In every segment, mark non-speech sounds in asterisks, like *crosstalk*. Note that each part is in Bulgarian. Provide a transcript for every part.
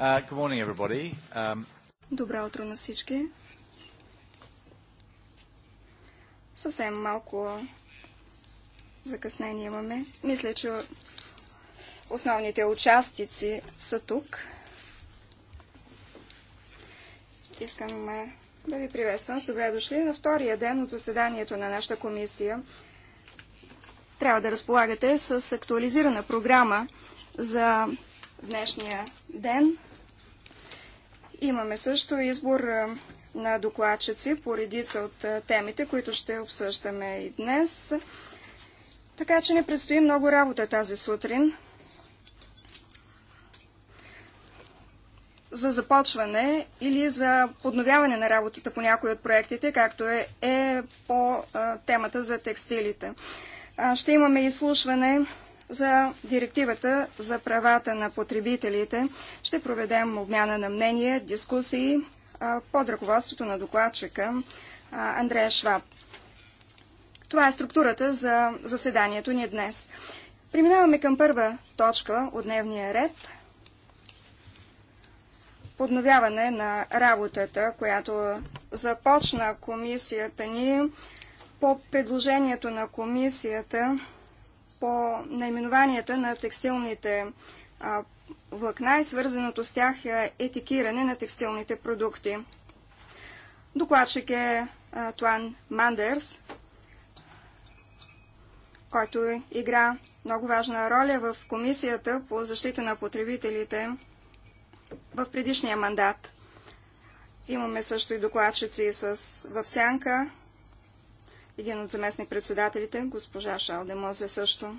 Uh, good morning, everybody. Um, Добро утро на всички. Съвсем малко закъснение имаме. Мисля, че основните участници са тук. Искам да ви приветствам. С добре дошли на втория ден от заседанието на нашата комисия. Трябва да разполагате с актуализирана програма за днешния ден. Имаме също избор на докладчици по редица от темите, които ще обсъждаме и днес. Така че не предстои много работа тази сутрин. за започване или за подновяване на работата по някои от проектите, както е, е по а, темата за текстилите. А, ще имаме изслушване за директивата за правата на потребителите. Ще проведем обмяна на мнение, дискусии под ръководството на докладчика Андрея Шваб. Това е структурата за заседанието ни днес. Преминаваме към първа точка от дневния ред. Подновяване на работата, която започна комисията ни по предложението на комисията по наименованията на текстилните а, влакна и свързаното с тях е, етикиране на текстилните продукти. Докладчик е а, Туан Мандерс, който игра много важна роля в Комисията по защита на потребителите в предишния мандат. Имаме също и докладчици с, в сянка един от заместник-председателите, госпожа Шалде Мозе също.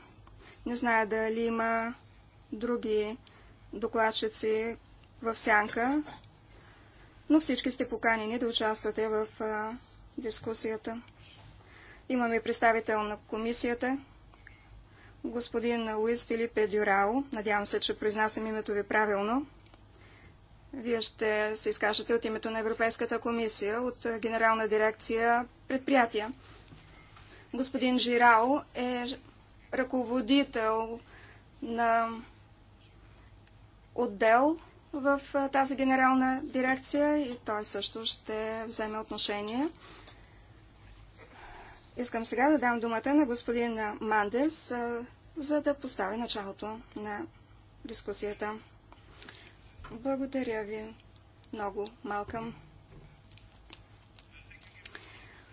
Не зная дали има други докладчици в сянка, но всички сте поканени да участвате в а, дискусията. Имаме представител на комисията, господин Луис Филипе Дюрао. Надявам се, че произнасям името ви правилно. Вие ще се изкажете от името на Европейската комисия, от Генерална дирекция предприятия. Господин Жирао е ръководител на отдел в тази генерална дирекция и той също ще вземе отношение. Искам сега да дам думата на господин Мандес, за да постави началото на дискусията. Благодаря ви много, Малкам.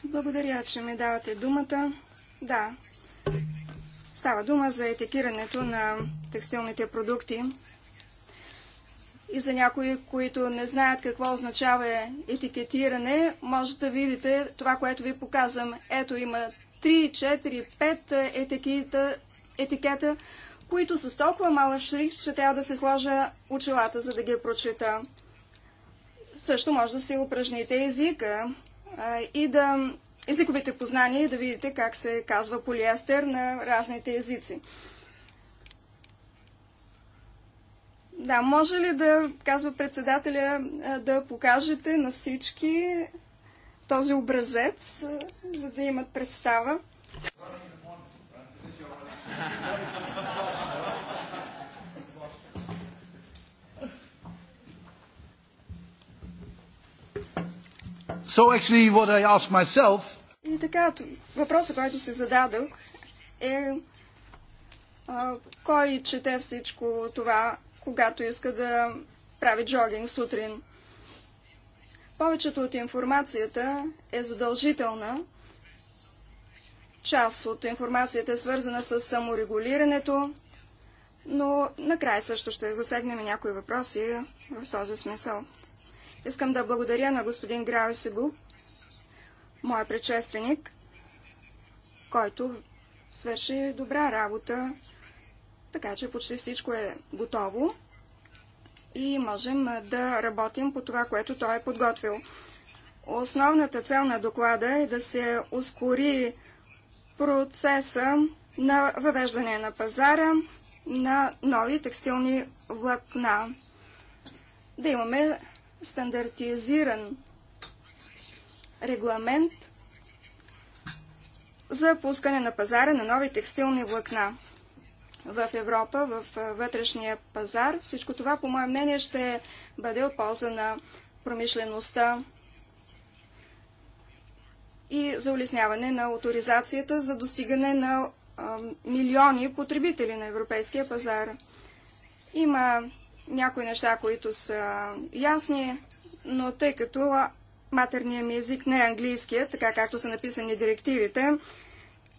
Благодаря, че ми давате думата. Да, става дума за етикирането на текстилните продукти и за някои, които не знаят какво означава етикетиране, може да видите това, което ви показвам. Ето има 3, 4, 5 етикета, етикета които с толкова малък шрифт, че трябва да се сложа очилата, за да ги прочета. Също може да си упражните езика, и да езиковите познания и да видите как се казва полиестер на разните езици. Да, може ли да, казва председателя, да покажете на всички този образец, за да имат представа? So actually what I asked myself... И така, въпросът, който се зададох е а, кой чете всичко това, когато иска да прави джогинг сутрин. Повечето от информацията е задължителна. Част от информацията е свързана с саморегулирането, но накрая също ще засегнем някои въпроси в този смисъл. Искам да благодаря на господин Сегу, моя предшественик, който свърши добра работа, така че почти всичко е готово и можем да работим по това, което той е подготвил. Основната цел на доклада е да се ускори процеса на въвеждане на пазара на нови текстилни влакна. Да имаме стандартизиран регламент за пускане на пазара на нови текстилни влакна в Европа, в вътрешния пазар. Всичко това, по мое мнение, ще бъде от полза на промишлеността и за улесняване на авторизацията за достигане на а, милиони потребители на европейския пазар. Има някои неща, които са ясни, но тъй като матерният ми език не е английския, така както са написани директивите,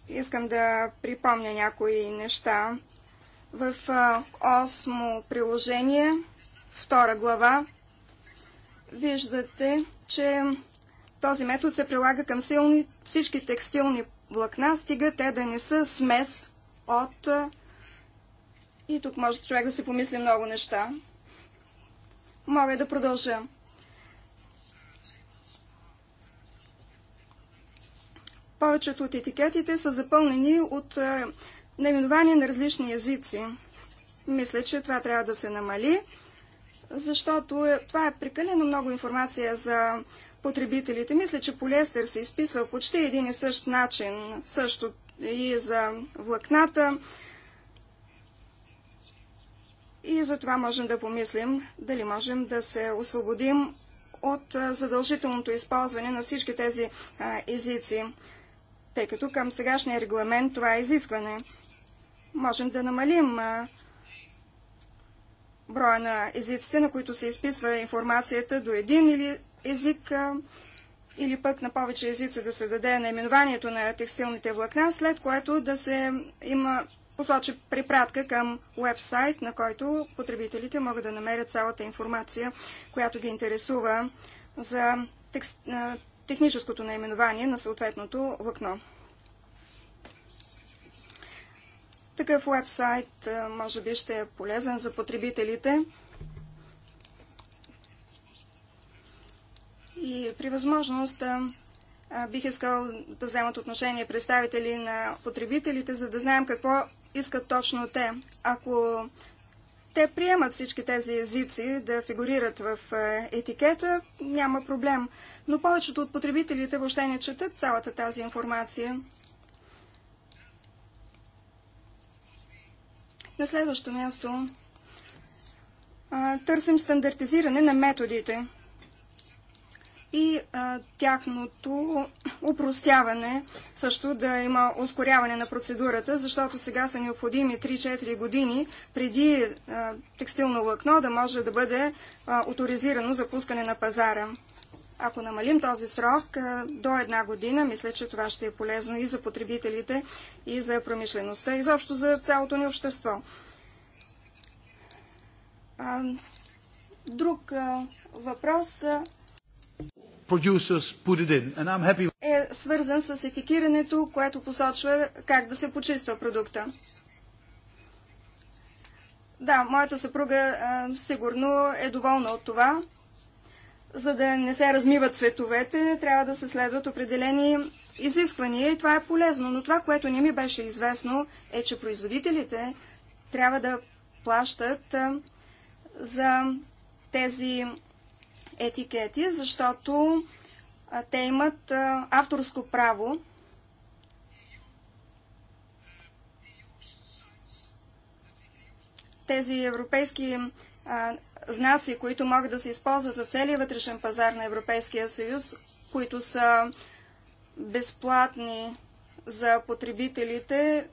искам да припомня някои неща. В осмо приложение, втора глава, виждате, че този метод се прилага към силни, всички текстилни влакна, стига те да не са смес от и тук може човек да си помисли много неща. Мога да продължа. Повечето от етикетите са запълнени от е, наименования на различни езици. Мисля, че това трябва да се намали, защото е, това е прекалено много информация за потребителите. Мисля, че полиестер се изписва почти един и същ начин, също и за влакната, и затова можем да помислим дали можем да се освободим от задължителното използване на всички тези езици, тъй като към сегашния регламент това е изискване. Можем да намалим броя на езиците, на които се изписва информацията до един или език или пък на повече езици да се даде наименованието на текстилните влакна, след което да се има посочи препратка към уебсайт, на който потребителите могат да намерят цялата информация, която ги интересува за техническото наименование на съответното влакно. Такъв уебсайт може би ще е полезен за потребителите. И при възможност бих искал да вземат отношение представители на потребителите, за да знаем какво искат точно те. Ако те приемат всички тези езици да фигурират в е, етикета, няма проблем. Но повечето от потребителите въобще не четат цялата тази информация. На следващо място търсим стандартизиране на методите и а, тяхното упростяване, също да има ускоряване на процедурата, защото сега са необходими 3-4 години преди а, текстилно лъкно да може да бъде а, авторизирано за пускане на пазара. Ако намалим този срок а, до една година, мисля, че това ще е полезно и за потребителите, и за промишлеността, и заобщо за цялото ни общество. А, друг а, въпрос е свързан с етикирането, което посочва как да се почиства продукта. Да, моята съпруга сигурно е доволна от това. За да не се размиват цветовете, трябва да се следват определени изисквания и това е полезно. Но това, което не ми беше известно, е, че производителите трябва да плащат за тези етикети, защото те имат авторско право. Тези европейски знаци, които могат да се използват в целия вътрешен пазар на Европейския съюз, които са безплатни за потребителите,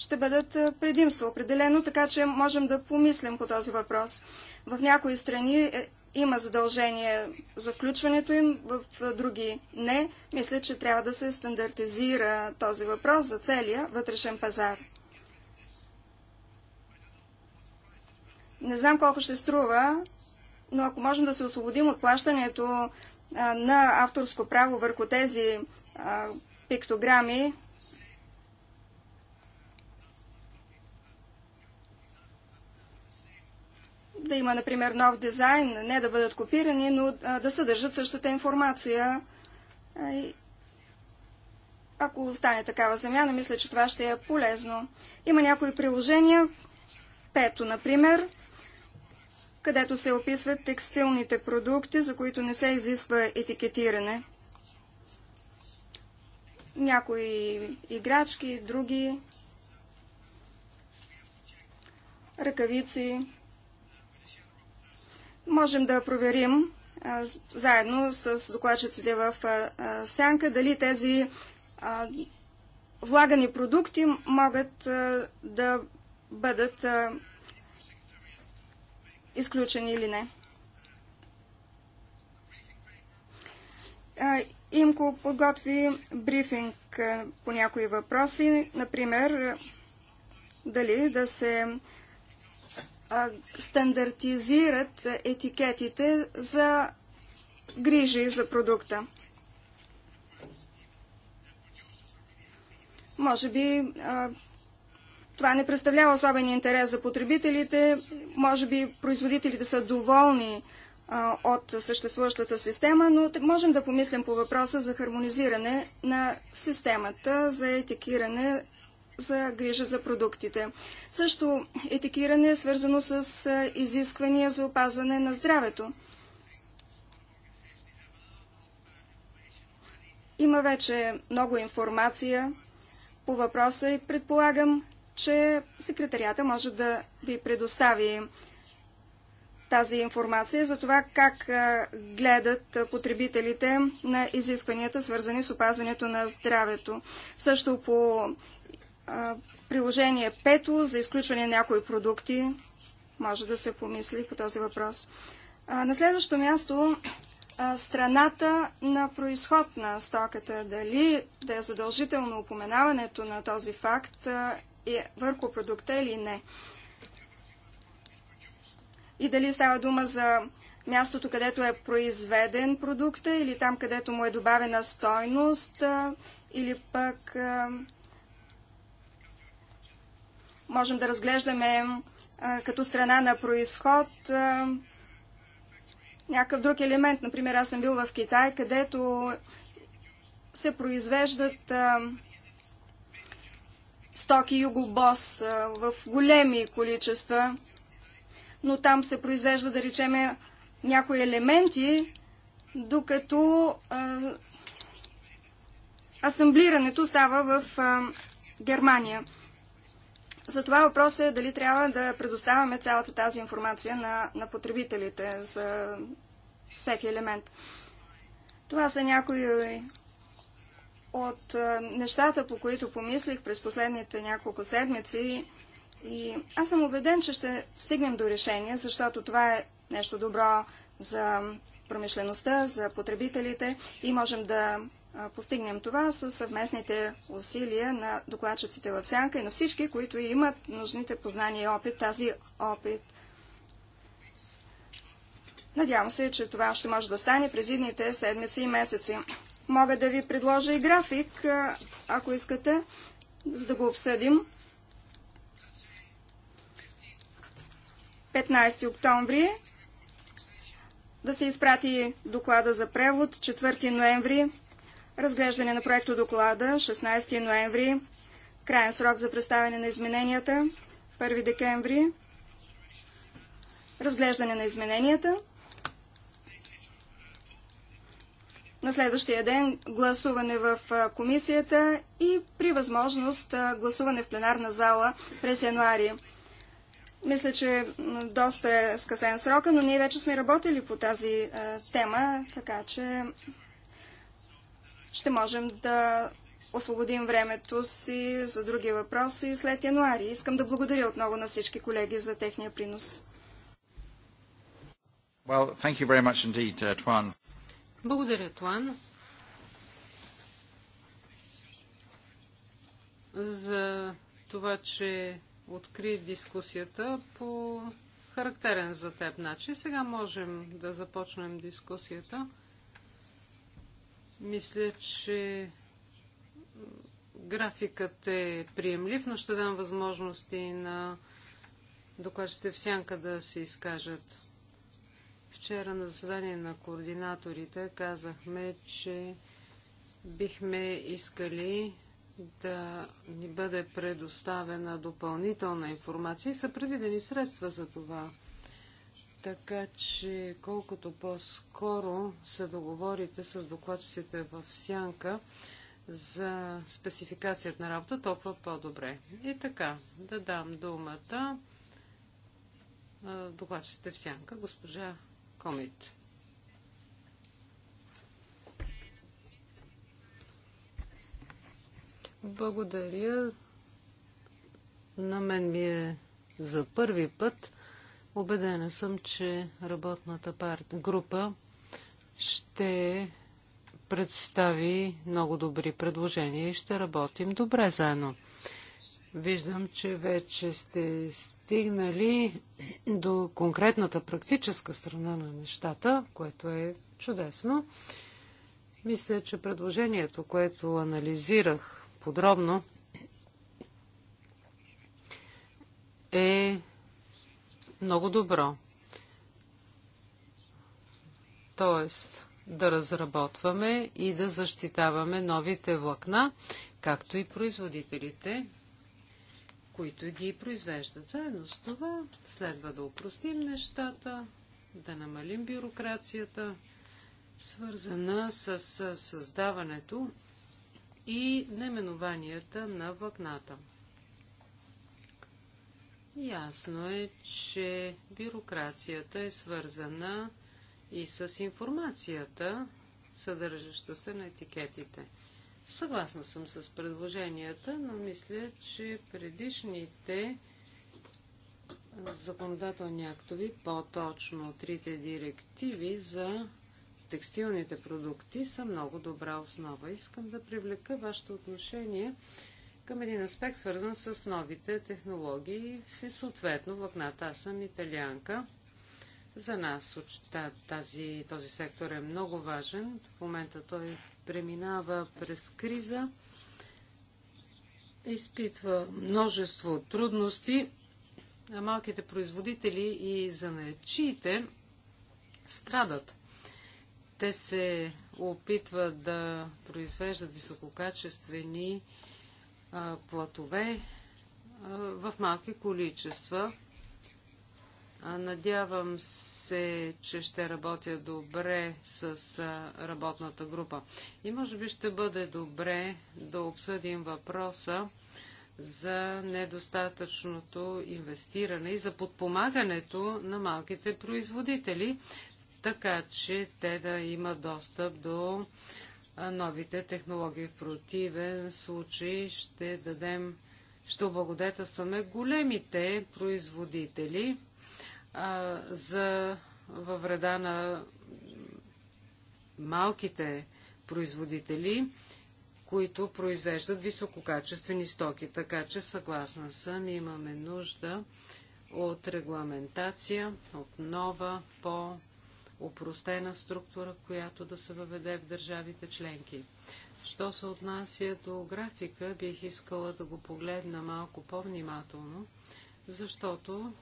ще бъдат предимство определено, така че можем да помислим по този въпрос. В някои страни е, има задължение за включването им, в други не. Мисля, че трябва да се стандартизира този въпрос за целия вътрешен пазар. Не знам колко ще струва, но ако можем да се освободим от плащането на авторско право върху тези пиктограми, да има, например, нов дизайн, не да бъдат копирани, но да съдържат същата информация. Ако остане такава замяна, мисля, че това ще е полезно. Има някои приложения, пето, например, където се описват текстилните продукти, за които не се изисква етикетиране. Някои играчки, други ръкавици. Можем да проверим заедно с докладчиците в сянка дали тези влагани продукти могат да бъдат изключени или не. Имко подготви брифинг по някои въпроси, например дали да се стандартизират етикетите за грижи за продукта. Може би това не представлява особен интерес за потребителите. Може би производителите са доволни от съществуващата система, но можем да помислим по въпроса за хармонизиране на системата за етикиране за грижа за продуктите. Също етикиране е свързано с изисквания за опазване на здравето. Има вече много информация по въпроса и предполагам, че секретарията може да ви предостави тази информация за това как гледат потребителите на изискванията, свързани с опазването на здравето. Също по приложение пето за изключване на някои продукти. Може да се помисли по този въпрос. На следващо място страната на происход на стоката. Дали да е задължително упоменаването на този факт е върху продукта или не. И дали става дума за мястото, където е произведен продукта или там, където му е добавена стойност или пък можем да разглеждаме като страна на происход някакъв друг елемент. Например, аз съм бил в Китай, където се произвеждат стоки югобос в големи количества, но там се произвежда, да речем, някои елементи, докато асамблирането става в Германия. Затова въпросът е дали трябва да предоставяме цялата тази информация на, на потребителите за всеки елемент. Това са някои от нещата, по които помислих през последните няколко седмици. И аз съм убеден, че ще стигнем до решение, защото това е нещо добро за промишлеността, за потребителите и можем да постигнем това с съвместните усилия на докладчиците в сянка и на всички, които имат нужните познания и опит, тази опит. Надявам се, че това ще може да стане през едните седмици и месеци. Мога да ви предложа и график, ако искате, за да го обсъдим. 15 октомври да се изпрати доклада за превод, 4 ноември Разглеждане на проекто доклада 16 ноември. Крайен срок за представяне на измененията 1 декември. Разглеждане на измененията. На следващия ден гласуване в комисията и при възможност гласуване в пленарна зала през януари. Мисля, че доста е скъсен срока, но ние вече сме работили по тази тема, така че ще можем да освободим времето си за други въпроси след януари. Искам да благодаря отново на всички колеги за техния принос. Well, thank you very much indeed, uh, Tuan. Благодаря, Туан. за това, че откри дискусията по характерен за теб начин. Сега можем да започнем дискусията. Мисля, че графикът е приемлив, но ще дам възможности на докладчите в сянка да се изкажат. Вчера на заседание на координаторите казахме, че бихме искали да ни бъде предоставена допълнителна информация и са предвидени средства за това. Така че колкото по-скоро се договорите с докладчиците в сянка за спецификацията на работа, толкова по-добре. И така, да дам думата докладчиците в сянка, госпожа Комит. Благодаря. На мен ми е за първи път Обедена съм, че работната парт... група ще представи много добри предложения и ще работим добре заедно. Виждам, че вече сте стигнали до конкретната практическа страна на нещата, което е чудесно. Мисля, че предложението, което анализирах подробно, е много добро. Тоест, да разработваме и да защитаваме новите влакна, както и производителите, които ги произвеждат. Заедно с това следва да упростим нещата, да намалим бюрокрацията, свързана с създаването и наименуванията на влакната. Ясно е, че бюрокрацията е свързана и с информацията, съдържаща се на етикетите. Съгласна съм с предложенията, но мисля, че предишните законодателни актови, по-точно трите директиви за текстилните продукти са много добра основа. Искам да привлека вашето отношение към един аспект, свързан с новите технологии и съответно влакната. Аз съм италианка. За нас тази, този сектор е много важен. В момента той преминава през криза, изпитва множество трудности, малките производители и занечиите страдат. Те се опитват да произвеждат висококачествени платове в малки количества. Надявам се, че ще работя добре с работната група. И може би ще бъде добре да обсъдим въпроса за недостатъчното инвестиране и за подпомагането на малките производители, така че те да имат достъп до новите технологии. В противен случай ще дадем, ще облагодетелстваме големите производители а, за във вреда на малките производители, които произвеждат висококачествени стоки. Така че съгласна съм, имаме нужда от регламентация, от нова, по упростена структура, която да се въведе в държавите членки. Що се отнася до графика, бих искала да го погледна малко по-внимателно, защото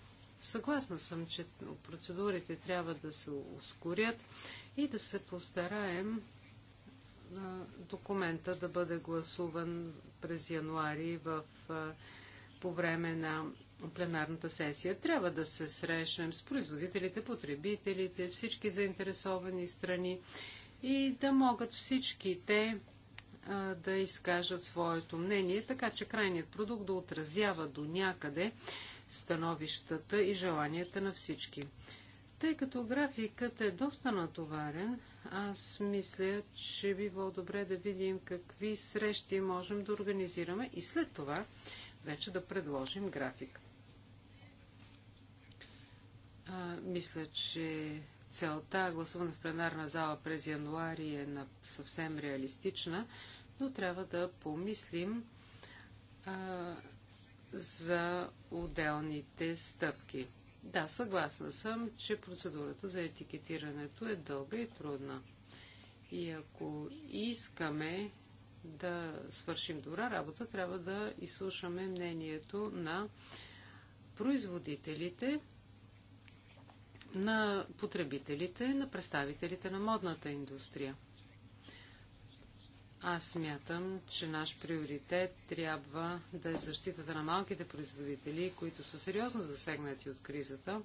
съгласна съм, че процедурите трябва да се ускорят и да се постараем документа да бъде гласуван през януари в, по време на пленарната сесия. Трябва да се срещнем с производителите, потребителите, всички заинтересовани страни и да могат всички те да изкажат своето мнение, така че крайният продукт да отразява до някъде становищата и желанията на всички. Тъй като графикът е доста натоварен, аз мисля, че би било добре да видим какви срещи можем да организираме и след това вече да предложим график. А, мисля, че целта гласуване в пленарна зала през януари е на съвсем реалистична, но трябва да помислим а, за отделните стъпки. Да, съгласна съм, че процедурата за етикетирането е дълга и трудна. И ако искаме да свършим добра работа, трябва да изслушаме мнението на производителите, на потребителите, на представителите на модната индустрия. Аз смятам, че наш приоритет трябва да е защитата на малките производители, които са сериозно засегнати от кризата.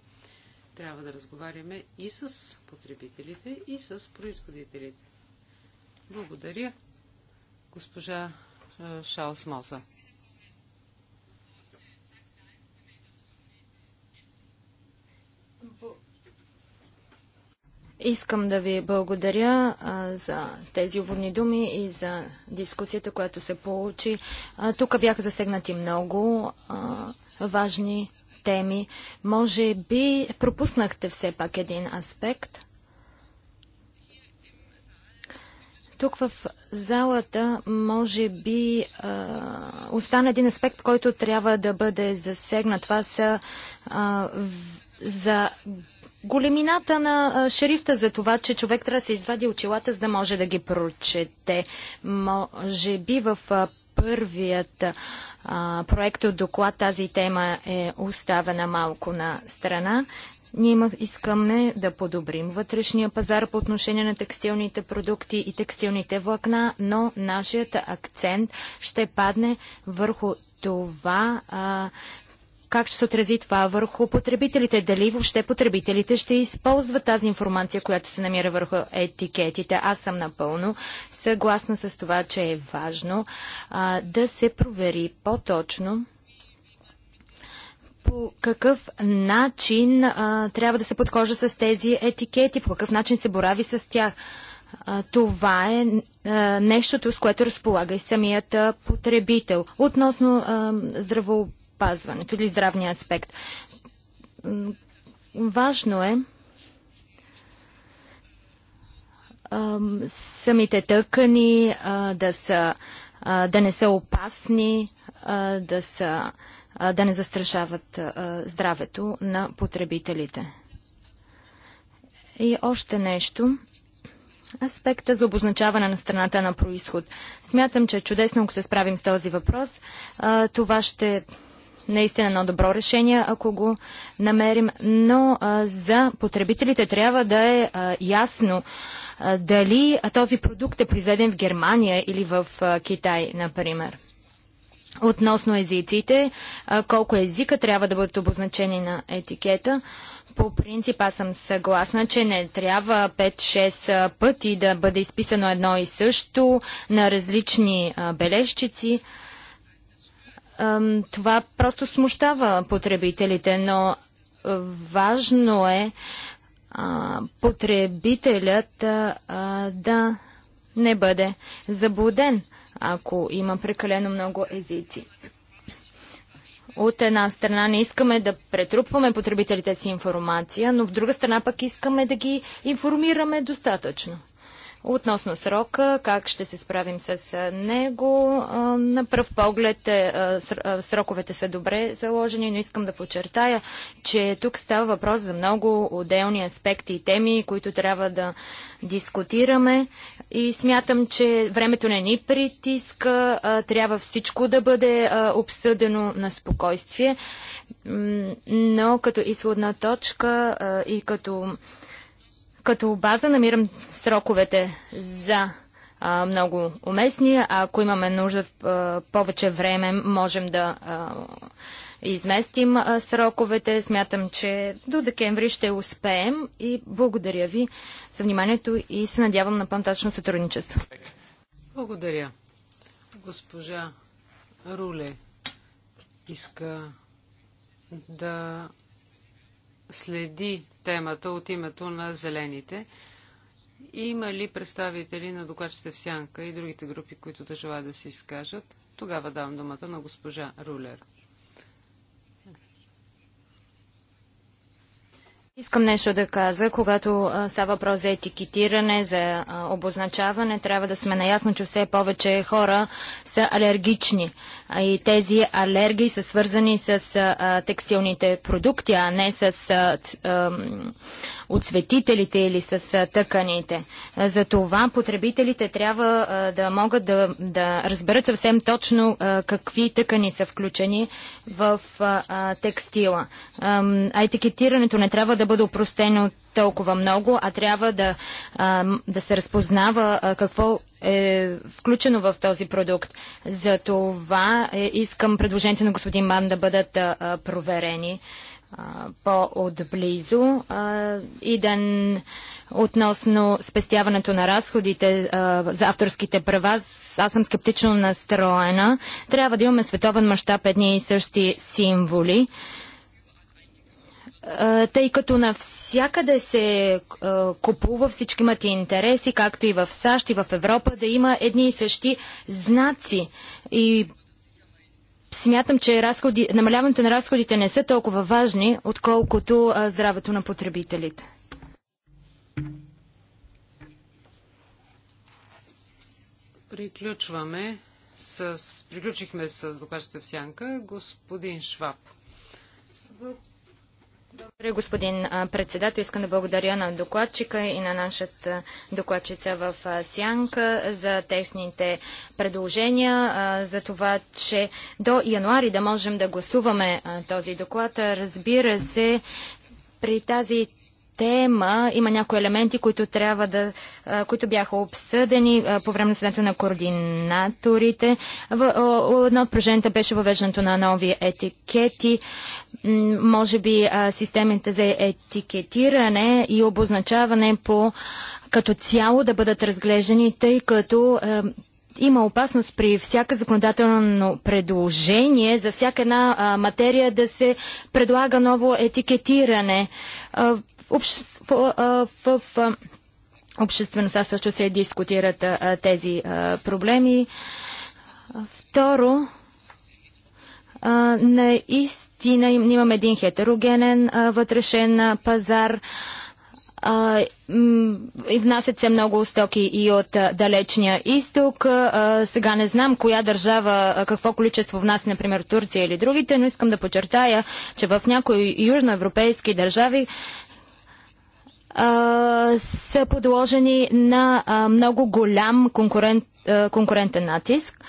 Трябва да разговаряме и с потребителите, и с производителите. Благодаря, госпожа Шаус Моза. Искам да ви благодаря а, за тези уводни думи и за дискусията, която се получи. тук бяха засегнати много а, важни теми. Може би пропуснахте все пак един аспект. Тук в залата може би а, остана един аспект, който трябва да бъде засегнат. Това са а, за големината на шерифта за това, че човек трябва да се извади очилата, за да може да ги прочете. Може би в първият а, проект от доклад тази тема е оставена малко на страна. Ние искаме да подобрим вътрешния пазар по отношение на текстилните продукти и текстилните влакна, но нашият акцент ще падне върху това а, как ще се отрази това върху потребителите? Дали въобще потребителите ще използват тази информация, която се намира върху етикетите? Аз съм напълно съгласна с това, че е важно а, да се провери по-точно по какъв начин а, трябва да се подхожа с тези етикети, по какъв начин се борави с тях. А, това е а, нещото, с което разполага и самият а, потребител. Относно а, здраво, здравеопазването или здравния аспект. Важно е самите тъкани да, са, да не са опасни, да, са, да не застрашават здравето на потребителите. И още нещо. Аспекта за обозначаване на страната на происход. Смятам, че е чудесно, ако се справим с този въпрос, това ще наистина едно добро решение, ако го намерим, но а, за потребителите трябва да е а, ясно а, дали този продукт е произведен в Германия или в а, Китай, например. Относно езиците, а, колко езика трябва да бъдат обозначени на етикета, по принцип аз съм съгласна, че не трябва 5-6 пъти да бъде изписано едно и също на различни а, бележчици това просто смущава потребителите, но важно е потребителят да не бъде заблуден, ако има прекалено много езици. От една страна не искаме да претрупваме потребителите си информация, но от друга страна пък искаме да ги информираме достатъчно. Относно срока, как ще се справим с него, на пръв поглед е, сроковете са добре заложени, но искам да подчертая, че тук става въпрос за много отделни аспекти и теми, които трябва да дискутираме и смятам, че времето не ни притиска, трябва всичко да бъде обсъдено на спокойствие, но като изходна точка и като като база намирам сроковете за а, много уместни. А ако имаме нужда а, повече време, можем да а, изместим а, сроковете. Смятам, че до декември ще успеем и благодаря ви за вниманието и се надявам на пантачно сътрудничество. Благодаря. Госпожа Руле иска да следи темата от името на зелените. Има ли представители на докладчите в Сянка и другите групи, които да желаят да се изкажат? Тогава давам думата на госпожа Рулер. Искам нещо да кажа. Когато става въпрос за етикетиране, за обозначаване, трябва да сме наясно, че все повече хора са алергични. И тези алергии са свързани с текстилните продукти, а не с оцветителите или с тъканите. За това потребителите трябва да могат да, да разберат съвсем точно какви тъкани са включени в текстила. А етикетирането не трябва да да бъде упростено толкова много, а трябва да, да се разпознава какво е включено в този продукт. За това е, искам предложението на господин Ман да бъдат проверени по-отблизо и да относно спестяването на разходите за авторските права. Аз съм скептично настроена. Трябва да имаме световен мащаб едни и същи символи. А, тъй като навсякъде се купува, всички имат интереси, както и в САЩ и в Европа, да има едни и същи знаци. И смятам, че разходи, намаляването на разходите не са толкова важни, отколкото здравето на потребителите. Приключваме с... Приключихме с докладчета в сянка. Господин Шваб. Благодаря, господин председател. Искам да благодаря на докладчика и на нашата докладчица в Сянка за техните предложения, за това, че до януари да можем да гласуваме този доклад. Разбира се, при тази тема има някои елементи, които трябва да, които бяха обсъдени по време на седането на координаторите. Едно от проженията беше въвеждането на нови етикети, може би системите за етикетиране и обозначаване по като цяло да бъдат разглеждани, тъй като има опасност при всяка законодателно предложение, за всяка една а, материя да се предлага ново етикетиране. А, в, в, в, обществеността също се дискутират тези проблеми. Второ, наистина имам един хетерогенен вътрешен пазар. и внасят се много стоки и от далечния изток. сега не знам коя държава, какво количество внася, например Турция или другите, но искам да подчертая, че в някои южноевропейски държави са подложени на много голям конкурент, конкурентен натиск.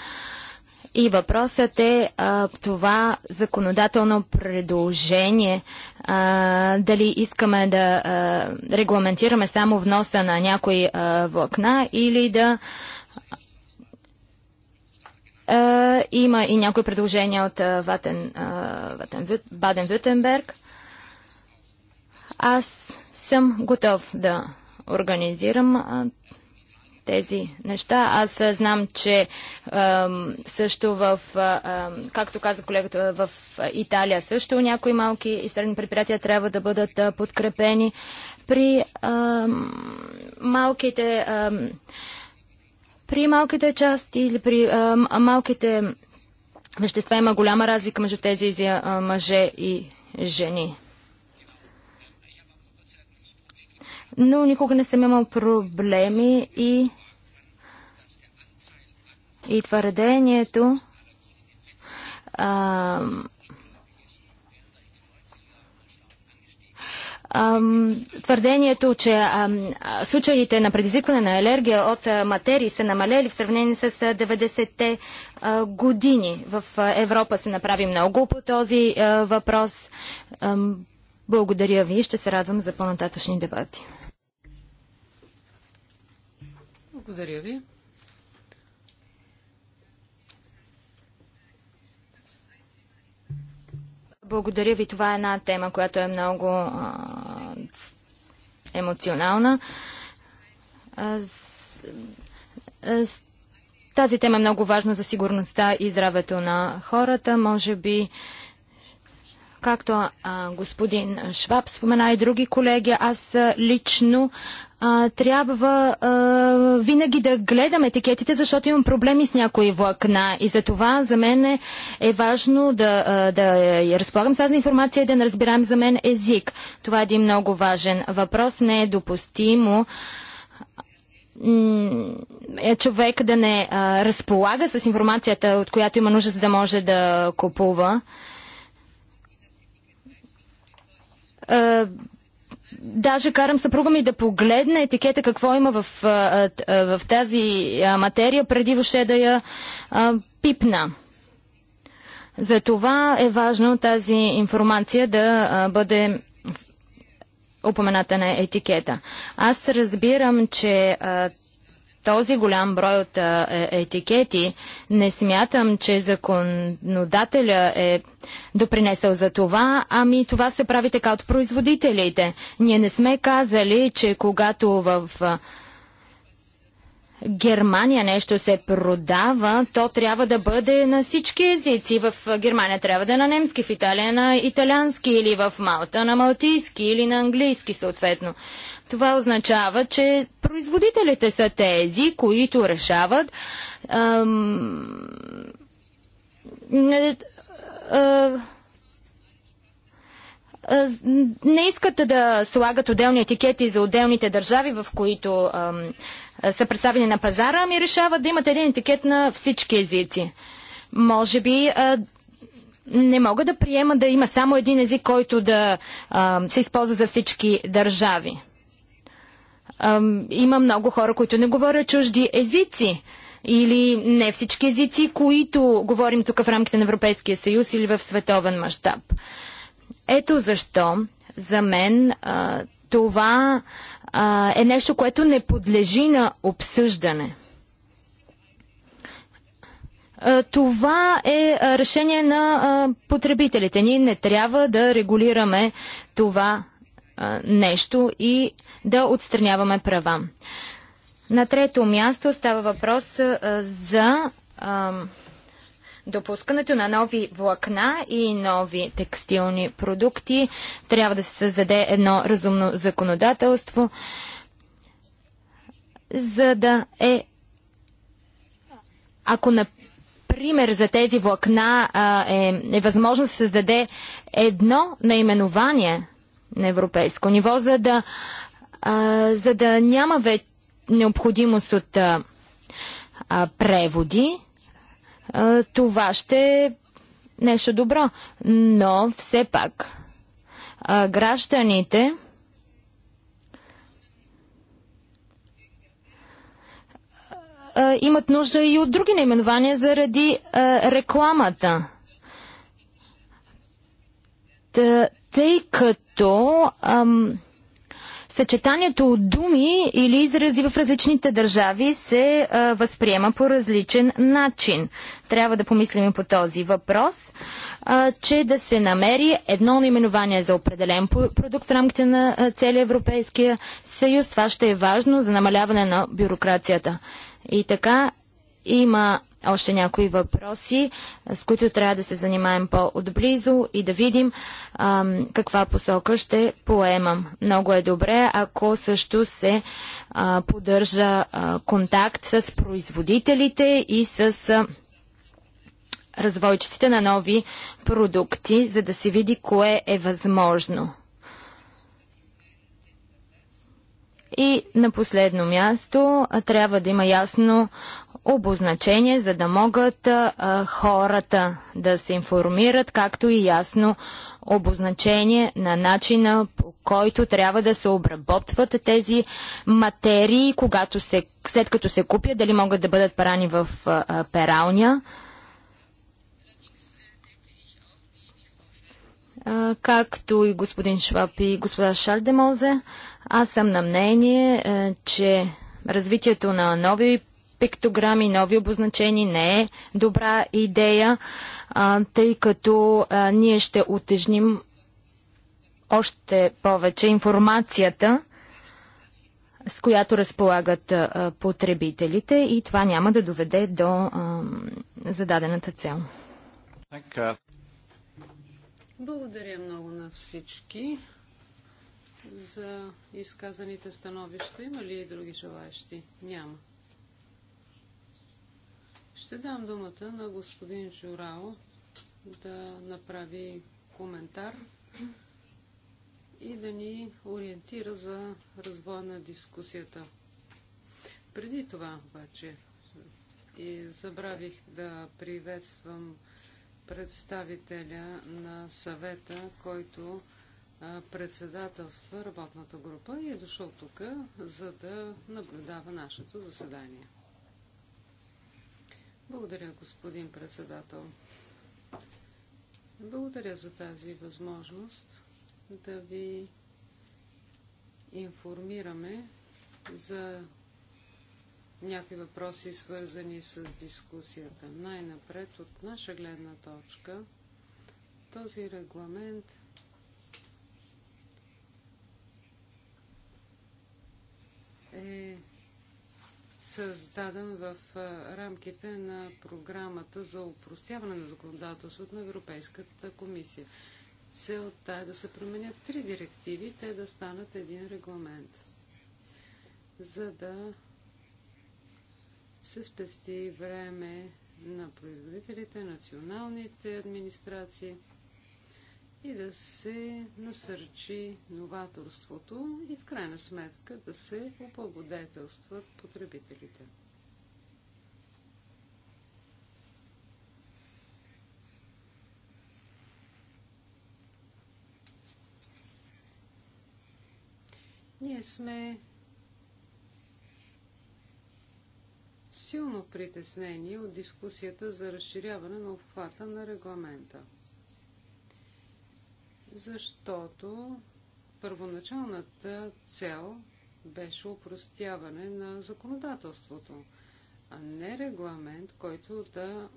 И въпросът е а, това законодателно предложение, а, дали искаме да а, регламентираме само вноса на някои а, влакна или да а, има и някои предложения от Ватен, а, Ватен, Баден-Вютенберг. Аз съм готов да организирам а, тези неща. Аз а, знам, че а, също в, както каза колегата, в Италия също някои малки и средни предприятия трябва да бъдат подкрепени. При малките при малките части или при малките вещества има голяма разлика между тези мъже и жени. но никога не съм имал проблеми и, и твърдението, а, твърдението, че случаите на предизвикване на алергия от материи са намалели в сравнение с 90-те години. В Европа се направи много по този въпрос. Благодаря ви и ще се радвам за по-нататъчни дебати. Благодаря ви. Благодаря ви. Това е една тема, която е много а, емоционална. с, а, тази тема е много важна за сигурността и здравето на хората. Може би, както а, господин Шваб спомена и други колеги, аз лично а, трябва а, винаги да гледам етикетите, защото имам проблеми с някои влакна. И за това за мен е, е важно да, а, да разполагам с тази информация и да не разбирам за мен език. Това е един много важен въпрос. Не е допустимо е човек да не а, разполага с информацията, от която има нужда, за да може да купува. А, Даже карам съпруга ми да погледне етикета какво има в, в тази материя, преди въобще да я пипна. Затова е важно тази информация да бъде упомената на етикета. Аз разбирам, че този голям брой от а, е, етикети, не смятам, че законодателя е допринесъл за това, ами това се прави така от производителите. Ние не сме казали, че когато в а, Германия нещо се продава, то трябва да бъде на всички езици. В Германия трябва да е на немски, в Италия на италиански или в Малта на малтийски или на английски съответно. Това означава, че производителите са тези, които решават ам, е, а, не искат да слагат отделни етикети за отделните държави, в които ам, са представени на пазара, ами решават да имат един етикет на всички езици. Може би а, не мога да приема да има само един език, който да а, се използва за всички държави има много хора, които не говорят чужди езици или не всички езици, които говорим тук в рамките на Европейския съюз или в световен мащаб. Ето защо за мен а, това а, е нещо, което не подлежи на обсъждане. това е решение на потребителите. Ние не трябва да регулираме това а, нещо и да отстраняваме права. На трето място става въпрос а, за а, допускането на нови влакна и нови текстилни продукти. Трябва да се създаде едно разумно законодателство, за да е. Ако, например, за тези влакна а, е, е възможно да се създаде едно наименование на европейско ниво, за да, а, за да няма ве, необходимост от а, а, преводи. А, това ще е нещо добро. Но все пак а, гражданите а, имат нужда и от други наименования заради а, рекламата. Та, тъй като ам, съчетанието от думи или изрази в различните държави се а, възприема по различен начин. Трябва да помислим и по този въпрос, а, че да се намери едно наименование за определен продукт в рамките на целия Европейския съюз. Това ще е важно за намаляване на бюрокрацията. И така има още някои въпроси, с които трябва да се занимаем по-отблизо и да видим а, каква посока ще поемам. Много е добре, ако също се а, поддържа а, контакт с производителите и с а, развойчиците на нови продукти, за да се види кое е възможно. И на последно място трябва да има ясно обозначение, за да могат а, хората да се информират, както и ясно обозначение на начина по който трябва да се обработват тези материи, когато се, след като се купят, дали могат да бъдат парани в а, пералня. както и господин Шваб и господа Шардемозе, аз съм на мнение, е, че развитието на нови пиктограми, нови обозначени не е добра идея, а, тъй като а, ние ще утежним още повече информацията, с която разполагат а, потребителите и това няма да доведе до а, зададената цел. Благодаря много на всички за изказаните становища. Има ли и други желаящи? Няма. Ще дам думата на господин Журао да направи коментар и да ни ориентира за развоя на дискусията. Преди това обаче и забравих да приветствам представителя на съвета, който председателства работната група и е дошъл тук, за да наблюдава нашето заседание. Благодаря, господин председател. Благодаря за тази възможност да ви информираме за някои въпроси, свързани с дискусията. Най-напред, от наша гледна точка, този регламент е създаден в рамките на програмата за упростяване на законодателството на Европейската комисия. Целта е да се променят три директиви, те да станат един регламент, за да се спести време на производителите, националните администрации – и да се насърчи новаторството и в крайна сметка да се облагодетелстват потребителите. Ние сме силно притеснени от дискусията за разширяване на обхвата на регламента защото първоначалната цел беше упростяване на законодателството, а не регламент, който да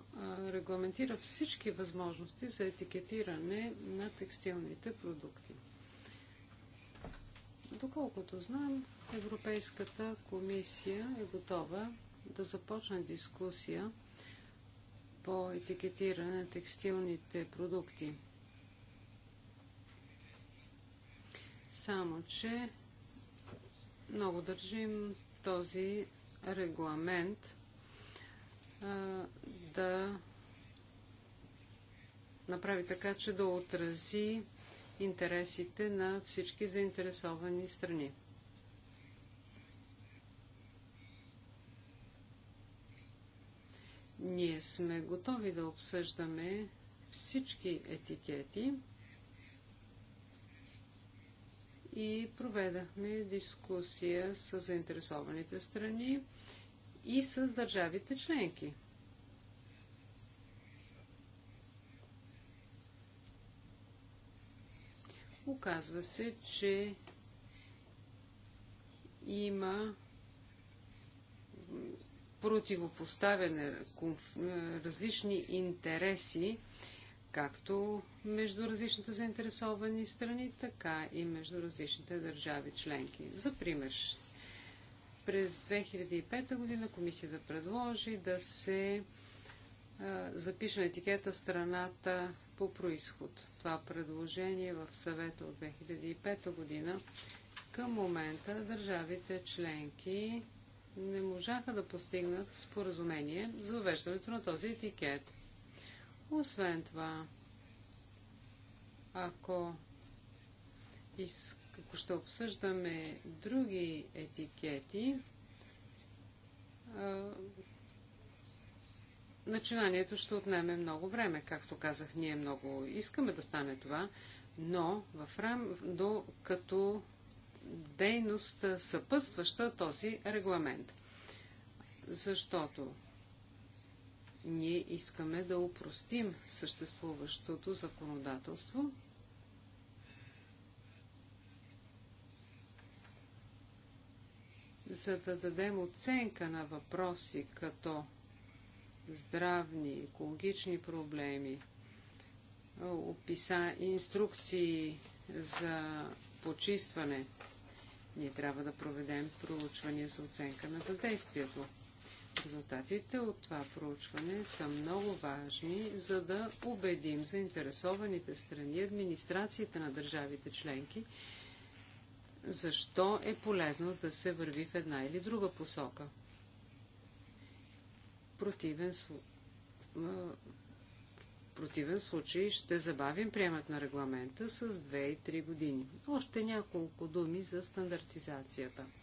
регламентира всички възможности за етикетиране на текстилните продукти. Доколкото знам, Европейската комисия е готова да започне дискусия по етикетиране на текстилните продукти. Само, че много държим този регламент а, да направи така, че да отрази интересите на всички заинтересовани страни. Ние сме готови да обсъждаме всички етикети, и проведахме дискусия с заинтересованите страни и с държавите членки. Оказва се, че има противопоставяне, конф... различни интереси както между различните заинтересовани страни, така и между различните държави членки. За пример, през 2005 година комисията предложи да се а, запише на етикета страната по происход. Това предложение в съвета от 2005 година към момента държавите членки не можаха да постигнат споразумение за въвеждането на този етикет. Освен това, ако, из... ако ще обсъждаме други етикети, а... начинанието ще отнеме много време. Както казах, ние много искаме да стане това, но в рам... до като дейност съпътстваща този регламент. Защото ние искаме да упростим съществуващото законодателство, за да дадем оценка на въпроси като здравни, екологични проблеми, описа, инструкции за почистване. Ние трябва да проведем проучвания за оценка на въздействието. Резултатите от това проучване са много важни, за да убедим заинтересованите страни, администрациите на държавите членки, защо е полезно да се върви в една или друга посока. Противен, в противен случай ще забавим приемат на регламента с 2 и 3 години. Още няколко думи за стандартизацията –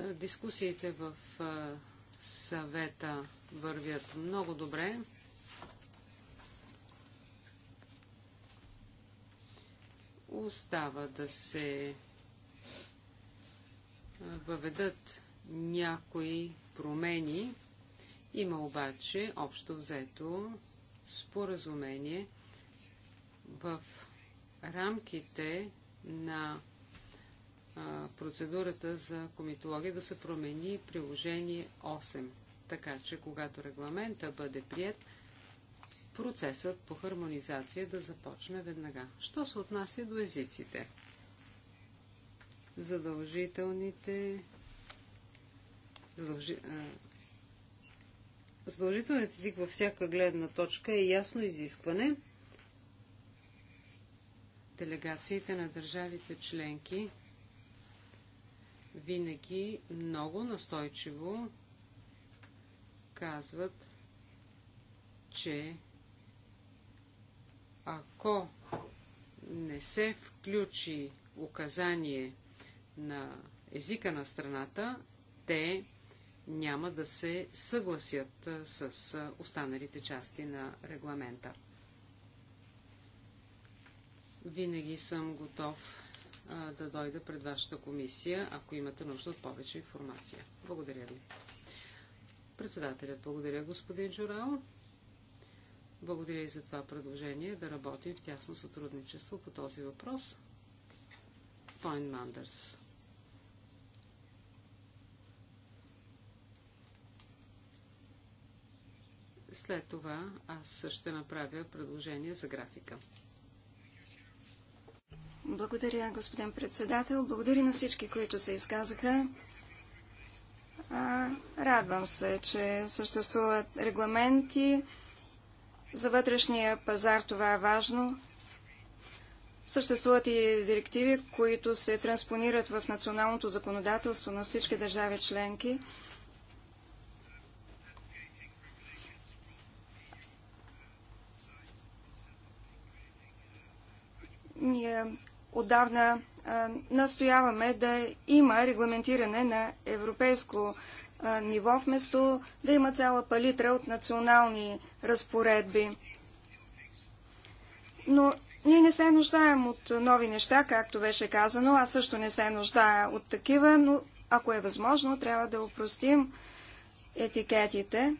Е, дискусиите в е, съвета вървят много добре. Остава да се е, въведат някои промени. Има обаче общо взето споразумение в рамките на процедурата за комитология да се промени приложение 8. Така че, когато регламента бъде прият, процесът по хармонизация да започне веднага. Що се отнася до езиците? Задължителните задължи... задължителният език във всяка гледна точка е ясно изискване. Делегациите на държавите членки винаги много настойчиво казват, че ако не се включи указание на езика на страната, те няма да се съгласят с останалите части на регламента. Винаги съм готов да дойда пред вашата комисия, ако имате нужда от повече информация. Благодаря ви. Председателят, благодаря господин Журао. Благодаря и за това предложение да работим в тясно сътрудничество по този въпрос. Пойн Мандърс. След това аз ще направя предложение за графика. Благодаря, господин председател. Благодаря на всички, които се изказаха. радвам се, че съществуват регламенти за вътрешния пазар. Това е важно. Съществуват и директиви, които се транспонират в националното законодателство на всички държави членки. Ние отдавна а, настояваме да има регламентиране на европейско а, ниво, вместо да има цяла палитра от национални разпоредби. Но ние не се нуждаем от нови неща, както беше казано. Аз също не се нуждая от такива, но ако е възможно, трябва да упростим етикетите.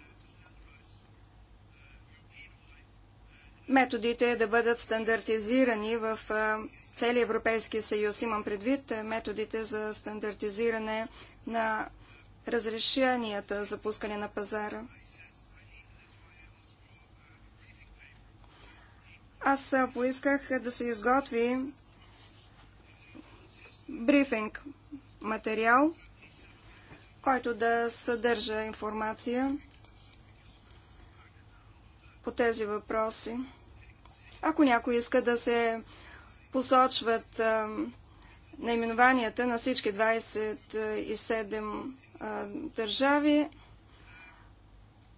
методите да бъдат стандартизирани в целия Европейски съюз. Имам предвид методите за стандартизиране на разрешенията за пускане на пазара. Аз поисках да се изготви брифинг материал, който да съдържа информация по тези въпроси. Ако някой иска да се посочват а, наименованията на всички 27 а, държави,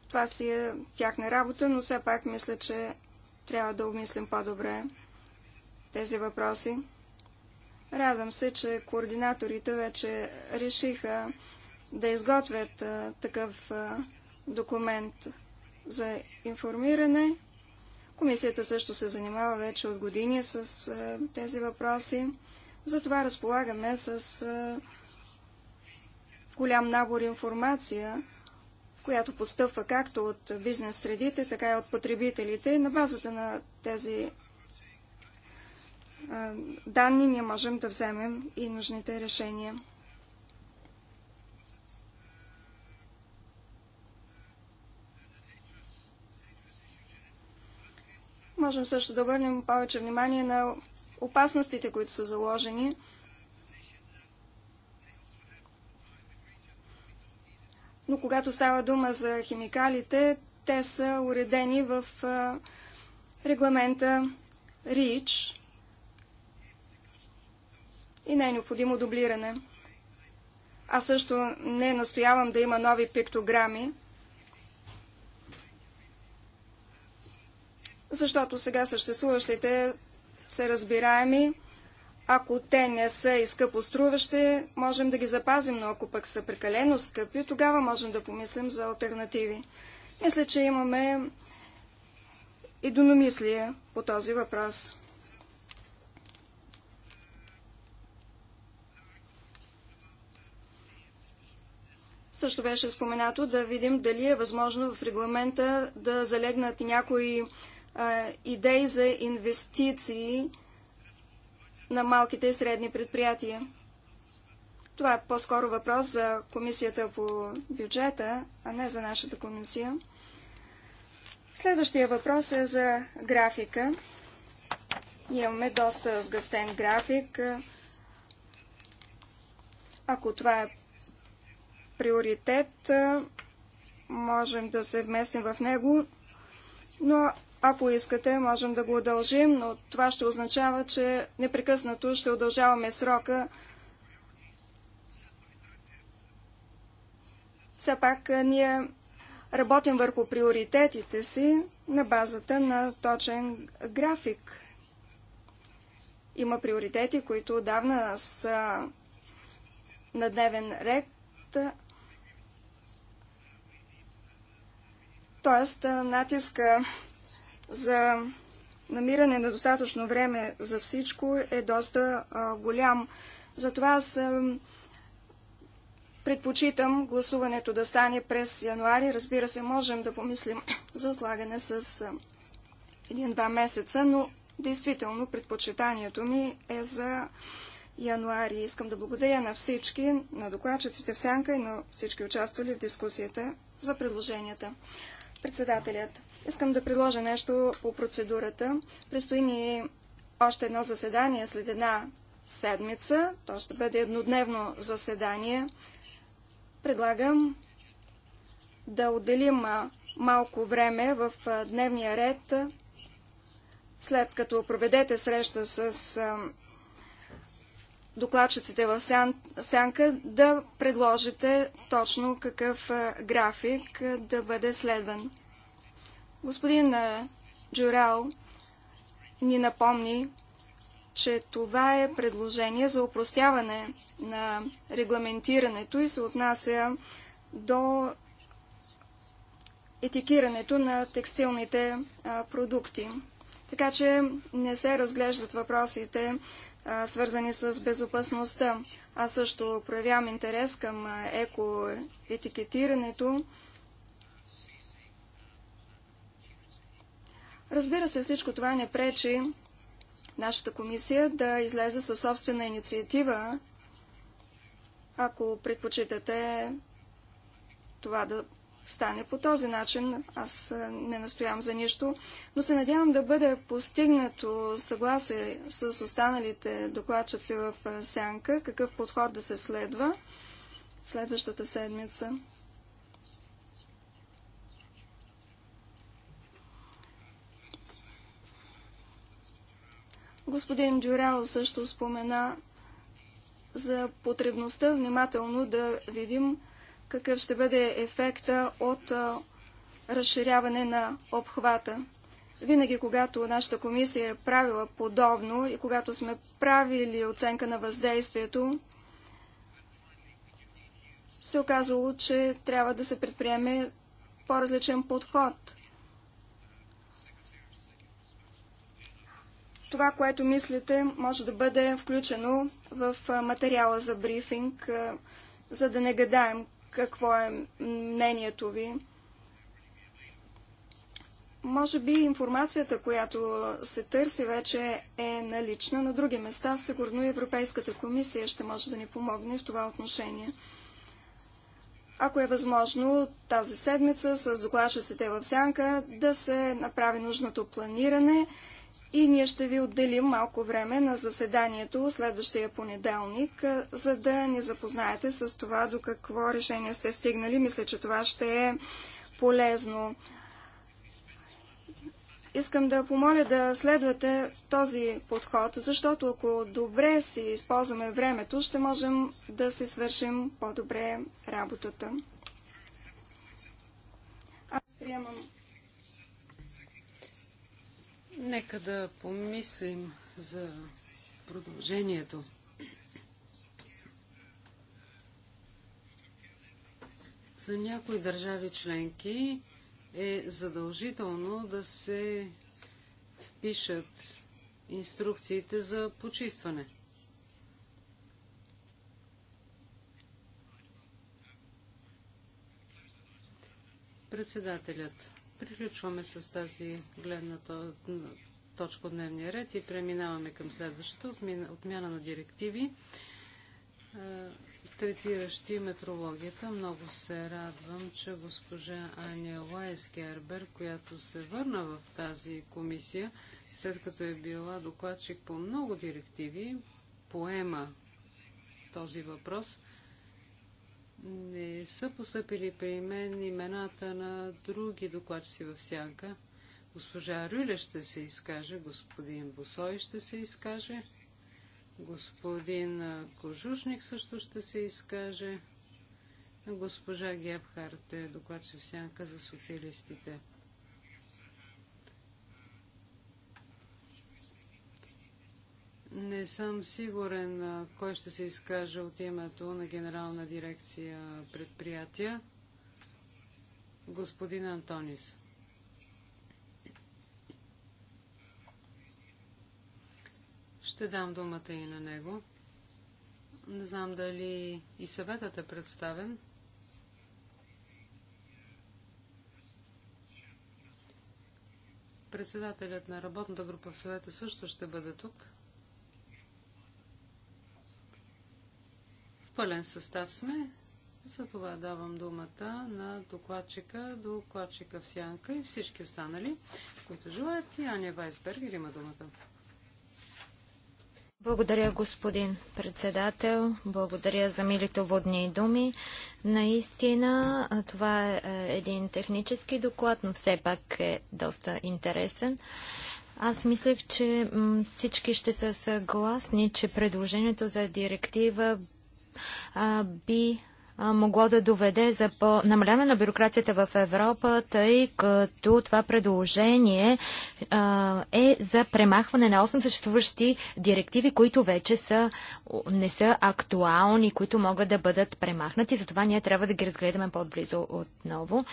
това си е тяхна работа, но все пак мисля, че трябва да обмислим по-добре тези въпроси. Радвам се, че координаторите вече решиха да изготвят а, такъв а, документ за информиране. Комисията също се занимава вече от години с а, тези въпроси. Затова разполагаме с а, голям набор информация, която постъпва както от бизнес средите, така и от потребителите. На базата на тези а, данни ние можем да вземем и нужните решения. можем също да обърнем повече внимание на опасностите, които са заложени. Но когато става дума за химикалите, те са уредени в регламента РИЧ и не е необходимо дублиране. Аз също не настоявам да има нови пиктограми. защото сега съществуващите са разбираеми. Ако те не са и скъпо струващи, можем да ги запазим, но ако пък са прекалено скъпи, тогава можем да помислим за альтернативи. Мисля, че имаме единомислие по този въпрос. Също беше споменато да видим дали е възможно в регламента да залегнат някои идеи за инвестиции на малките и средни предприятия. Това е по-скоро въпрос за комисията по бюджета, а не за нашата комисия. Следващия въпрос е за графика. Имаме доста сгъстен график. Ако това е приоритет, можем да се вместим в него, но ако искате, можем да го удължим, но това ще означава, че непрекъснато ще удължаваме срока. Все пак ние работим върху приоритетите си на базата на точен график. Има приоритети, които отдавна са на дневен ред. Тоест, натиска за намиране на достатъчно време за всичко е доста а, голям. Затова аз а, предпочитам гласуването да стане през януари. Разбира се, можем да помислим *clears throat* за отлагане с един-два месеца, но действително предпочитанието ми е за януари. Искам да благодаря на всички, на докладчиците в Сянка и на всички участвали в дискусията за предложенията. Председателят, искам да предложа нещо по процедурата. Престои ни още едно заседание след една седмица. То ще бъде еднодневно заседание. Предлагам да отделим малко време в дневния ред, след като проведете среща с докладчиците в сянка да предложите точно какъв график да бъде следван. Господин Джурал ни напомни, че това е предложение за упростяване на регламентирането и се отнася до етикирането на текстилните продукти. Така че не се разглеждат въпросите свързани с безопасността. Аз също проявявам интерес към екоетикетирането. Разбира се, всичко това не пречи нашата комисия да излезе със собствена инициатива, ако предпочитате това да стане по този начин. Аз е, не настоявам за нищо, но се надявам да бъде постигнато съгласие с останалите докладчици в е, сянка, какъв подход да се следва следващата седмица. Господин Дюрал също спомена за потребността внимателно да видим какъв ще бъде ефекта от разширяване на обхвата. Винаги, когато нашата комисия е правила подобно и когато сме правили оценка на въздействието, се е оказало, че трябва да се предприеме по-различен подход. Това, което мислите, може да бъде включено в материала за брифинг, за да не гадаем какво е мнението ви. Може би информацията, която се търси вече е налична на други места. Сигурно Европейската комисия ще може да ни помогне в това отношение. Ако е възможно тази седмица с докладчиците в сянка да се направи нужното планиране, и ние ще ви отделим малко време на заседанието следващия понеделник, за да ни запознаете с това до какво решение сте стигнали. Мисля, че това ще е полезно. Искам да помоля да следвате този подход, защото ако добре си използваме времето, ще можем да си свършим по-добре работата. Аз приемам Нека да помислим за продължението. За някои държави членки е задължително да се впишат инструкциите за почистване. Председателят Приключваме с тази гледна точка от дневния ред и преминаваме към следващата отмяна на директиви, е, третиращи метрологията. Много се радвам, че госпожа Аня Лайскербер, която се върна в тази комисия, след като е била докладчик по много директиви, поема този въпрос – не са поступили при мен имената на други докладчици в сянка. Госпожа Рюля ще се изкаже, господин Босой ще се изкаже, господин Кожушник също ще се изкаже, госпожа Гебхарт е докладчик в сянка за социалистите. Не съм сигурен кой ще се изкаже от името на Генерална дирекция предприятия. Господин Антонис. Ще дам думата и на него. Не знам дали и съветът е представен. Председателят на работната група в съвета също ще бъде тук. пълен състав сме. За това давам думата на докладчика, докладчика в Сянка и всички останали, които желаят. И Аня Вайсбергер има думата. Благодаря, господин председател. Благодаря за милите водни думи. Наистина, това е, е един технически доклад, но все пак е доста интересен. Аз мислех, че всички ще са съгласни, че предложението за директива би могло да доведе за по намаляване на бюрокрацията в Европа, тъй като това предложение а, е за премахване на 8 съществуващи директиви, които вече са, не са актуални, които могат да бъдат премахнати. Затова ние трябва да ги разгледаме по-близо отново.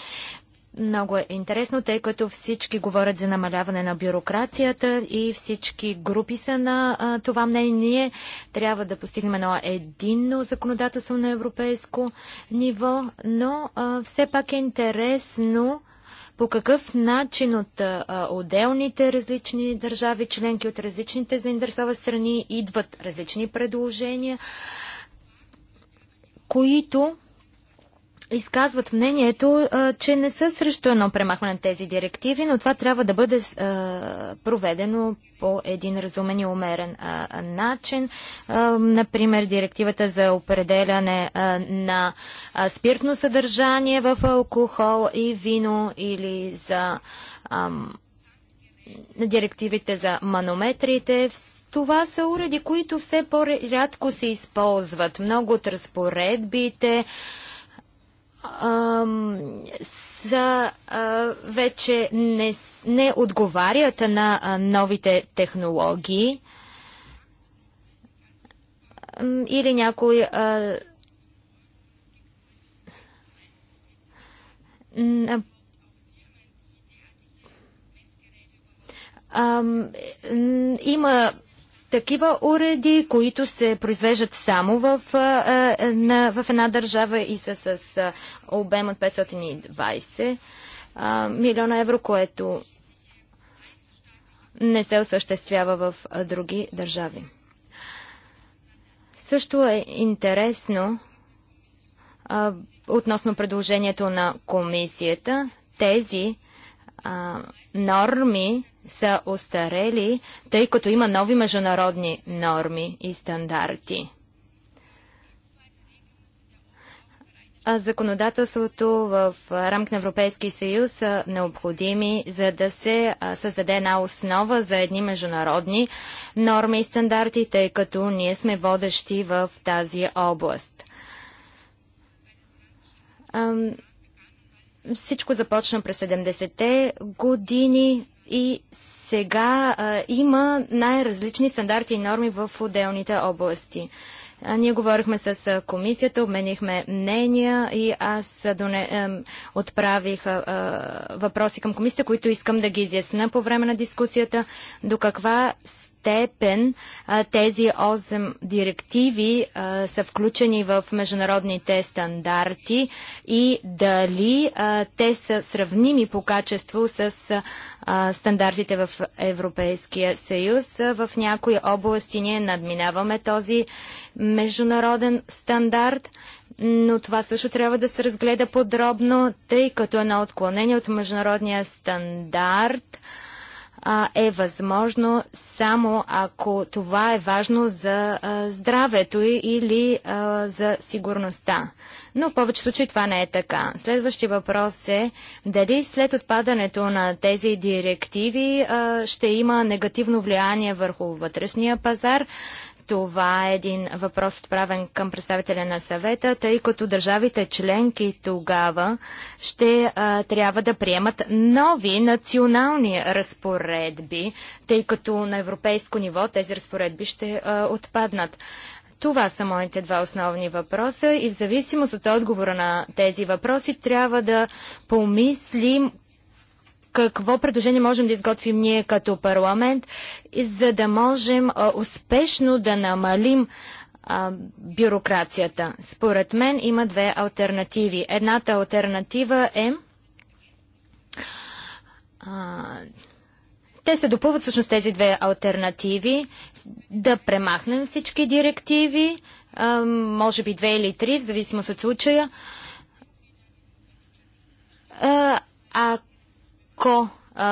Много е интересно, тъй като всички говорят за намаляване на бюрокрацията и всички групи са на а, това мнение. Ние трябва да постигнем едно единно законодателство на европейско ниво, но а, все пак е интересно по какъв начин от а, отделните различни държави, членки от различните заинтересовани страни идват различни предложения, които изказват мнението, че не са срещу едно премахване на тези директиви, но това трябва да бъде проведено по един разумен и умерен начин. Например, директивата за определяне на спиртно съдържание в алкохол и вино или за директивите за манометрите. Това са уреди, които все по-рядко се използват. Много от разпоредбите, са вече не, не отговарят на новите технологии или някои има такива уреди, които се произвеждат само в, на, в една държава и са с обем от 520 милиона евро, което не се осъществява в други държави. Също е интересно а, относно предложението на комисията тези а, норми са устарели, тъй като има нови международни норми и стандарти. А законодателството в рамк на Европейски съюз са необходими, за да се създаде една основа за едни международни норми и стандарти, тъй като ние сме водещи в тази област. Всичко започна през 70-те години. И сега а, има най-различни стандарти и норми в отделните области. А, ние говорихме с а, комисията, обменихме мнения и аз доне, а, отправих а, въпроси към комисията, които искам да ги изясна по време на дискусията. До каква степен а, тези 8 директиви а, са включени в международните стандарти и дали а, те са сравними по качество с стандартите в Европейския съюз. В някои области ние надминаваме този международен стандарт но това също трябва да се разгледа подробно, тъй като едно отклонение от международния стандарт а, е възможно само ако това е важно за а, здравето или а, за сигурността. Но в повечето случаи това не е така. Следващия въпрос е дали след отпадането на тези директиви а, ще има негативно влияние върху вътрешния пазар. Това е един въпрос отправен към представителя на съвета, тъй като държавите членки тогава ще а, трябва да приемат нови национални разпоредби, тъй като на европейско ниво тези разпоредби ще а, отпаднат. Това са моите два основни въпроса и в зависимост от отговора на тези въпроси трябва да помислим какво предложение можем да изготвим ние като парламент, за да можем успешно да намалим бюрокрацията. Според мен има две альтернативи. Едната альтернатива е те се допълват всъщност тези две альтернативи. Да премахнем всички директиви, може би две или три, в зависимост от случая. А, ако а,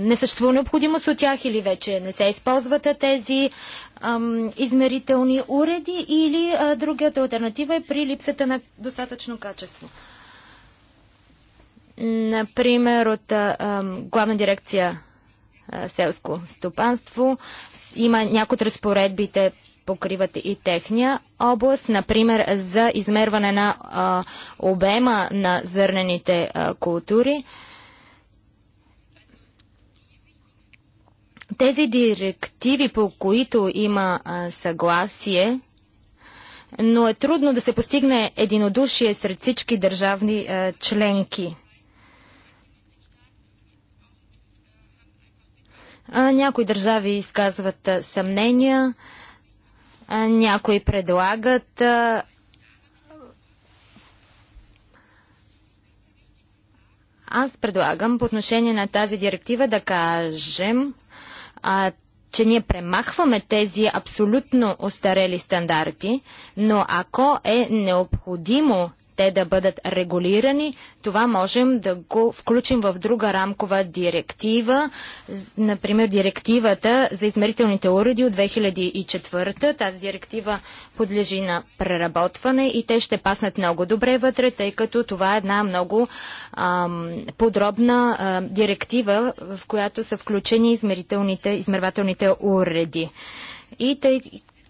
не съществува необходимост от тях или вече не се използват тези ам, измерителни уреди или а, другата альтернатива е при липсата на достатъчно качество. Например, от а, главна дирекция а, селско стопанство има някои от разпоредбите покриват и техния област, например за измерване на а, обема на зърнените а, култури. А, Тези директиви, по които има съгласие, но е трудно да се постигне единодушие сред всички държавни членки. някои държави изказват съмнения, някои предлагат Аз предлагам по отношение на тази директива да кажем, а, че ние премахваме тези абсолютно остарели стандарти, но ако е необходимо те да бъдат регулирани, това можем да го включим в друга рамкова директива, например директивата за измерителните уреди от 2004. Тази директива подлежи на преработване и те ще паснат много добре вътре, тъй като това е една много ам, подробна ам, директива, в която са включени измерителните, измервателните уреди. И тъй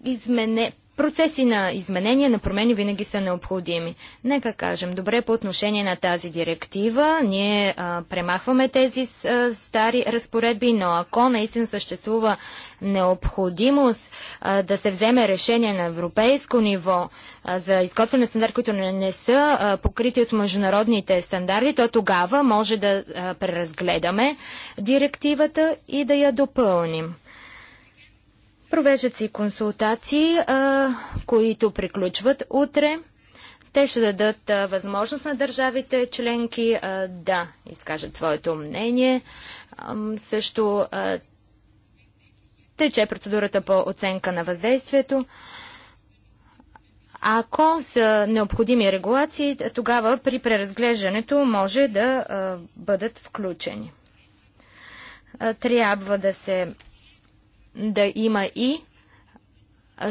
измене, Процеси на изменения, на промени винаги са необходими. Нека кажем, добре по отношение на тази директива, ние а, премахваме тези а, стари разпоредби, но ако наистина съществува необходимост а, да се вземе решение на европейско ниво а, за изготвяне на стандарти, които не, не са а, покрити от международните стандарти, то тогава може да а, преразгледаме директивата и да я допълним. Провеждат се консултации, а, които приключват утре. Те ще дадат а, възможност на държавите членки а, да изкажат своето мнение. А, също а, тече процедурата по оценка на въздействието. Ако са необходими регулации, тогава при преразглеждането може да а, бъдат включени. А, трябва да се да има и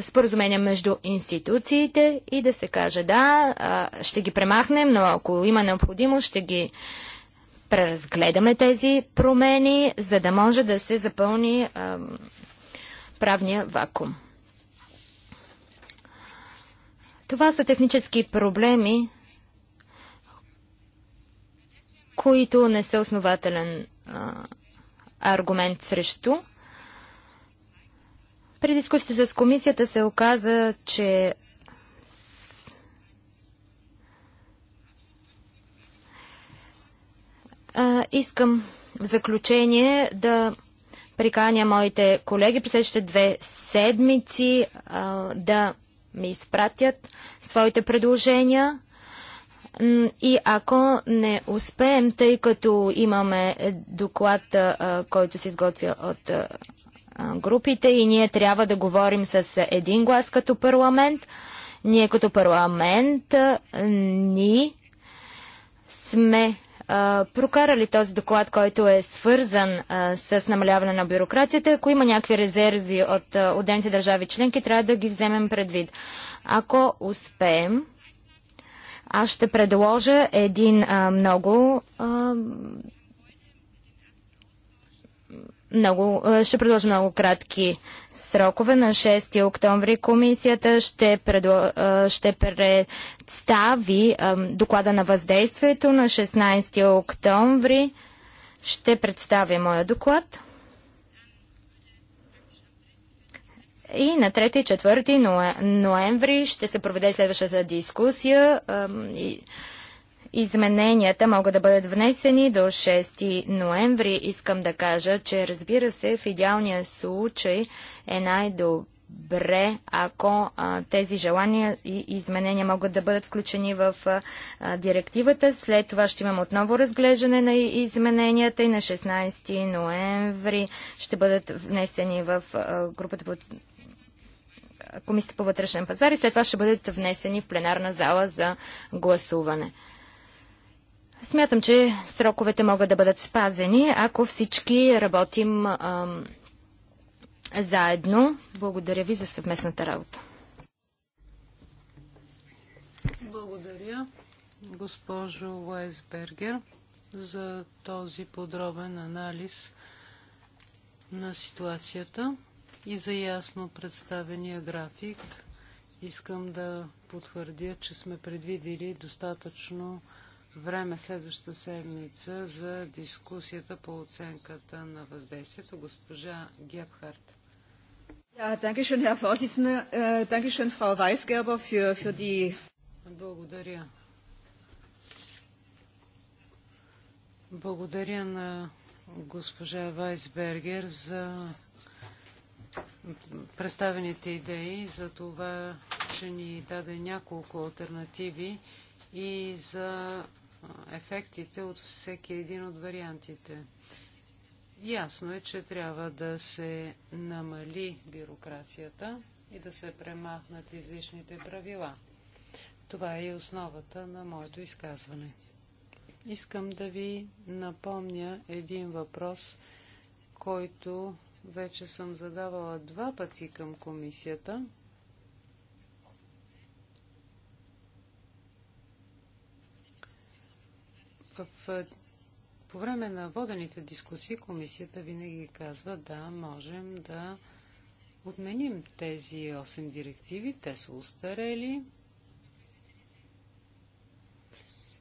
споразумение между институциите и да се каже да, ще ги премахнем, но ако има необходимост, ще ги преразгледаме тези промени, за да може да се запълни правния вакуум. Това са технически проблеми, които не са основателен а, аргумент срещу при дискусията с комисията се оказа, че а, искам в заключение да приканя моите колеги през следващите две седмици а, да ми изпратят своите предложения. И ако не успеем, тъй като имаме доклад, който се изготвя от групите и ние трябва да говорим с един глас като парламент. Ние като парламент ни сме прокарали този доклад, който е свързан с намаляване на бюрокрацията. Ако има някакви резерви от отделните държави членки, трябва да ги вземем предвид. Ако успеем, аз ще предложа един много много, ще предложа много кратки срокове. На 6 октомври комисията ще, предло, ще представи доклада на въздействието. На 16 октомври ще представя моя доклад. И на 3 и 4 ноември ще се проведе следващата дискусия. И Измененията могат да бъдат внесени до 6 ноември. Искам да кажа, че разбира се, в идеалния случай е най-добре, ако а, тези желания и изменения могат да бъдат включени в а, директивата. След това ще имам отново разглеждане на измененията и на 16 ноември ще бъдат внесени в а, групата по Комисията по вътрешен пазар и след това ще бъдат внесени в пленарна зала за гласуване. Смятам, че сроковете могат да бъдат спазени, ако всички работим ам, заедно. Благодаря ви за съвместната работа. Благодаря, госпожо Уайсбергер, за този подробен анализ на ситуацията и за ясно представения график. Искам да потвърдя, че сме предвидили достатъчно време следващата седмица за дискусията по оценката на въздействието. Госпожа Гебхарт. Äh, Благодаря. Благодаря на госпожа Вайсбергер за представените идеи, за това, че ни даде няколко альтернативи и за ефектите от всеки един от вариантите. Ясно е, че трябва да се намали бюрокрацията и да се премахнат излишните правила. Това е и основата на моето изказване. Искам да ви напомня един въпрос, който вече съм задавала два пъти към комисията – В, е, по време на водените дискусии комисията винаги казва да, можем да отменим тези 8 директиви, те са устарели,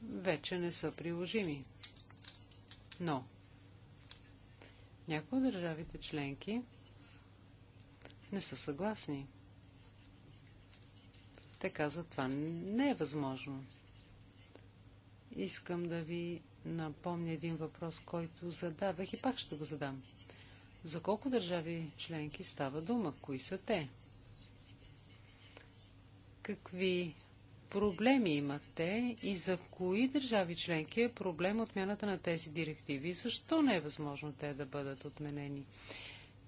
вече не са приложими. Но някои от държавите членки не са съгласни. Те казват, това не е възможно. Искам да ви напомня един въпрос, който задавах и пак ще го задам. За колко държави членки става дума? Кои са те? Какви проблеми имат те и за кои държави членки е проблем отмяната на тези директиви и защо не е възможно те да бъдат отменени?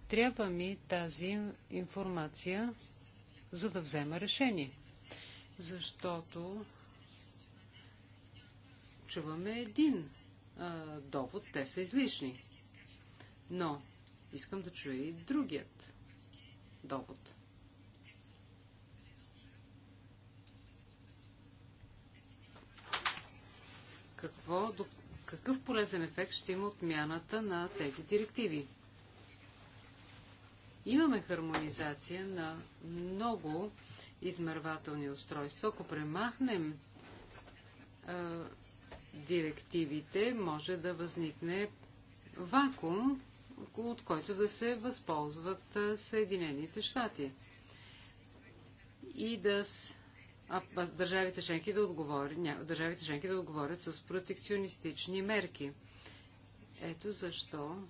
Трябва ми тази информация, за да взема решение. Защото чуваме един а, довод, те са излишни. Но искам да чуя и другият довод. Какво, до, какъв полезен ефект ще има отмяната на тези директиви? Имаме хармонизация на много измервателни устройства. Ако премахнем директивите може да възникне вакуум, от който да се възползват Съединените щати и да с... а, държавите членки да отговорят, държавите членки да отговорят с протекционистични мерки. Ето защо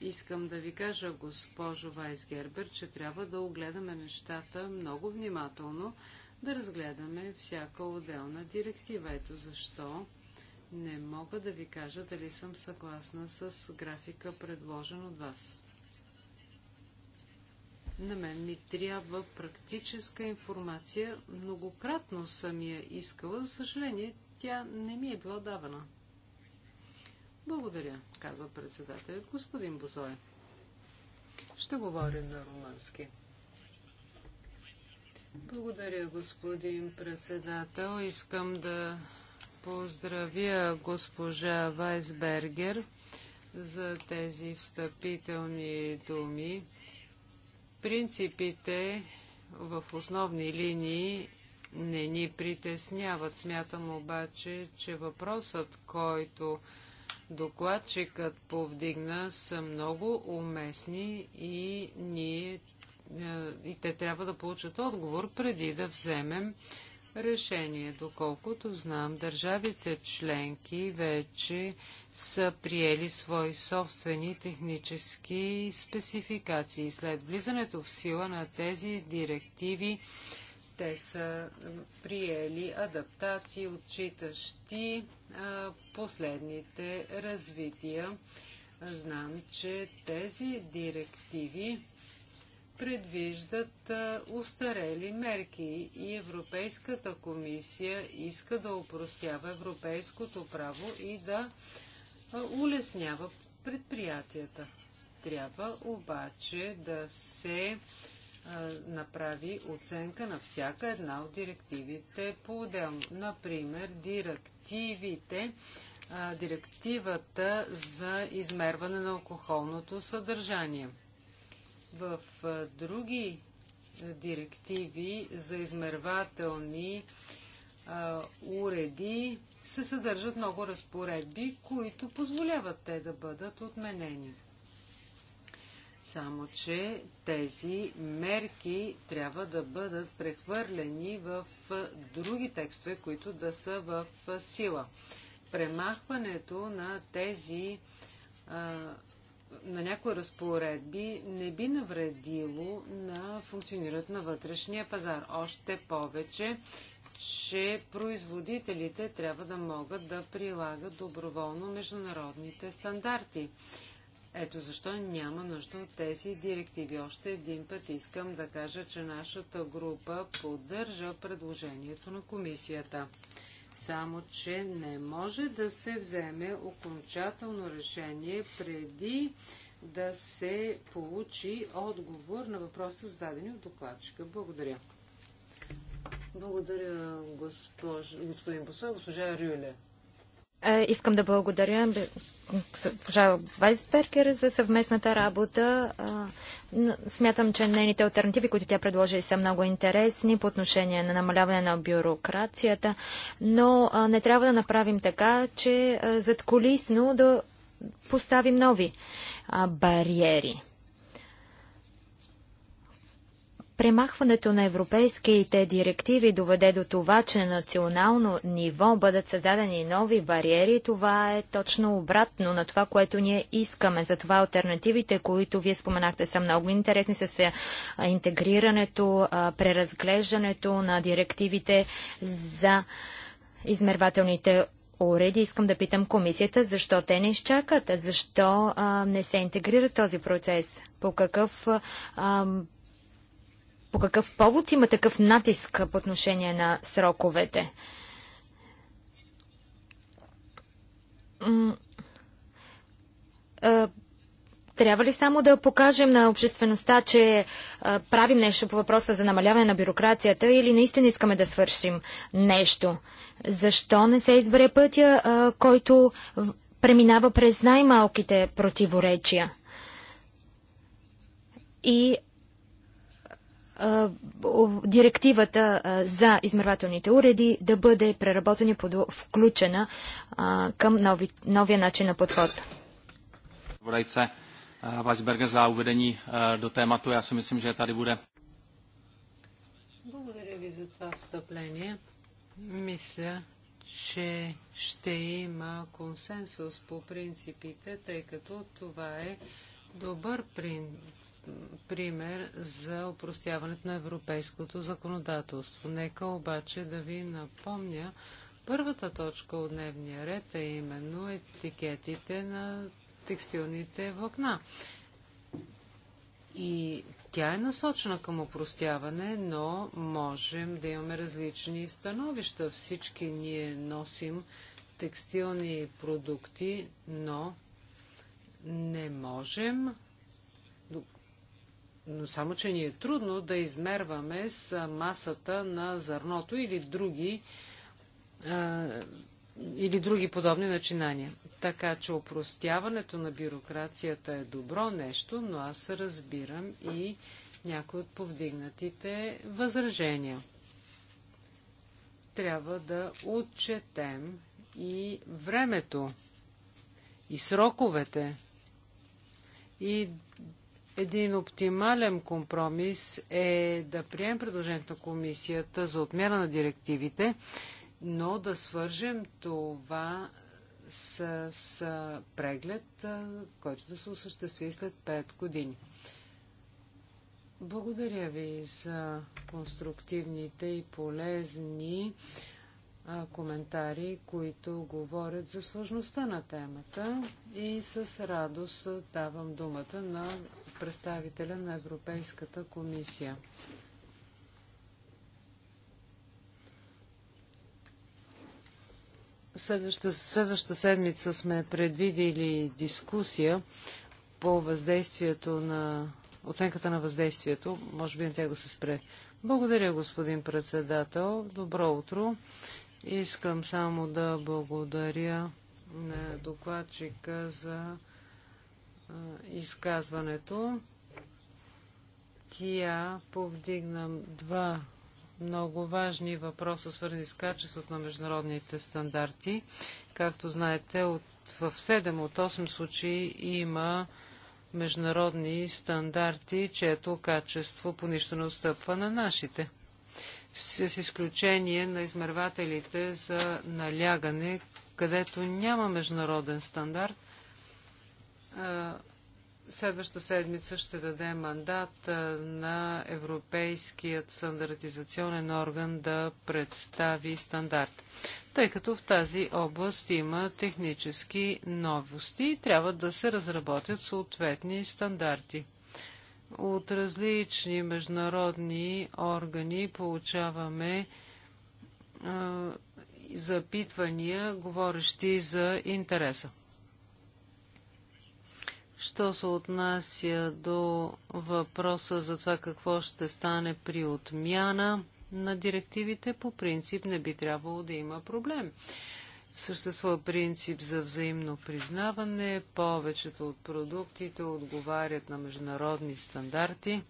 искам да ви кажа, госпожо Вайсгербер, че трябва да огледаме нещата много внимателно, да разгледаме всяка отделна директива. Ето защо не мога да ви кажа дали съм съгласна с графика, предложен от вас. На мен ми трябва практическа информация. Многократно съм я искала. За съжаление, тя не ми е била давана. Благодаря, казва председателят господин Бозоя. Ще говоря на румънски. Благодаря, господин председател. Искам да поздравя госпожа Вайсбергер за тези встъпителни думи. Принципите в основни линии не ни притесняват. Смятам обаче, че въпросът, който докладчикът повдигна, са много уместни и ние и те трябва да получат отговор преди да вземем решение. Доколкото знам, държавите членки вече са приели свои собствени технически спецификации. След влизането в сила на тези директиви, те са приели адаптации, отчитащи последните развития. Знам, че тези директиви предвиждат устарели мерки и Европейската комисия иска да упростява европейското право и да улеснява предприятията. Трябва обаче да се направи оценка на всяка една от директивите по-отделно. Например, директивите, директивата за измерване на алкохолното съдържание – в други директиви за измервателни а, уреди се съдържат много разпоредби, които позволяват те да бъдат отменени. Само, че тези мерки трябва да бъдат прехвърлени в други текстове, които да са в сила. Премахването на тези а, на някои разпоредби не би навредило на функционирането на вътрешния пазар. Още повече, че производителите трябва да могат да прилагат доброволно международните стандарти. Ето защо няма нужда от тези директиви. Още един път искам да кажа, че нашата група поддържа предложението на комисията. Само, че не може да се вземе окончателно решение преди да се получи отговор на въпроса, зададени от докладчика. Благодаря. Благодаря, госпож... господин посол, госпожа Рюле. Е, искам да благодаря госпожа Вайсбергер за съвместната работа. Смятам, че нейните альтернативи, които тя предложи, са много интересни по отношение на намаляване на бюрокрацията, но не трябва да направим така, че задколисно да поставим нови бариери. Премахването на европейските директиви доведе до това, че на национално ниво бъдат създадени нови бариери. Това е точно обратно на това, което ние искаме. Затова альтернативите, които вие споменахте, са много интересни с интегрирането, преразглеждането на директивите за измервателните уреди. Искам да питам комисията, защо те не изчакат? Защо а, не се интегрира този процес? По какъв а, по какъв повод има такъв натиск по отношение на сроковете? Трябва ли само да покажем на обществеността, че правим нещо по въпроса за намаляване на бюрокрацията или наистина искаме да свършим нещо? Защо не се избере пътя, който преминава през най-малките противоречия? И директивата за измервателните уреди да бъде преработена и включена към нови, новия начин на подход. Vodice Weisberger za uvedení do tématu. Já si myslím, že tady bude. Благодаря ви за това встъпление. Мисля, че ще има консенсус по принципите, тъй като това е добър принцип пример за упростяването на европейското законодателство. Нека обаче да ви напомня първата точка от дневния ред, а е именно етикетите на текстилните влакна. И тя е насочена към опростяване, но можем да имаме различни становища. Всички ние носим текстилни продукти, но не можем но само, че ни е трудно да измерваме с масата на зърното или други, а, или други подобни начинания. Така че упростяването на бюрокрацията е добро нещо, но аз разбирам и някои от повдигнатите възражения. Трябва да отчетем и времето, и сроковете, и един оптимален компромис е да приемем предложението на комисията за отмяна на директивите, но да свържем това с, с преглед, който да се осъществи след 5 години. Благодаря ви за конструктивните и полезни а, коментари, които говорят за сложността на темата и с радост давам думата на представителя на Европейската комисия. Следваща, следваща седмица сме предвидили дискусия по въздействието на оценката на въздействието. Може би на тях да се спре. Благодаря, господин председател. Добро утро. Искам само да благодаря на докладчика за изказването. Тя повдигна два много важни въпроса, свързани с качеството на международните стандарти. Както знаете, от, в 7 от 8 случаи има международни стандарти, чието качество по нищо не отстъпва на нашите. С, с изключение на измервателите за налягане, където няма международен стандарт, Следващата седмица ще даде мандат на Европейският стандартизационен орган да представи стандарт. Тъй като в тази област има технически новости и трябва да се разработят съответни стандарти. От различни международни органи получаваме запитвания, говорещи за интереса. Що се отнася до въпроса за това какво ще стане при отмяна на директивите, по принцип не би трябвало да има проблем. Съществува принцип за взаимно признаване. Повечето от продуктите отговарят на международни стандарти.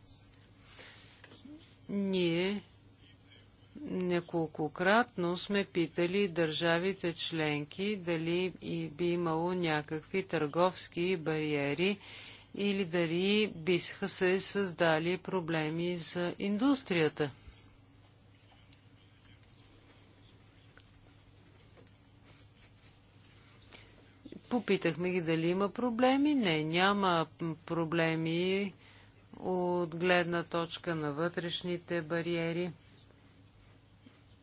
Ние Неколкократно сме питали държавите членки дали и би имало някакви търговски бариери или дали биха се създали проблеми за индустрията. Попитахме ги дали има проблеми. Не, няма проблеми от гледна точка на вътрешните бариери.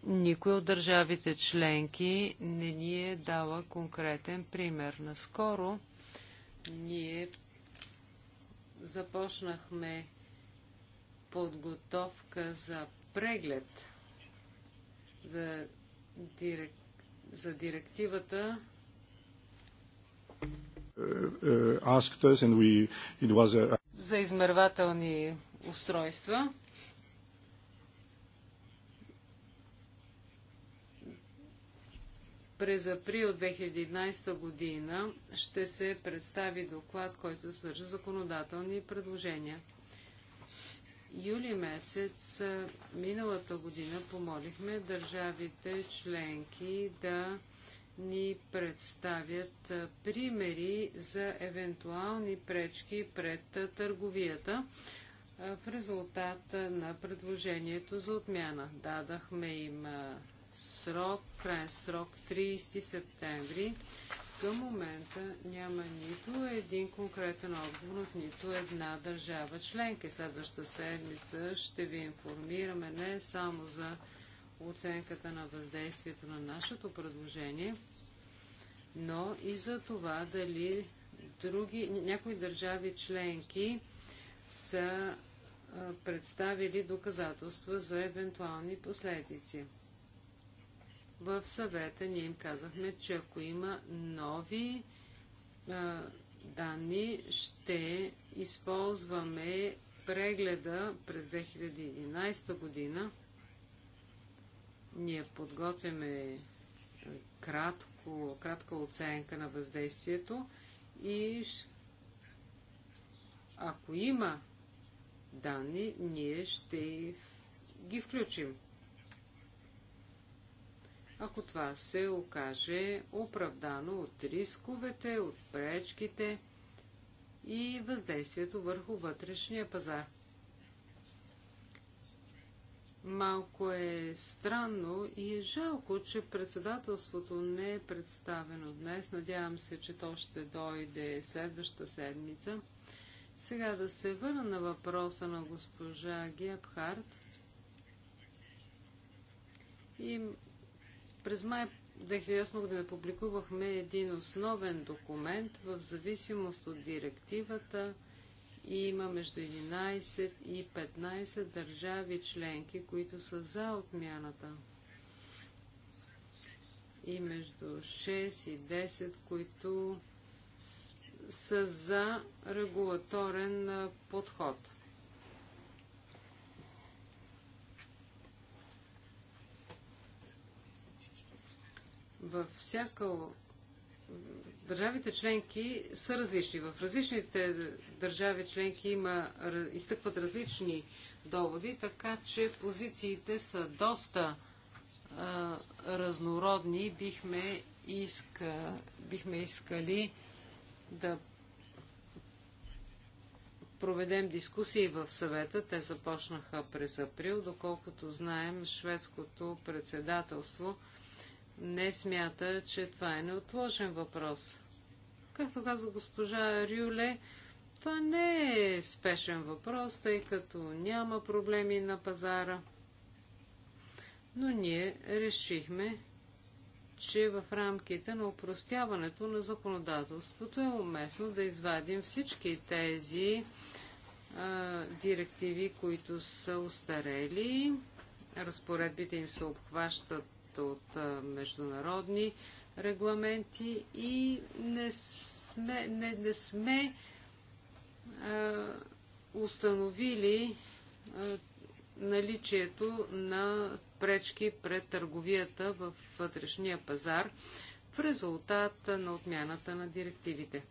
Никой от държавите членки не ни е дала конкретен пример. Наскоро ние започнахме подготовка за преглед за, дирек... за директивата. Uh, uh, we... a... За измервателни устройства. През април 2011 година ще се представи доклад, който съдържа законодателни предложения. Юли месец миналата година помолихме държавите членки да ни представят примери за евентуални пречки пред търговията в резултат на предложението за отмяна. Дадахме им срок, крайен срок 30 септември. Към момента няма нито един конкретен отговор от нито една държава членка. Следващата седмица ще ви информираме не само за оценката на въздействието на нашето предложение, но и за това дали други, някои държави членки са представили доказателства за евентуални последици. В съвета ние им казахме, че ако има нови а, данни, ще използваме прегледа през 2011 година. Ние подготвяме кратко, кратка оценка на въздействието и ако има данни, ние ще ги включим ако това се окаже оправдано от рисковете, от пречките и въздействието върху вътрешния пазар. Малко е странно и е жалко, че председателството не е представено днес. Надявам се, че то ще дойде следващата седмица. Сега да се върна на въпроса на госпожа Гебхарт. И през май 2008 година публикувахме един основен документ в зависимост от директивата и има между 11 и 15 държави членки, които са за отмяната. И между 6 и 10, които са за регулаторен подход. във всяка държавите членки са различни. В различните държави членки има, изтъкват различни доводи, така че позициите са доста а, разнородни. Бихме, иска, бихме искали да проведем дискусии в съвета. Те започнаха през април. Доколкото знаем, шведското председателство – не смята, че това е неотложен въпрос. Както каза госпожа Рюле, това не е спешен въпрос, тъй като няма проблеми на пазара. Но ние решихме, че в рамките на упростяването на законодателството е уместно да извадим всички тези а, директиви, които са устарели. Разпоредбите им се обхващат от международни регламенти и не сме, не, не сме а, установили а, наличието на пречки пред търговията в вътрешния пазар в резултат на отмяната на директивите.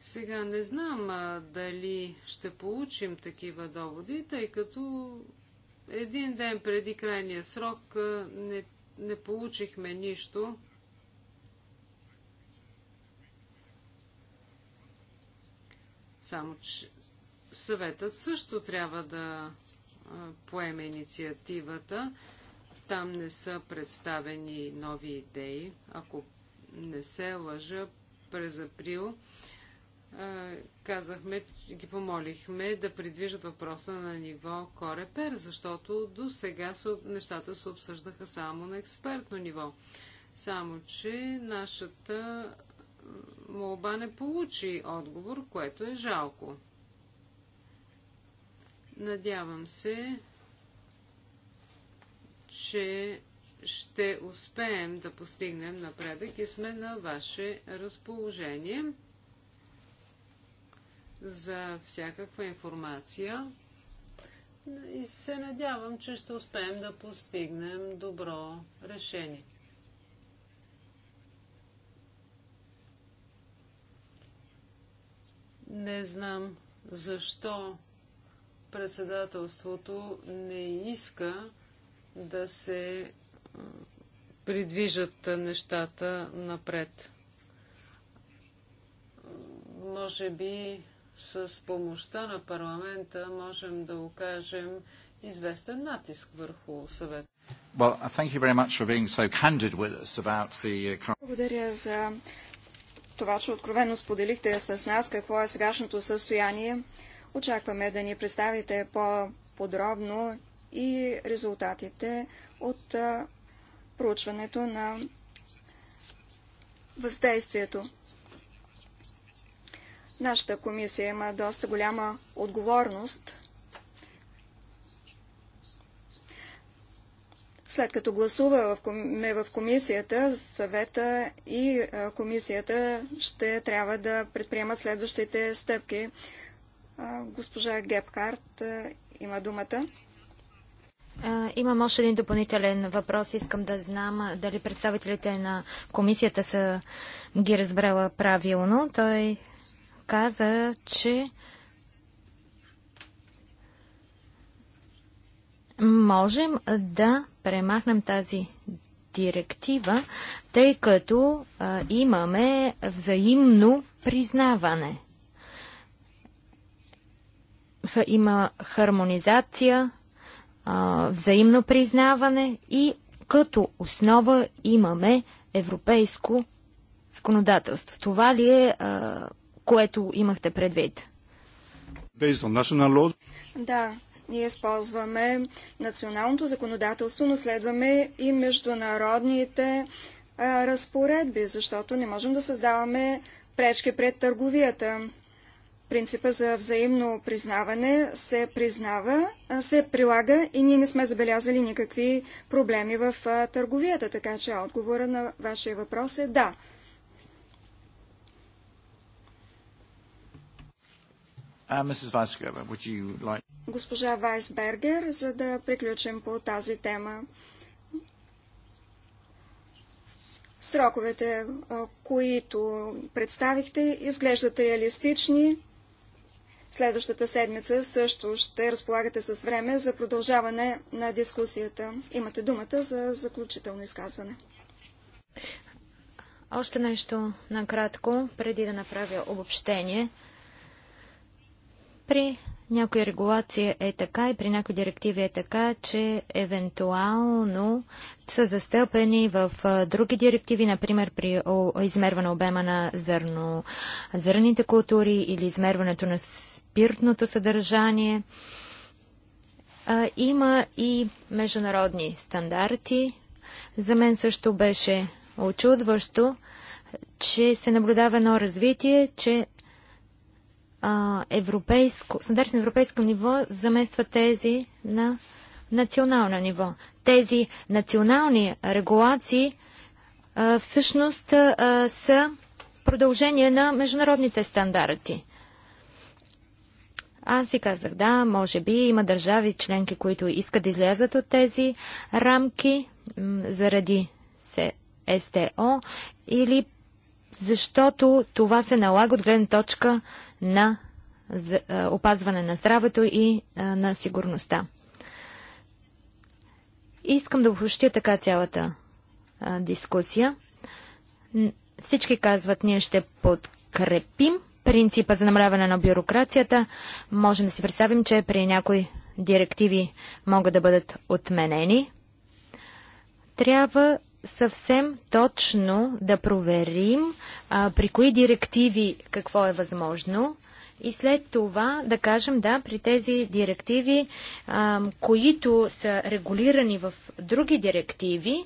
Сега не знам а, дали ще получим такива доводи, тъй като един ден преди крайния срок а, не не получихме нищо. Само, че съветът също трябва да поеме инициативата. Там не са представени нови идеи. Ако не се лъжа, през април казахме, ги помолихме да придвижат въпроса на ниво Корепер, защото до сега нещата се обсъждаха само на експертно ниво. Само, че нашата молба не получи отговор, което е жалко. Надявам се, че ще успеем да постигнем напредък и сме на ваше разположение за всякаква информация и се надявам, че ще успеем да постигнем добро решение. Не знам защо председателството не иска да се придвижат нещата напред. Може би с помощта на парламента можем да окажем известен натиск върху съвет. Well, thank you very much for being so candid with us about the... Uh, Благодаря за това, че откровено споделихте с нас какво е сегашното състояние. Очакваме да ни представите по-подробно и резултатите от проучването на въздействието. Нашата комисия има доста голяма отговорност. След като гласува в е комисията, съвета и е, комисията ще трябва да предприема следващите стъпки. Е, госпожа Гепкарт има думата. Имам още един допълнителен въпрос. Искам да знам дали представителите на комисията са ги разбрала правилно. Той каза, че можем да премахнем тази директива, тъй като а, имаме взаимно признаване. Х, има хармонизация, а, взаимно признаване и като основа имаме европейско законодателство. Това ли е а, което имахте предвид. Да, ние използваме националното законодателство, но следваме и международните разпоредби, защото не можем да създаваме пречки пред търговията. Принципа за взаимно признаване се признава, се прилага и ние не сме забелязали никакви проблеми в търговията, така че отговора на вашия въпрос е да. Uh, Госпожа Вайсбергер, за да приключим по тази тема. Сроковете, които представихте, изглеждат реалистични. Следващата седмица също ще разполагате с време за продължаване на дискусията. Имате думата за заключително изказване. Още нещо накратко, преди да направя обобщение. При някоя регулация е така и при някои директиви е така, че евентуално са застъпени в други директиви, например при измерване обема на зърно, зърните култури или измерването на спиртното съдържание. има и международни стандарти. За мен също беше очудващо, че се наблюдава едно развитие, че а, европейско, стандарти на европейско ниво замества тези на национално ниво. Тези национални регулации а, всъщност а, са продължение на международните стандарти. Аз си казах, да, може би има държави членки, които искат да излязат от тези рамки заради СТО или защото това се налага от гледна точка на опазване на здравето и на сигурността. Искам да обобщя така цялата дискусия. Всички казват, ние ще подкрепим принципа за намаляване на бюрокрацията. Можем да си представим, че при някои директиви могат да бъдат отменени. Трябва съвсем точно да проверим а, при кои директиви какво е възможно и след това да кажем да, при тези директиви, а, които са регулирани в други директиви,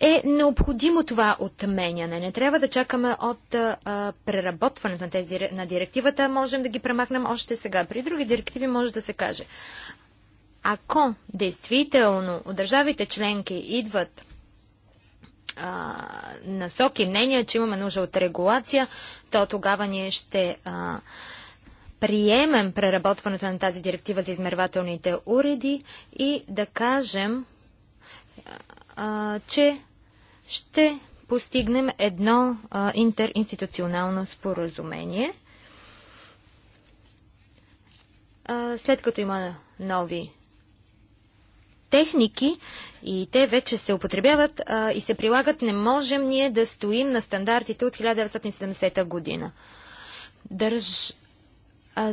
е необходимо това отменяне. Не трябва да чакаме от а, преработването на, тези, на директивата. Можем да ги премахнем още сега. При други директиви може да се каже. Ако действително от държавите членки идват а, насоки, мнения, че имаме нужда от регулация, то тогава ние ще а, приемем преработването на тази директива за измервателните уреди и да кажем, а, че ще постигнем едно а, интеринституционално споразумение. А, след като има нови техники и те вече се употребяват а, и се прилагат, не можем ние да стоим на стандартите от 1970 година. Държ...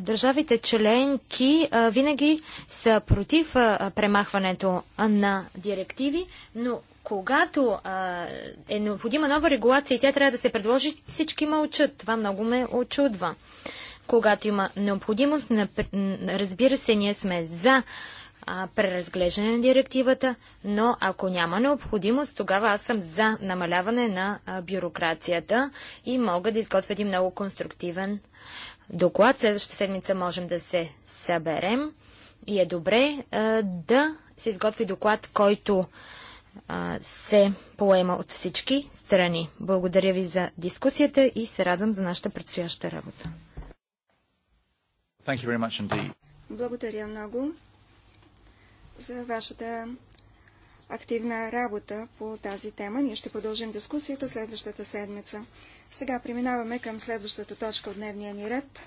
държавите членки а, винаги са против а, премахването на директиви, но когато а, е необходима нова регулация и тя трябва да се предложи, всички мълчат. Това много ме очудва. Когато има необходимост, разбира се, ние сме за преразглеждане на директивата, но ако няма необходимост, тогава аз съм за намаляване на бюрокрацията и мога да изготвя един много конструктивен доклад. Следващата седмица можем да се съберем и е добре да се изготви доклад, който се поема от всички страни. Благодаря ви за дискусията и се радвам за нашата предстояща работа. Благодаря много за вашата активна работа по тази тема. Ние ще продължим дискусията следващата седмица. Сега преминаваме към следващата точка от дневния ни ред.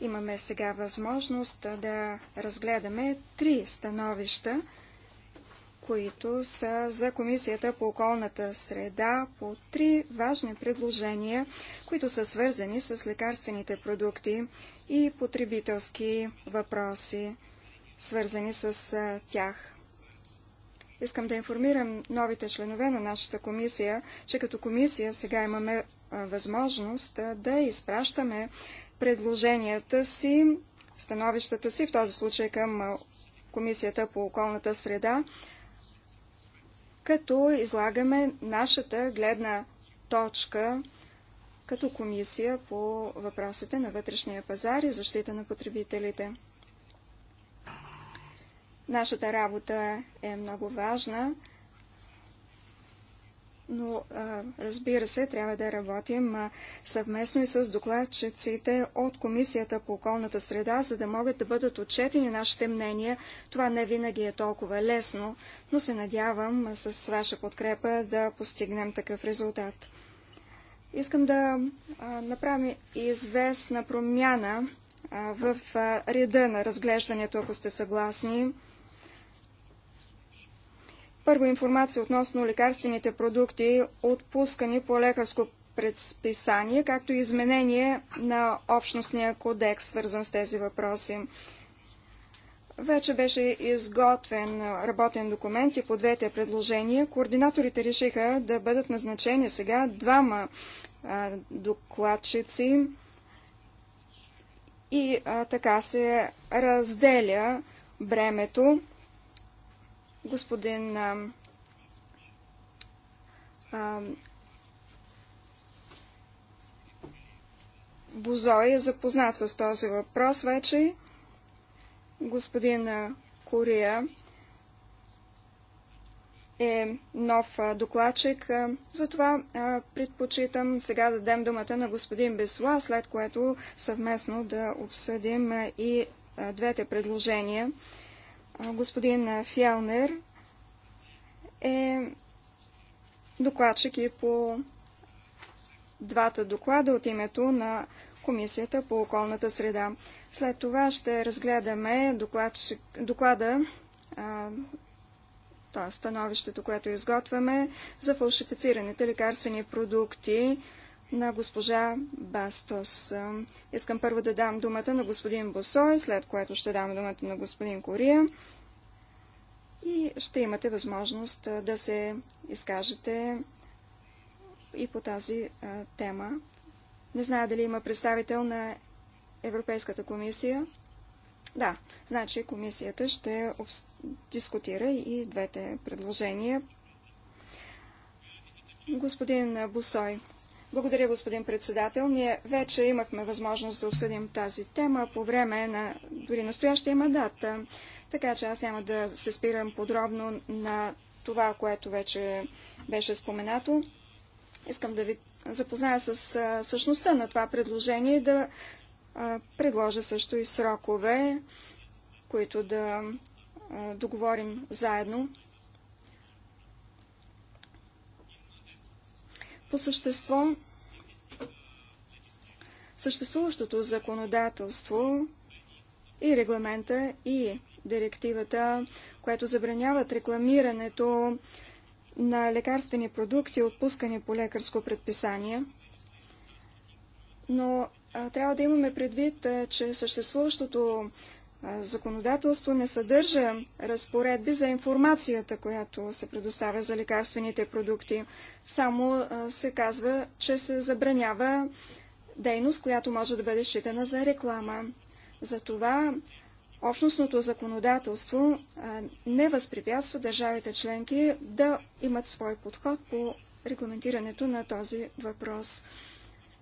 Имаме сега възможност да разгледаме три становища, които са за Комисията по околната среда по три важни предложения, които са свързани с лекарствените продукти и потребителски въпроси свързани с тях. Искам да информирам новите членове на нашата комисия, че като комисия сега имаме възможност да изпращаме предложенията си, становищата си, в този случай към Комисията по околната среда, като излагаме нашата гледна точка като комисия по въпросите на вътрешния пазар и защита на потребителите. Нашата работа е много важна, но разбира се, трябва да работим съвместно и с докладчиците от Комисията по околната среда, за да могат да бъдат отчетени нашите мнения. Това не винаги е толкова лесно, но се надявам с ваша подкрепа да постигнем такъв резултат. Искам да направим известна промяна в реда на разглеждането, ако сте съгласни. Първо информация относно лекарствените продукти, отпускани по лекарско предписание, както и изменение на общностния кодекс, свързан с тези въпроси. Вече беше изготвен работен документ и по двете предложения. Координаторите решиха да бъдат назначени сега двама а, докладчици и а, така се разделя бремето господин а, а, Бузой е запознат с този въпрос вече. Господин Курия Кория е нов докладчик. Затова предпочитам сега да дадем думата на господин Бесла, след което съвместно да обсъдим и двете предложения господин Фялнер е докладчик и по двата доклада от името на Комисията по околната среда. След това ще разгледаме доклада, т.е. становището, което изготвяме за фалшифицираните лекарствени продукти на госпожа Бастос. Искам първо да дам думата на господин Босой, след което ще дам думата на господин Кория и ще имате възможност да се изкажете и по тази тема. Не зная дали има представител на Европейската комисия. Да, значи комисията ще обс... дискутира и двете предложения. Господин Бусой, благодаря, господин председател. Ние вече имахме възможност да обсъдим тази тема по време на дори настоящия мандат. Така че аз няма да се спирам подробно на това, което вече беше споменато. Искам да ви запозная с същността на това предложение и да предложа също и срокове, които да договорим заедно. По същество, съществуващото законодателство и регламента и директивата, което забраняват рекламирането на лекарствени продукти, отпускани по лекарско предписание. Но а, трябва да имаме предвид, а, че съществуващото а, законодателство не съдържа разпоредби за информацията, която се предоставя за лекарствените продукти. Само се казва, че се забранява дейност, която може да бъде считана за реклама. Затова общностното законодателство не възпрепятства държавите членки да имат свой подход по регламентирането на този въпрос.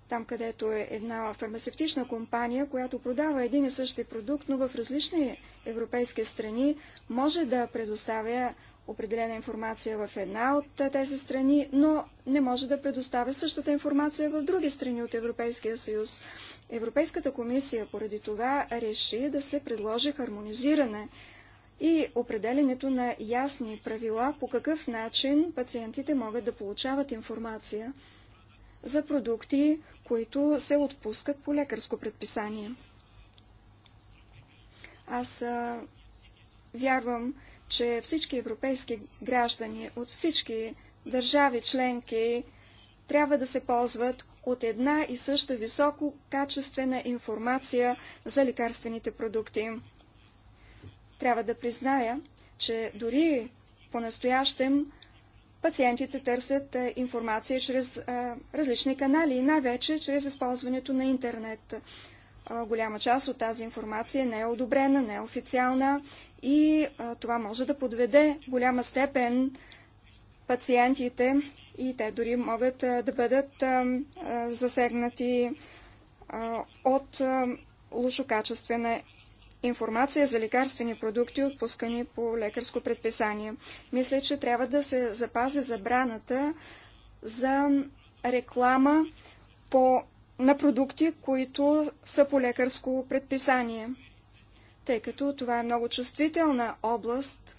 Там, където е една фармацевтична компания, която продава един и същи продукт, но в различни европейски страни, може да предоставя определена информация в една от тези страни, но не може да предоставя същата информация в други страни от Европейския съюз. Европейската комисия поради това реши да се предложи хармонизиране и определенето на ясни правила по какъв начин пациентите могат да получават информация за продукти, които се отпускат по лекарско предписание. Аз а, вярвам, че всички европейски граждани от всички държави членки трябва да се ползват от една и съща високо качествена информация за лекарствените продукти. Трябва да призная, че дори по-настоящем пациентите търсят е, информация чрез а, е, различни канали и най-вече чрез използването на интернет. А, е, голяма част от тази информация не е одобрена, не е официална и а, това може да подведе в голяма степен пациентите и те дори могат а, да бъдат а, засегнати от лошокачествена информация за лекарствени продукти, отпускани по лекарско предписание. Мисля, че трябва да се запази забраната за реклама по, на продукти, които са по лекарско предписание тъй като това е много чувствителна област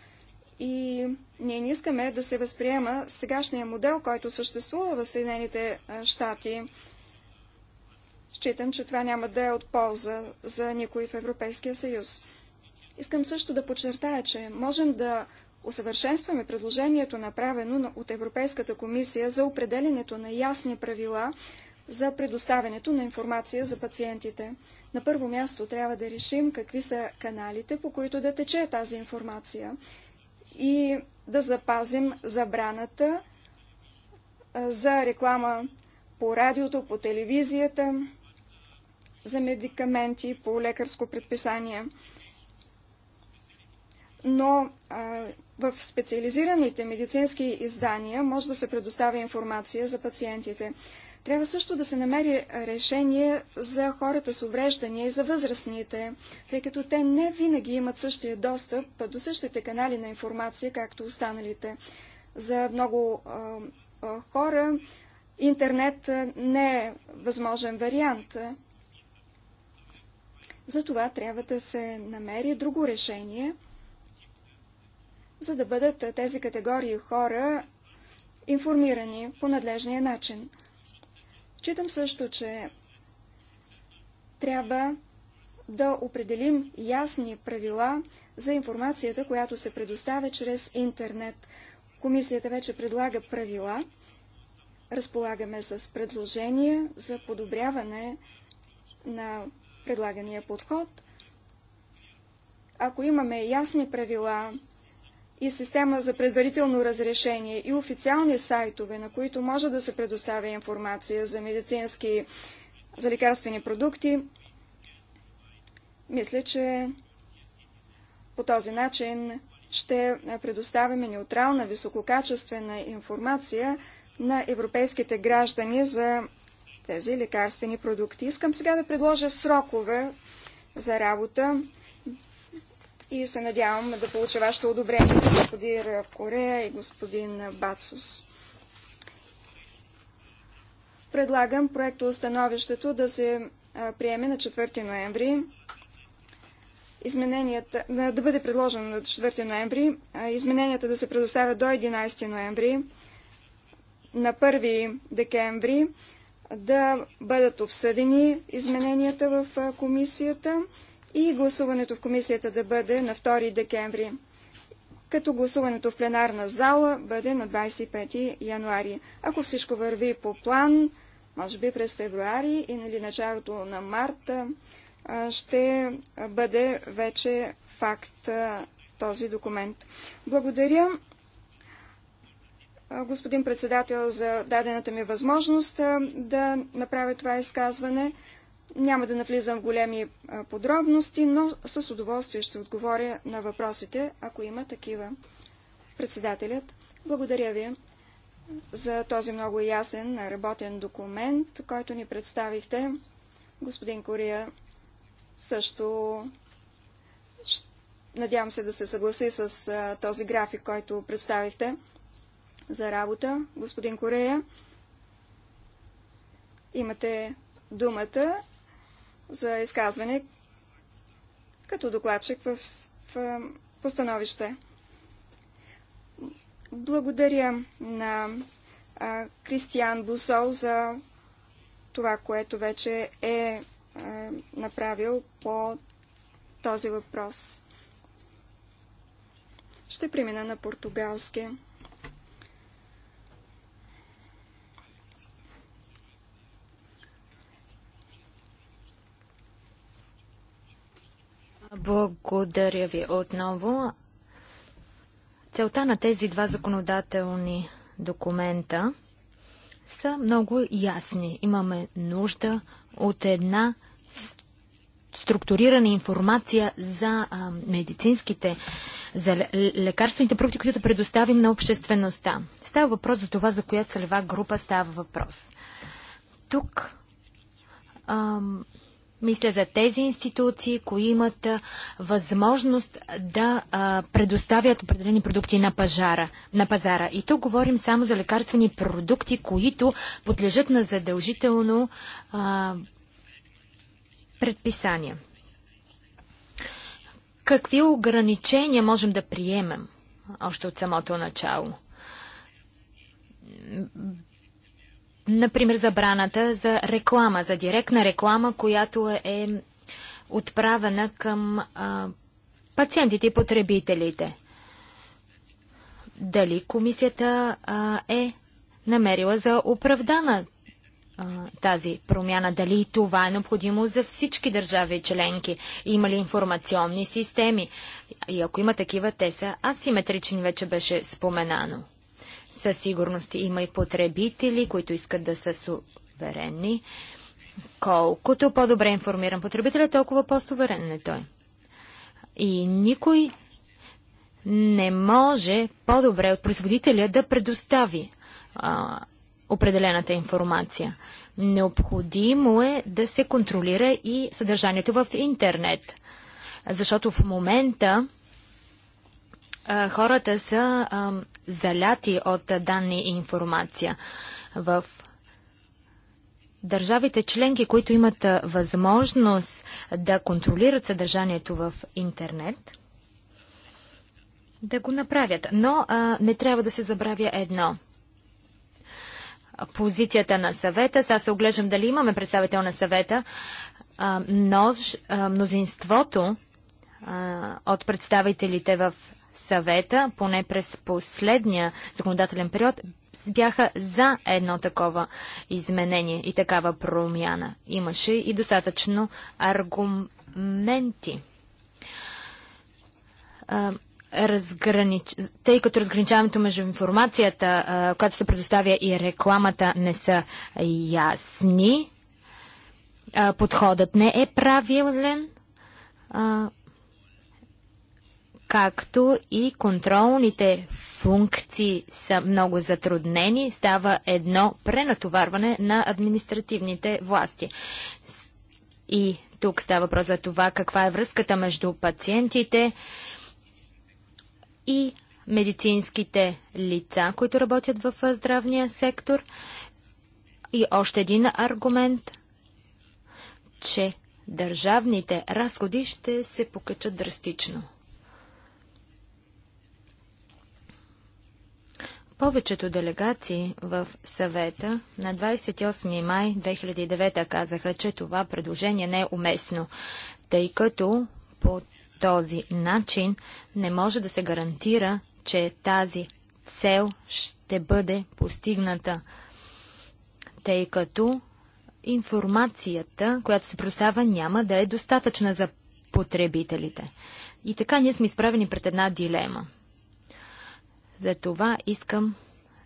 и ние не искаме да се възприема сегашния модел, който съществува в Съединените щати. Считам, че това няма да е от полза за никой в Европейския съюз. Искам също да подчертая, че можем да усъвършенстваме предложението, направено от Европейската комисия за определенето на ясни правила за предоставянето на информация за пациентите. На първо място трябва да решим какви са каналите, по които да тече тази информация и да запазим забраната за реклама по радиото, по телевизията, за медикаменти, по лекарско предписание. Но а, в специализираните медицински издания може да се предоставя информация за пациентите. Трябва също да се намери решение за хората с увреждания и за възрастните, тъй като те не винаги имат същия достъп до същите канали на информация, както останалите. За много а, а, хора интернет не е възможен вариант. Затова трябва да се намери друго решение, за да бъдат тези категории хора информирани по надлежния начин. Читам също, че трябва да определим ясни правила за информацията, която се предоставя чрез интернет. Комисията вече предлага правила. Разполагаме с предложения за подобряване на предлагания подход. Ако имаме ясни правила, и система за предварително разрешение и официални сайтове, на които може да се предоставя информация за медицински, за лекарствени продукти, мисля, че по този начин ще предоставяме неутрална, висококачествена информация на европейските граждани за тези лекарствени продукти. Искам сега да предложа срокове за работа и се надявам да получа вашето одобрение, господин Корея и господин Бацус. Предлагам проекто становището да се приеме на 4 ноември. Измененията, да бъде предложено на 4 ноември, измененията да се предоставят до 11 ноември, на 1 декември да бъдат обсъдени измененията в комисията и гласуването в комисията да бъде на 2 декември, като гласуването в пленарна зала бъде на 25 януари. Ако всичко върви по план, може би през февруари или нали, началото на марта, ще бъде вече факт този документ. Благодаря, господин председател, за дадената ми възможност да направя това изказване. Няма да навлизам в големи подробности, но с удоволствие ще отговоря на въпросите, ако има такива. Председателят, благодаря ви за този много ясен работен документ, който ни представихте. Господин Кория също надявам се да се съгласи с този график, който представихте за работа. Господин Корея, имате думата за изказване като докладчик в, в постановище. Благодаря на а, Кристиан Бусол за това, което вече е а, направил по този въпрос. Ще премина на португалски. Благодаря ви отново. Целта на тези два законодателни документа са много ясни. Имаме нужда от една структурирана информация за а, медицинските, за лекарствените продукти, които предоставим на обществеността. Става въпрос за това, за коя целева група става въпрос. Тук ам, мисля за тези институции, кои имат възможност да а, предоставят определени продукти на, пажара, на пазара. И тук говорим само за лекарствени продукти, които подлежат на задължително а, предписание. Какви ограничения можем да приемем още от самото начало? Например, забраната за реклама, за директна реклама, която е, е отправена към а, пациентите и потребителите. Дали комисията а, е намерила за оправдана а, тази промяна? Дали това е необходимо за всички държави членки? Има ли информационни системи? И ако има такива, те са асиметрични, вече беше споменано. Със сигурност има и потребители, които искат да са суверенни. Колкото по-добре информиран потребителя, толкова по-суверен е той. И никой не може по-добре от производителя да предостави а, определената информация. Необходимо е да се контролира и съдържанието в интернет. Защото в момента хората са заляти от данни и информация. В държавите членки, които имат възможност да контролират съдържанието в интернет, да го направят. Но не трябва да се забравя едно. Позицията на съвета, сега се оглеждам дали имаме представител на съвета, мнозинството от представителите в съвета, поне през последния законодателен период, бяха за едно такова изменение и такава промяна. Имаше и достатъчно аргументи. разгранич... Тъй като разграничаването между информацията, която се предоставя и рекламата не са ясни, подходът не е правилен както и контролните функции са много затруднени, става едно пренатоварване на административните власти. И тук става въпрос за това каква е връзката между пациентите и медицинските лица, които работят в здравния сектор. И още един аргумент, че държавните разходи ще се покачат драстично. Повечето делегации в съвета на 28 май 2009 казаха, че това предложение не е уместно, тъй като по този начин не може да се гарантира, че тази цел ще бъде постигната, тъй като информацията, която се представя, няма да е достатъчна за потребителите. И така ние сме изправени пред една дилема. За това искам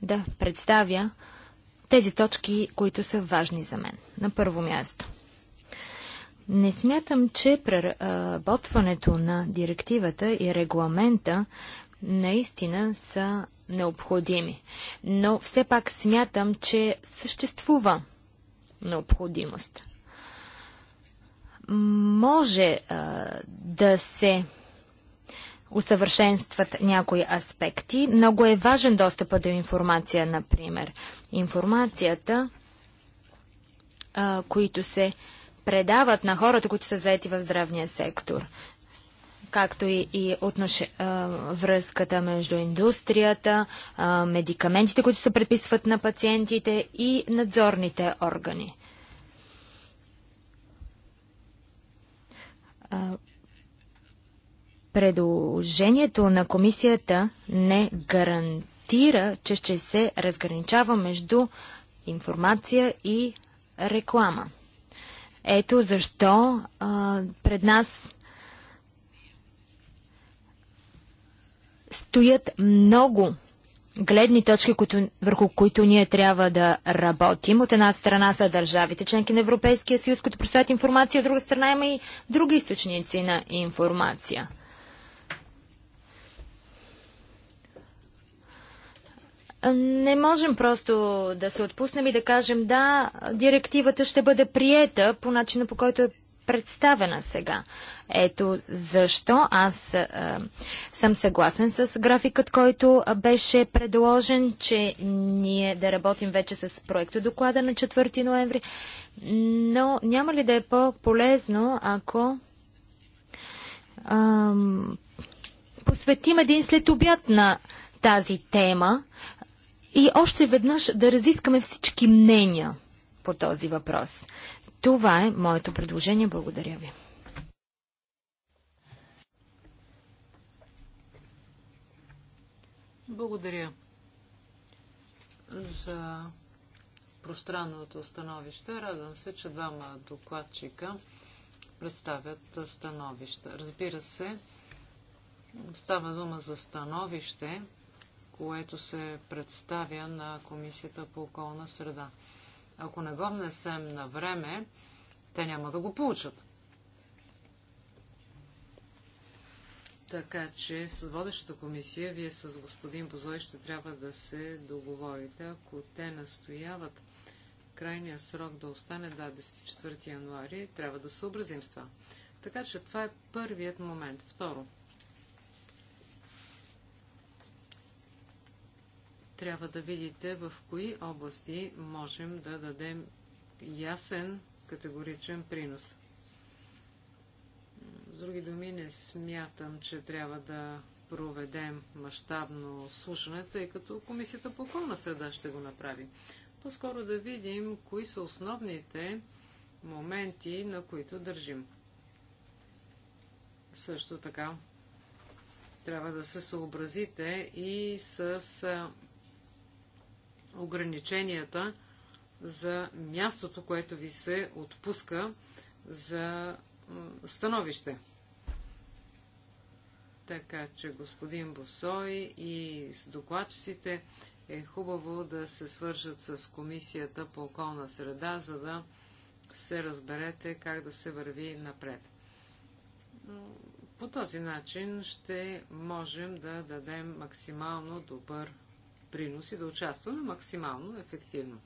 да представя тези точки, които са важни за мен. На първо място. Не смятам, че преработването на директивата и регламента наистина са необходими. Но все пак смятам, че съществува необходимост. Може а, да се усъвършенстват някои аспекти. Много е важен достъпът до информация, например. Информацията, а, които се предават на хората, които са заети в здравния сектор, както и, и отнош... връзката между индустрията, медикаментите, които се предписват на пациентите и надзорните органи. Предложението на комисията не гарантира, че ще се разграничава между информация и реклама. Ето защо а, пред нас стоят много гледни точки, които, върху които ние трябва да работим. От една страна са държавите, членки на Европейския съюз, които представят информация, от друга страна има и други източници на информация. Не можем просто да се отпуснем и да кажем да, директивата ще бъде приета по начина по който е представена сега. Ето защо аз е, съм съгласен с графикът, който беше предложен, че ние да работим вече с проекто доклада на 4 ноември. Но няма ли да е по-полезно, ако е, посветим един след обяд на тази тема, и още веднъж да разискаме всички мнения по този въпрос. Това е моето предложение. Благодаря ви. Благодаря за пространното становище. Радвам се, че двама докладчика представят становища. Разбира се, става дума за становище, което се представя на Комисията по околна среда. Ако не го внесем на време, те няма да го получат. Така че с водещата комисия, вие с господин Бозой ще трябва да се договорите. Ако те настояват крайния срок да остане 24 януари, трябва да съобразим с това. Така че това е първият момент. Второ, Трябва да видите в кои области можем да дадем ясен категоричен принос. С други думи, не смятам, че трябва да проведем мащабно слушане, тъй като Комисията по околна среда ще го направи. По-скоро да видим кои са основните моменти, на които държим. Също така трябва да се съобразите и с ограниченията за мястото, което ви се отпуска за становище. Така че господин Босой и с докладчиците е хубаво да се свържат с Комисията по околна среда, за да се разберете как да се върви напред. По този начин ще можем да дадем максимално добър принос и да участваме максимално ефективно.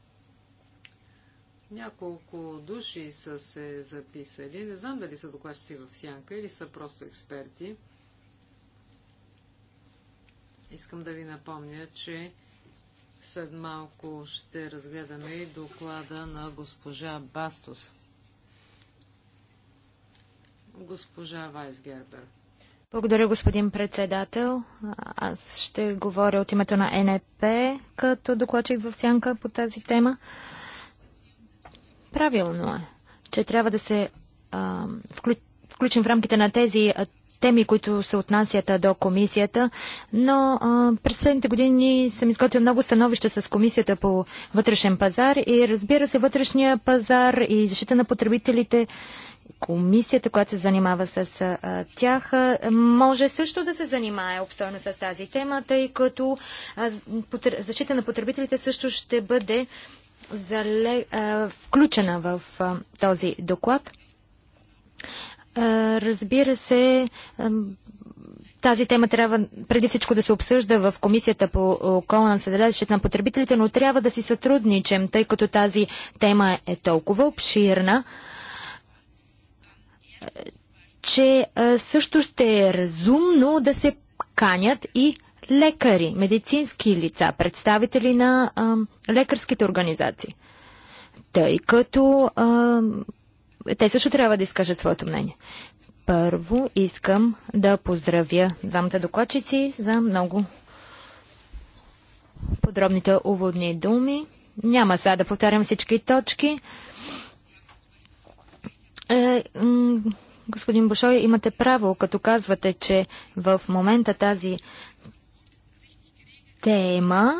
Няколко души са се записали. Не знам дали са докладчици в сянка или са просто експерти. Искам да ви напомня, че след малко ще разгледаме и доклада на госпожа Бастос. Госпожа Вайсгербер. Благодаря, господин председател. Аз ще говоря от името на НЕП, като докладчик в сянка по тази тема. Правилно е, че трябва да се а, включим в рамките на тези теми, които се отнасят до комисията, но а, през следните години съм изготвил много становища с комисията по вътрешен пазар и разбира се, вътрешния пазар и защита на потребителите комисията, която се занимава с а, тях, а, може също да се занимае обстойно с тази тема, тъй като а, потър... защита на потребителите също ще бъде зале... включена в този доклад. Разбира се, тази тема трябва преди всичко да се обсъжда в Комисията по околна среда защита на потребителите, но трябва да си сътрудничем, тъй като тази тема е толкова обширна че също ще е разумно да се канят и лекари, медицински лица, представители на лекарските организации. Тъй като те също трябва да изкажат своето мнение. Първо искам да поздравя двамата докладчици за много подробните уводни думи. Няма сега да повтарям всички точки. Е, господин Бошой, имате право, като казвате, че в момента тази тема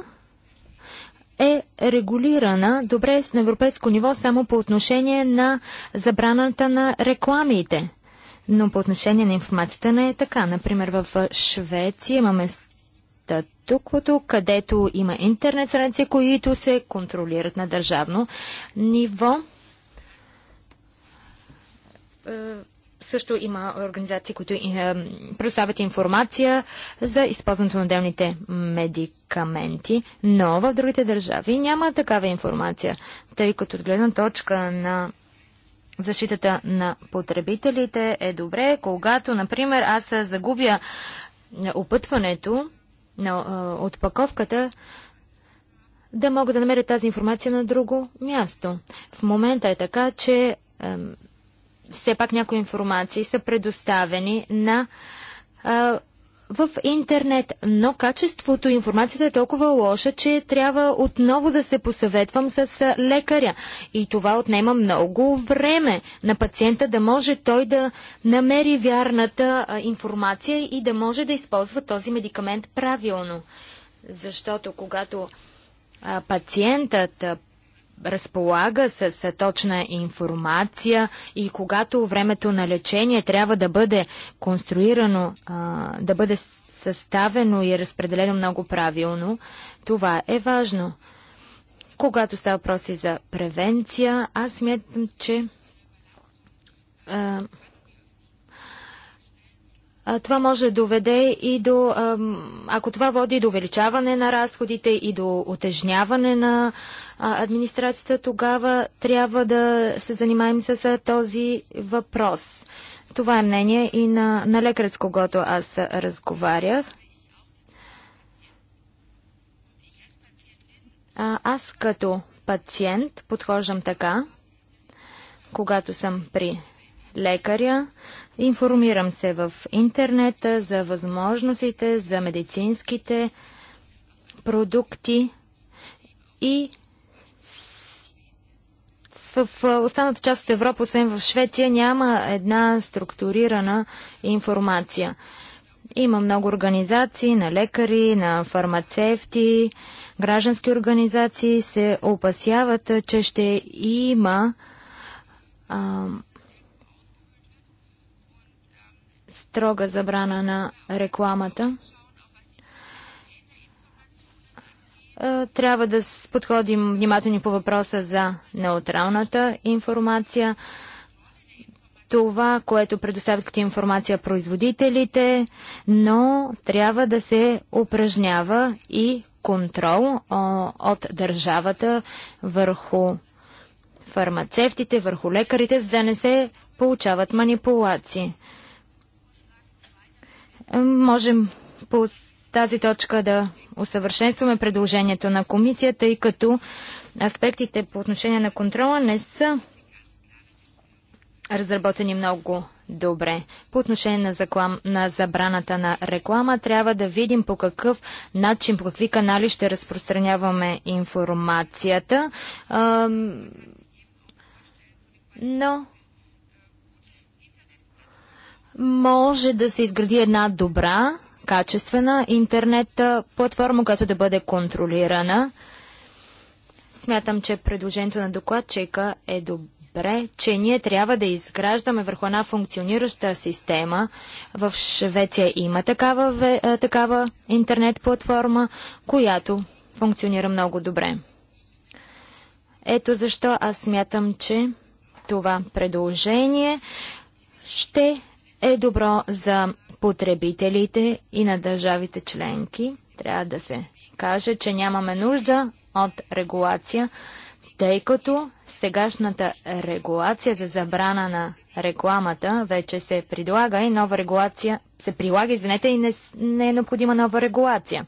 е регулирана добре на европейско ниво само по отношение на забраната на рекламите. Но по отношение на информацията не е така. Например, в Швеция имаме статуквото, където има интернет страници, които се контролират на държавно ниво. Е, също има организации, които е, предоставят информация за използването на отделните медикаменти, но в другите държави няма такава информация, тъй като от гледна точка на защитата на потребителите е добре, когато, например, аз загубя опътването на е, отпаковката, да мога да намеря тази информация на друго място. В момента е така, че все пак някои информации са предоставени на а, в интернет, но качеството и информацията е толкова лоша, че трябва отново да се посъветвам с лекаря. И това отнема много време на пациента да може той да намери вярната а, информация и да може да използва този медикамент правилно. Защото когато а, пациентът разполага с, точна информация и когато времето на лечение трябва да бъде конструирано, да бъде съставено и разпределено много правилно, това е важно. Когато става въпроси за превенция, аз смятам, че това може да доведе и до, ако това води до увеличаване на разходите и до отежняване на администрацията, тогава трябва да се занимаем с този въпрос. Това е мнение и на, на лекарец, когато аз разговарях. А, аз като пациент подхождам така, когато съм при лекаря. Информирам се в интернета за възможностите, за медицинските продукти и в останалата част от Европа, освен в Швеция, няма една структурирана информация. Има много организации на лекари, на фармацевти, граждански организации се опасяват, че ще има А, строга забрана на рекламата. Е, трябва да подходим внимателно по въпроса за неутралната информация. Това, което предоставят като информация производителите, но трябва да се упражнява и контрол от държавата върху фармацевтите, върху лекарите, за да не се получават манипулации можем по тази точка да усъвършенстваме предложението на комисията, и като аспектите по отношение на контрола не са разработени много добре. По отношение на, заклам, на забраната на реклама, трябва да видим по какъв начин, по какви канали ще разпространяваме информацията. Ам... Но може да се изгради една добра, качествена интернет платформа, която да бъде контролирана. Смятам, че предложението на докладчика е добре, че ние трябва да изграждаме върху една функционираща система. В Швеция има такава, такава интернет платформа, която функционира много добре. Ето защо аз смятам, че това предложение ще е добро за потребителите и на държавите членки. Трябва да се каже, че нямаме нужда от регулация, тъй като сегашната регулация за забрана на рекламата вече се предлага и нова регулация се прилага, извинете, и не, не е необходима нова регулация.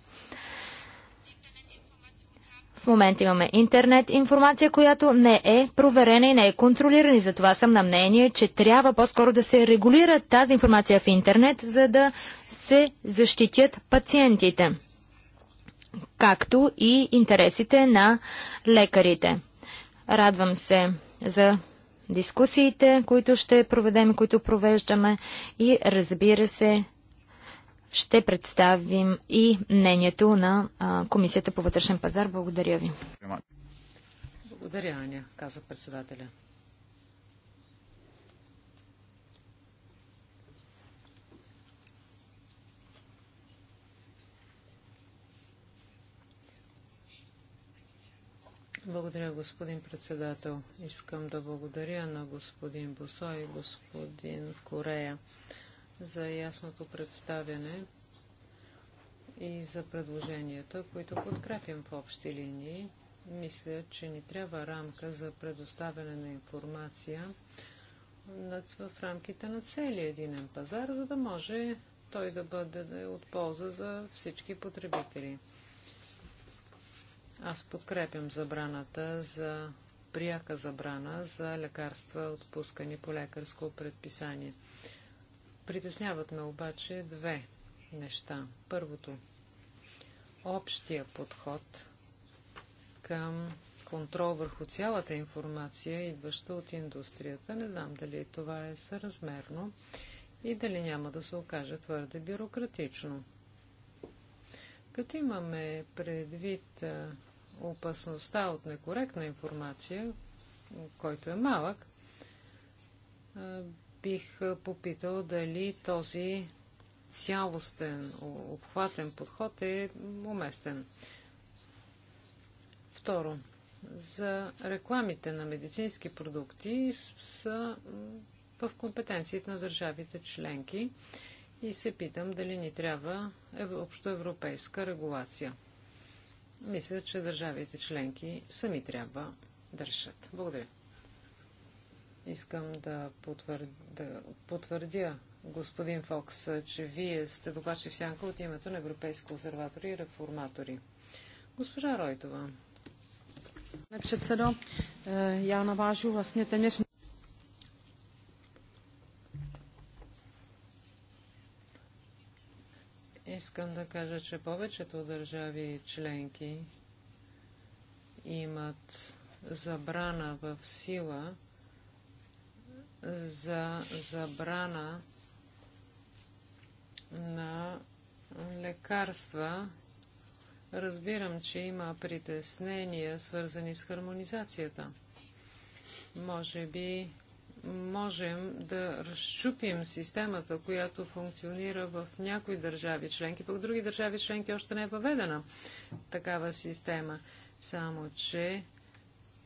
В момента имаме интернет информация, която не е проверена и не е контролирана. И затова съм на мнение, че трябва по-скоро да се регулира тази информация в интернет, за да се защитят пациентите, както и интересите на лекарите. Радвам се за дискусиите, които ще проведем, които провеждаме и разбира се, ще представим и мнението на а, Комисията по вътрешен пазар. Благодаря ви. Благодаря, Аня, каза председателя. Благодаря, господин председател. Искам да благодаря на господин Босо и господин Корея за ясното представяне и за предложенията, които подкрепям в общи линии. Мисля, че ни трябва рамка за предоставяне на информация в рамките на целия единен пазар, за да може той да бъде от полза за всички потребители. Аз подкрепям забраната за пряка забрана за лекарства, отпускани по лекарско предписание. Притесняват ме обаче две неща. Първото общия подход към контрол върху цялата информация, идваща от индустрията. Не знам дали това е съразмерно и дали няма да се окаже твърде бюрократично. Като имаме предвид опасността от некоректна информация, който е малък, бих попитал дали този цялостен, обхватен подход е уместен. Второ, за рекламите на медицински продукти са в компетенциите на държавите членки и се питам дали ни трябва общоевропейска регулация. Мисля, че държавите членки сами трябва да решат. Благодаря. Искам да потвърдя, да потвърдя господин Фокс, че вие сте докладчи в сянка от името на Европейски консерватори и реформатори. Госпожа Ройтова. Председо, я наважу Искам да кажа, че повечето държави членки имат забрана в сила за забрана на лекарства. Разбирам, че има притеснения, свързани с хармонизацията. Може би можем да разчупим системата, която функционира в някои държави членки, пък в други държави членки още не е въведена такава система. Само, че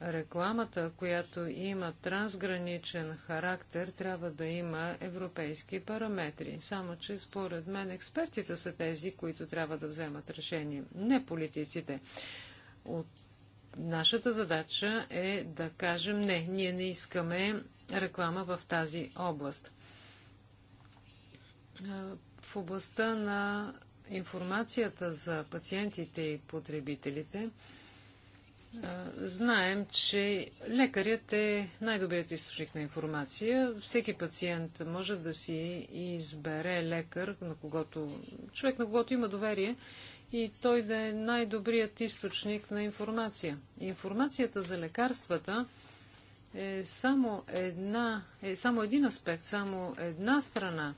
рекламата, която има трансграничен характер, трябва да има европейски параметри. Само, че според мен експертите са тези, които трябва да вземат решение, не политиците. От нашата задача е да кажем не, ние не искаме реклама в тази област. В областта на информацията за пациентите и потребителите, знаем, че лекарят е най-добрият източник на информация. Всеки пациент може да си избере лекар, на когото, човек на когото има доверие и той да е най-добрият източник на информация. Информацията за лекарствата е само, една, е само един аспект, само една страна.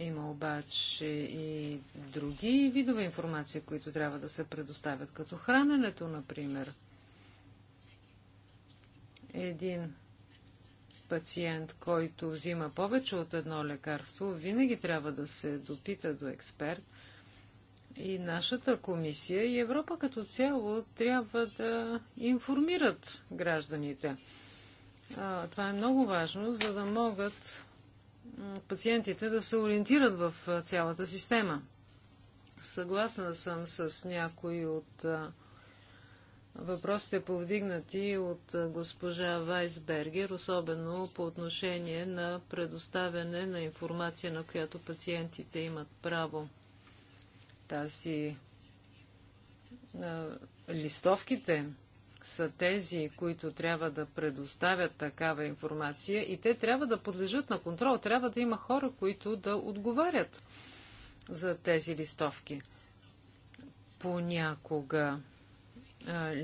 Има обаче и други видове информация, които трябва да се предоставят, като храненето, например – един пациент, който взима повече от едно лекарство, винаги трябва да се допита до експерт. И нашата комисия и Европа като цяло трябва да информират гражданите. това е много важно, за да могат пациентите да се ориентират в цялата система. Съгласна съм с някои от Въпросите повдигнати от госпожа Вайсбергер, особено по отношение на предоставяне на информация, на която пациентите имат право. Тази листовките са тези, които трябва да предоставят такава информация и те трябва да подлежат на контрол. Трябва да има хора, които да отговарят за тези листовки. Понякога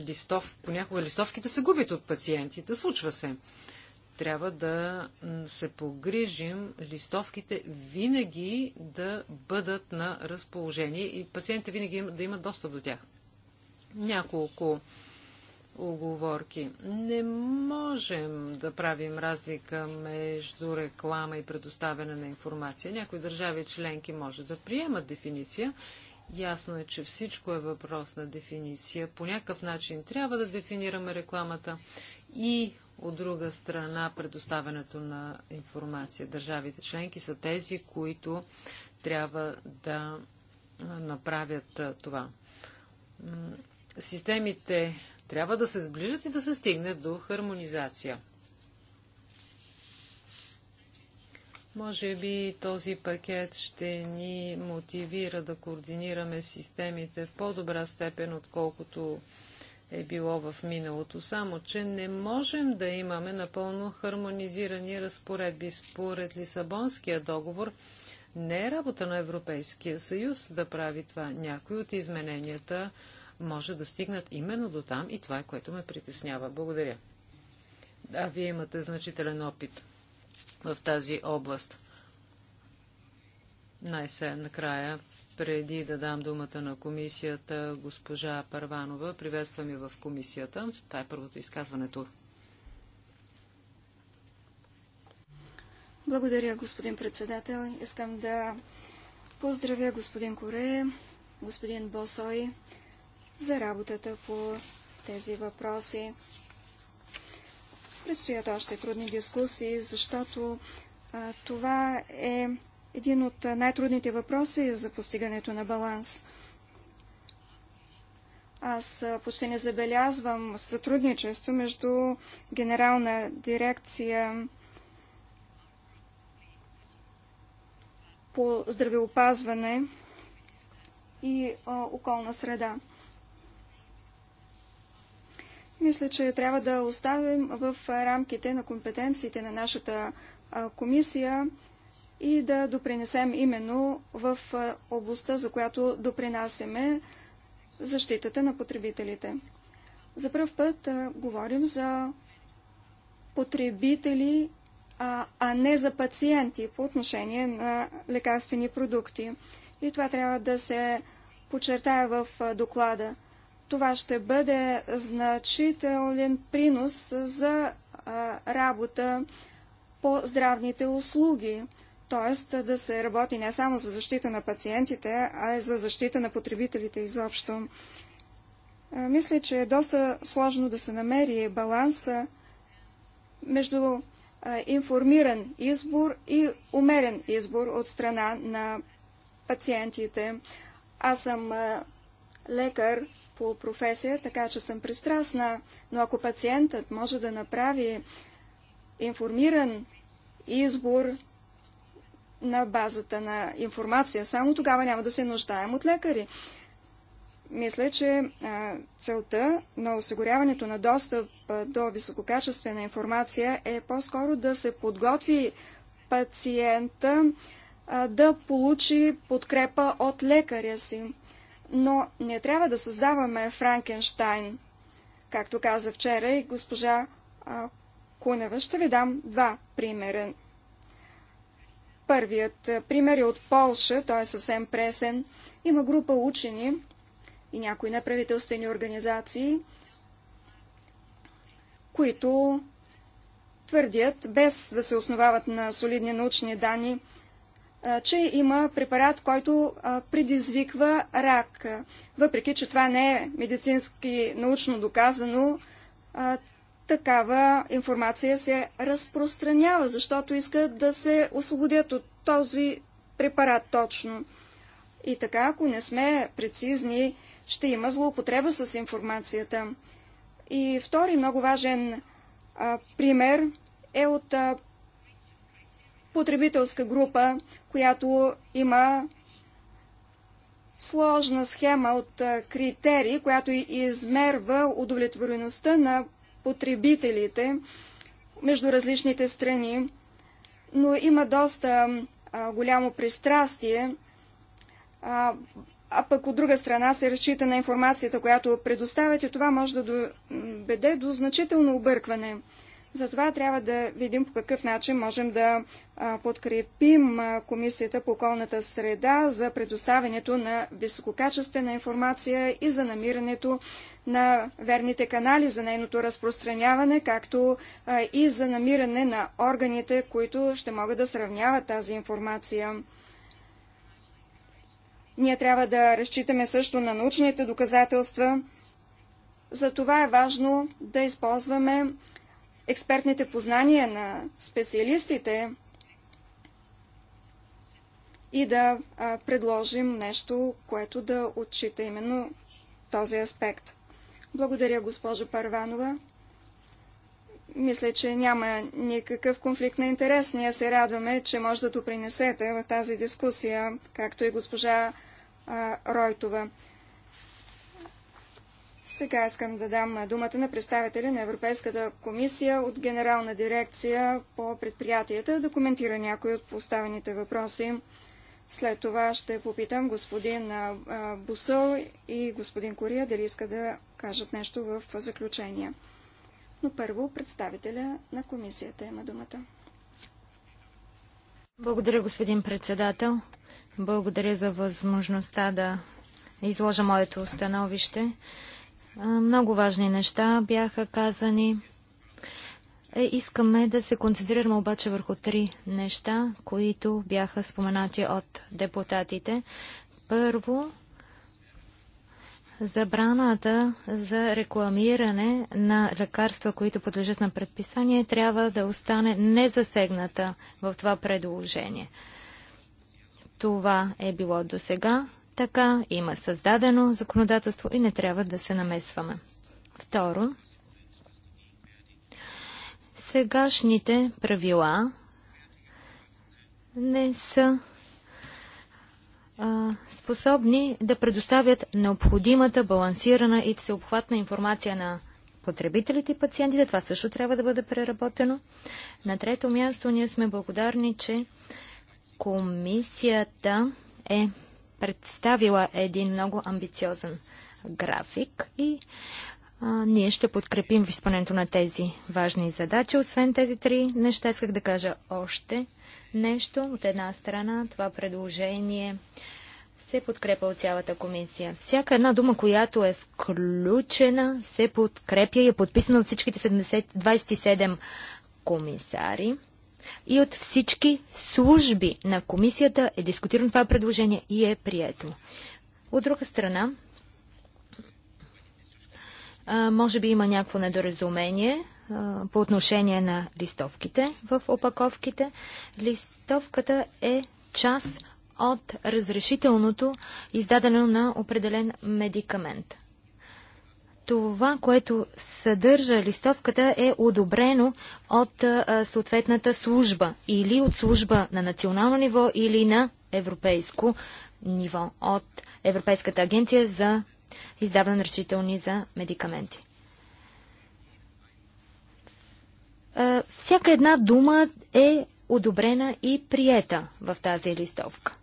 листов, понякога листовките се губят от пациентите, случва се. Трябва да се погрижим листовките винаги да бъдат на разположение и пациентите винаги да имат достъп до тях. Няколко оговорки. Не можем да правим разлика между реклама и предоставяне на информация. Някои държави членки може да приемат дефиниция Ясно е, че всичко е въпрос на дефиниция. По някакъв начин трябва да дефинираме рекламата и от друга страна предоставянето на информация. Държавите членки са тези, които трябва да направят това. Системите трябва да се сближат и да се стигне до хармонизация. Може би този пакет ще ни мотивира да координираме системите в по-добра степен, отколкото е било в миналото. Само, че не можем да имаме напълно хармонизирани разпоредби. Според Лисабонския договор не е работа на Европейския съюз да прави това. Някои от измененията може да стигнат именно до там и това е което ме притеснява. Благодаря. Да, вие имате значителен опит в тази област. Най-се накрая, преди да дам думата на комисията, госпожа Парванова, приветствам я в комисията. Това е първото изказването. Благодаря, господин председател. Искам да поздравя господин Коре, господин Босой за работата по тези въпроси. Предстоят още трудни дискусии, защото а, това е един от най-трудните въпроси за постигането на баланс. Аз почти не забелязвам сътрудничество между генерална дирекция по здравеопазване и а, околна среда. Мисля, че трябва да оставим в рамките на компетенциите на нашата комисия и да допринесем именно в областта, за която допринасяме защитата на потребителите. За първ път а, говорим за потребители, а, а не за пациенти по отношение на лекарствени продукти. И това трябва да се подчертая в а, доклада. Това ще бъде значителен принос за работа по здравните услуги, т.е. да се работи не само за защита на пациентите, а и за защита на потребителите изобщо. мисля, че е доста сложно да се намери баланса между информиран избор и умерен избор от страна на пациентите. Аз съм лекар по професия, така че съм пристрастна, но ако пациентът може да направи информиран избор на базата на информация, само тогава няма да се нуждаем от лекари. Мисля, че целта на осигуряването на достъп до висококачествена информация е по-скоро да се подготви пациента да получи подкрепа от лекаря си но не трябва да създаваме Франкенштайн. Както каза вчера и госпожа а, Кунева, ще ви дам два примера. Първият пример е от Полша, той е съвсем пресен. Има група учени и някои неправителствени организации, които твърдят, без да се основават на солидни научни данни, че има препарат, който предизвиква рак. Въпреки, че това не е медицински научно доказано, такава информация се разпространява, защото искат да се освободят от този препарат точно. И така, ако не сме прецизни, ще има злоупотреба с информацията. И втори много важен а, пример е от а, потребителска група, която има сложна схема от критерии, която измерва удовлетвореността на потребителите между различните страни, но има доста а, голямо пристрастие, а, а пък от друга страна се разчита на информацията, която предоставят и това може да доведе до значително объркване. Затова трябва да видим по какъв начин можем да подкрепим Комисията по околната среда за предоставянето на висококачествена информация и за намирането на верните канали за нейното разпространяване, както и за намиране на органите, които ще могат да сравняват тази информация. Ние трябва да разчитаме също на научните доказателства. За това е важно да използваме експертните познания на специалистите и да предложим нещо, което да отчита именно този аспект. Благодаря, госпожо Парванова. Мисля, че няма никакъв конфликт на интерес. Ние се радваме, че може да допринесете в тази дискусия, както и госпожа а, Ройтова. Сега искам да дам думата на представители на Европейската комисия от Генерална дирекция по предприятията да коментира някои от поставените въпроси. След това ще попитам господин Бусъл и господин Кория дали иска да кажат нещо в заключение. Но първо представителя на комисията има думата. Благодаря, господин председател. Благодаря за възможността да изложа моето становище. Много важни неща бяха казани. Е, искаме да се концентрираме обаче върху три неща, които бяха споменати от депутатите. Първо, забраната за рекламиране на лекарства, които подлежат на предписание, трябва да остане незасегната в това предложение. Това е било до сега. Така има създадено законодателство и не трябва да се намесваме. Второ, сегашните правила не са способни да предоставят необходимата, балансирана и всеобхватна информация на потребителите и пациентите. Това също трябва да бъде преработено. На трето място ние сме благодарни, че комисията е представила един много амбициозен график и а, ние ще подкрепим в изпълнението на тези важни задачи. Освен тези три неща, исках да кажа още нещо. От една страна, това предложение се подкрепа от цялата комисия. Всяка една дума, която е включена, се подкрепя и е подписана от всичките 70, 27 комисари и от всички служби на комисията е дискутирано това предложение и е прието. От друга страна, може би има някакво недоразумение по отношение на листовките в опаковките. Листовката е част от разрешителното, издадено на определен медикамент това, което съдържа листовката е одобрено от а, съответната служба или от служба на национално ниво или на европейско ниво от Европейската агенция за издаване на решителни за медикаменти. А, всяка една дума е одобрена и приета в тази листовка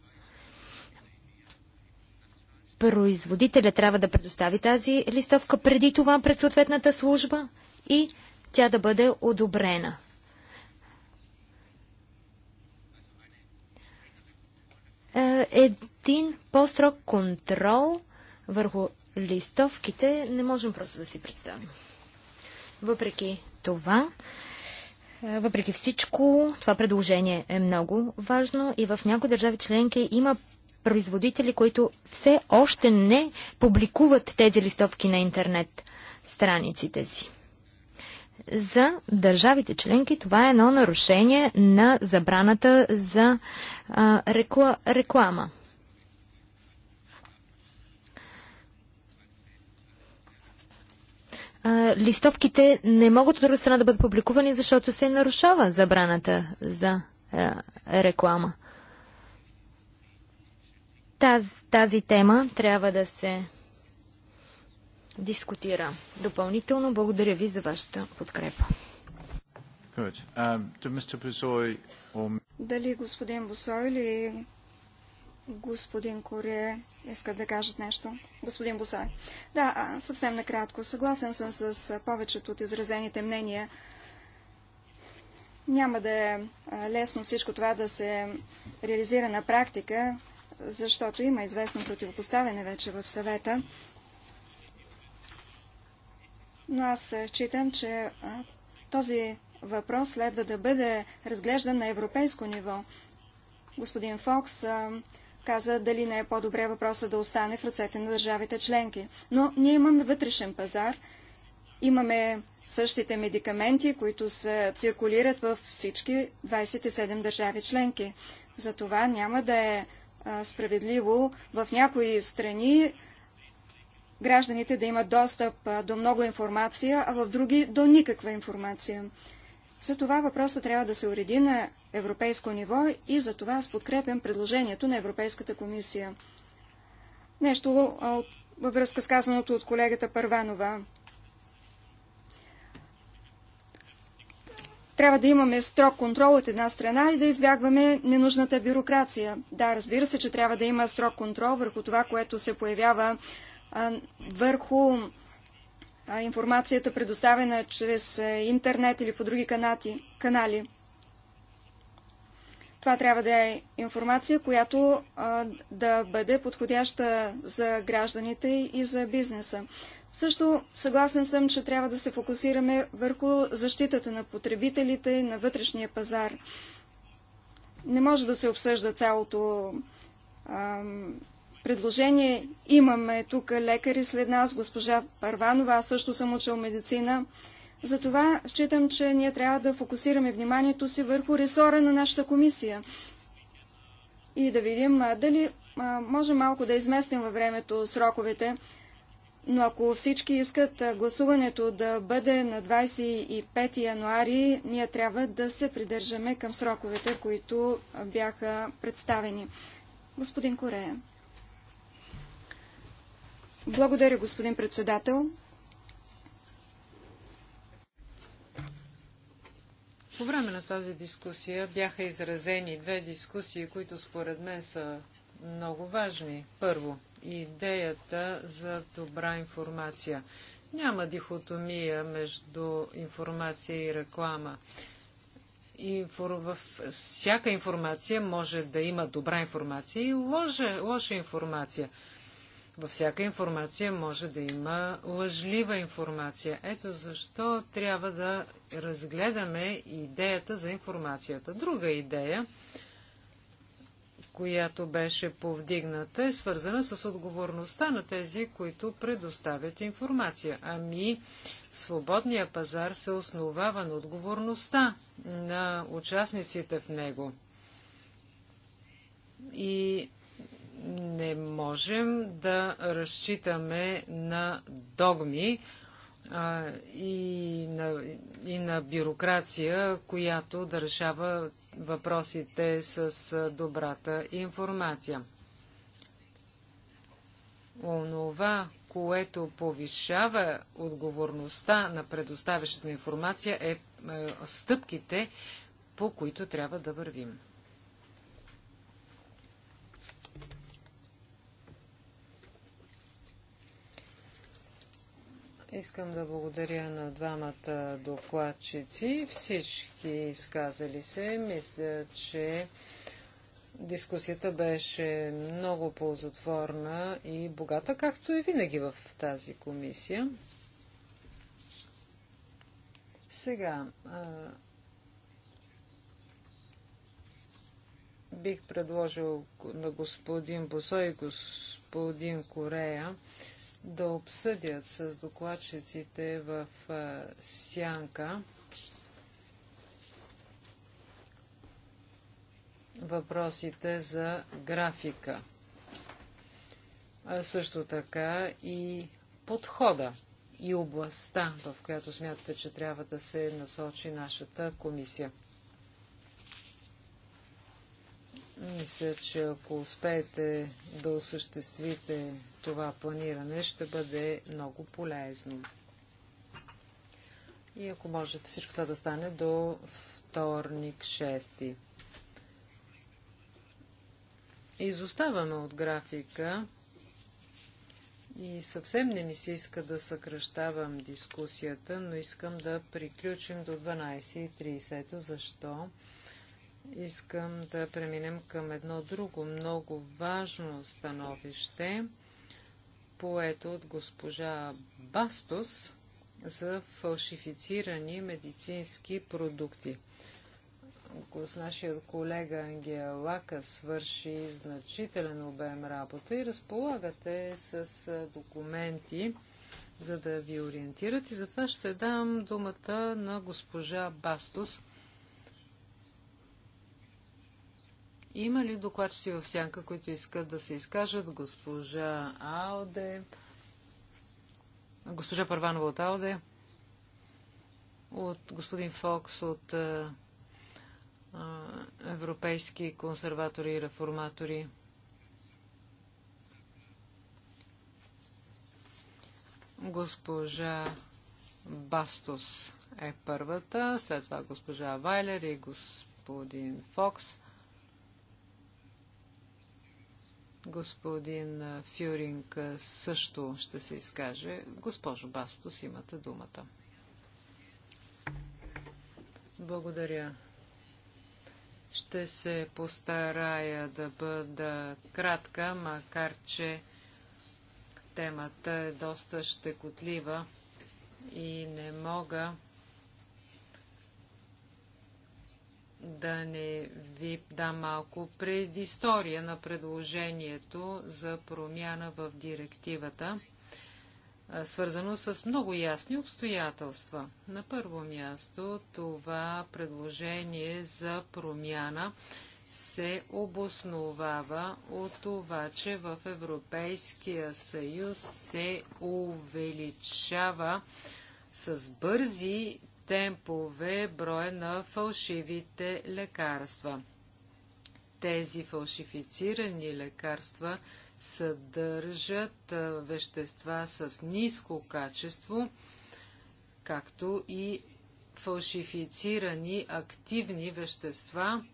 производителя трябва да предостави тази листовка преди това пред съответната служба и тя да бъде одобрена. Е, един по-строг контрол върху листовките не можем просто да си представим. Въпреки това, е, въпреки всичко, това предложение е много важно и в някои държави членки има производители, които все още не публикуват тези листовки на интернет страниците си. За държавите членки това е едно нарушение на забраната за а, рекла, реклама. А, листовките не могат от друга страна да бъдат публикувани, защото се нарушава забраната за а, реклама. Таз, тази тема трябва да се дискутира допълнително. Благодаря ви за вашата подкрепа. Um, Дали господин Босой или господин Коре искат да кажат нещо? Господин Босой. Да, съвсем накратко. Съгласен съм с повечето от изразените мнения. Няма да е лесно всичко това да се реализира на практика, защото има известно противопоставяне вече в съвета. Но аз е, читам, че този въпрос следва да бъде разглеждан на европейско ниво. Господин Фокс каза дали не е по-добре въпроса да остане в ръцете на държавите членки. Но ние имаме вътрешен пазар, имаме същите медикаменти, които се циркулират във всички 27 държави членки. Затова няма да е справедливо в някои страни гражданите да имат достъп до много информация, а в други до никаква информация. За това въпросът трябва да се уреди на европейско ниво и за това аз подкрепям предложението на Европейската комисия. Нещо във връзка с казаното от колегата Първанова. Трябва да имаме строг контрол от една страна и да избягваме ненужната бюрокрация. Да, разбира се, че трябва да има строг контрол върху това, което се появява върху информацията, предоставена чрез интернет или по други канати, канали. Това трябва да е информация, която а, да бъде подходяща за гражданите и за бизнеса. Също съгласен съм, че трябва да се фокусираме върху защитата на потребителите на вътрешния пазар. Не може да се обсъжда цялото ам, предложение. Имаме тук лекари след нас, госпожа Парванова, аз също съм учил медицина. Затова считам, че ние трябва да фокусираме вниманието си върху ресора на нашата комисия и да видим а, дали а, може малко да изместим във времето сроковете, но ако всички искат гласуването да бъде на 25 януари, ние трябва да се придържаме към сроковете, които бяха представени. Господин Корея. Благодаря, господин председател. По време на тази дискусия бяха изразени две дискусии, които според мен са много важни. Първо, идеята за добра информация. Няма дихотомия между информация и реклама. Инфор... В... Всяка информация може да има добра информация и лоша, лоша информация. Във всяка информация може да има лъжлива информация. Ето защо трябва да разгледаме идеята за информацията. Друга идея която беше повдигната, е свързана с отговорността на тези, които предоставят информация. Ами, свободния пазар се основава на отговорността на участниците в него. И не можем да разчитаме на догми а, и, на, и на бюрокрация, която да решава въпросите с добрата информация. Онова, което повишава отговорността на предоставящата информация е, стъпките, по които трябва да вървим. Искам да благодаря на двамата докладчици. Всички изказали се. Мисля, че дискусията беше много ползотворна и богата, както и винаги в тази комисия. Сега а, бих предложил на господин Босо и господин Корея да обсъдят с докладчиците в Сянка въпросите за графика, а също така и подхода и областта, в която смятате, че трябва да се насочи нашата комисия. Мисля, че ако успеете да осъществите това планиране ще бъде много полезно. И ако можете всичко това да стане до вторник 6. Изоставаме от графика и съвсем не ми се иска да съкръщавам дискусията, но искам да приключим до 12.30. Защо? Искам да преминем към едно друго много важно становище поето от госпожа Бастос за фалшифицирани медицински продукти. Нашия колега Лака свърши значителен обем работа и разполагате с документи, за да ви ориентират. И затова ще дам думата на госпожа Бастос Има ли докладчици в сянка, които искат да се изкажат? Госпожа Алде, госпожа Парванова от Алде, от господин Фокс от а, е, е, Европейски консерватори и реформатори. Госпожа Бастос е първата, след това госпожа Вайлер и господин Фокс – Господин Фюринг също ще се изкаже. Госпожо Бастос, имате думата. Благодаря. Ще се постарая да бъда кратка, макар че темата е доста щекотлива и не мога да не ви дам малко предистория на предложението за промяна в директивата, свързано с много ясни обстоятелства. На първо място това предложение за промяна се обосновава от това, че в Европейския съюз се увеличава с бързи темпове броя на фалшивите лекарства. Тези фалшифицирани лекарства съдържат вещества с ниско качество, както и фалшифицирани активни вещества,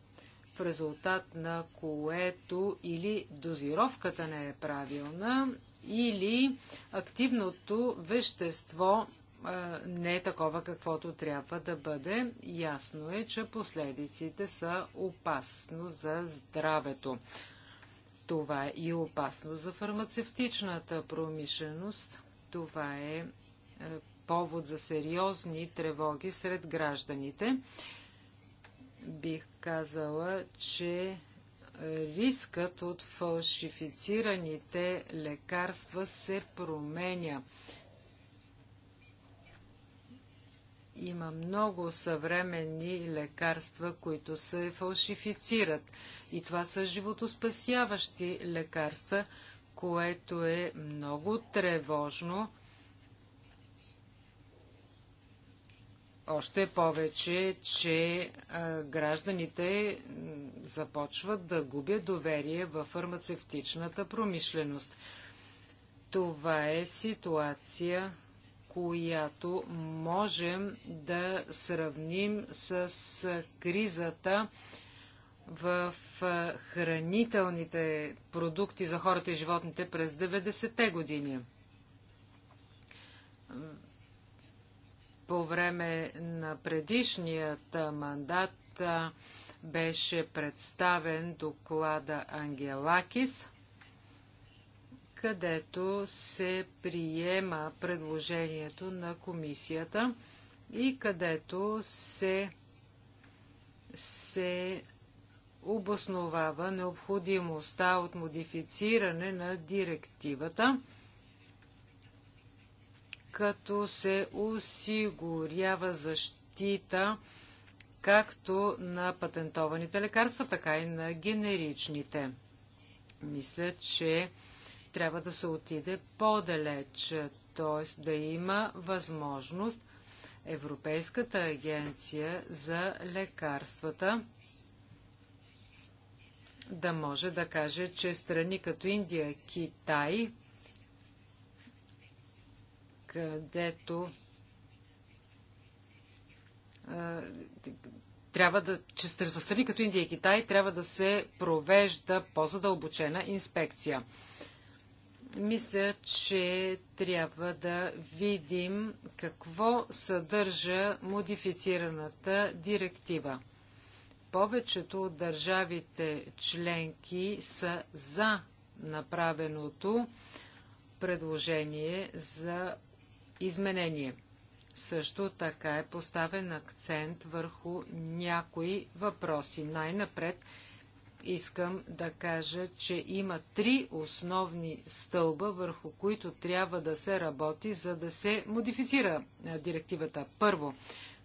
в резултат на което или дозировката не е правилна, или активното вещество не е такова, каквото трябва да бъде. Ясно е, че последиците са опасно за здравето. Това е и опасно за фармацевтичната промишленост. Това е, е повод за сериозни тревоги сред гражданите. Бих казала, че рискът от фалшифицираните лекарства се променя. Има много съвременни лекарства, които се фалшифицират. И това са животоспасяващи лекарства, което е много тревожно. Още повече, че а, гражданите започват да губят доверие в фармацевтичната промишленост. Това е ситуация, която можем да сравним с кризата в хранителните продукти за хората и животните през 90-те години. По време на предишният мандат беше представен доклада Ангелакис – където се приема предложението на комисията и където се, се обосновава необходимостта от модифициране на директивата, като се осигурява защита както на патентованите лекарства, така и на генеричните. Мисля, че трябва да се отиде по-далеч, т.е. да има възможност Европейската агенция за лекарствата да може да каже, че страни като Индия, Китай, където трябва да, че в страни като Индия и Китай трябва да се провежда по-задълбочена инспекция. Мисля, че трябва да видим какво съдържа модифицираната директива. Повечето от държавите членки са за направеното предложение за изменение. Също така е поставен акцент върху някои въпроси. Най-напред искам да кажа, че има три основни стълба, върху които трябва да се работи, за да се модифицира е, директивата. Първо,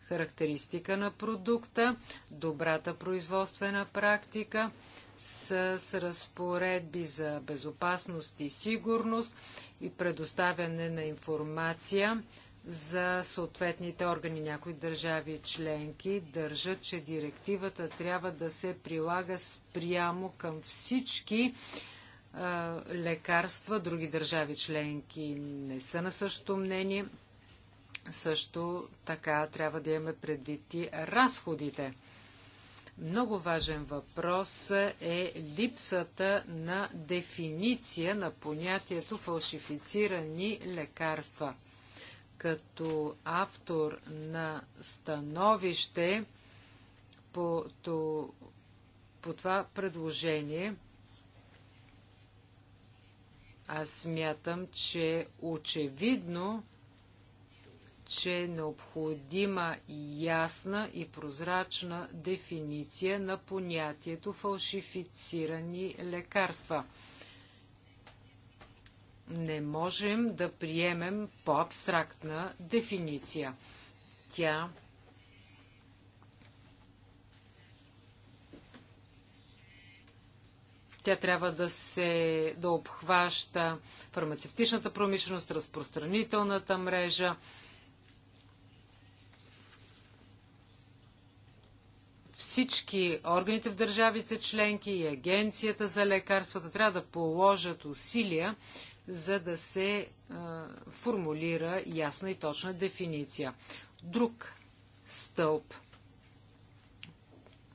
характеристика на продукта, добрата производствена практика с, разпоредби за безопасност и сигурност и предоставяне на информация за съответните органи. Някои държави членки държат, че директивата трябва да се прилага спрямо към всички а, лекарства. Други държави членки не са на същото мнение. Също така трябва да имаме предвид и разходите. Много важен въпрос е липсата на дефиниция на понятието фалшифицирани лекарства – като автор на становище по, то, по това предложение, аз смятам, че очевидно, че е необходима ясна и прозрачна дефиниция на понятието фалшифицирани лекарства – не можем да приемем по-абстрактна дефиниция. Тя Тя трябва да се да обхваща фармацевтичната промишленост, разпространителната мрежа. Всички органите в държавите членки и агенцията за лекарствата трябва да положат усилия за да се а, формулира ясна и точна дефиниция. Друг стълб,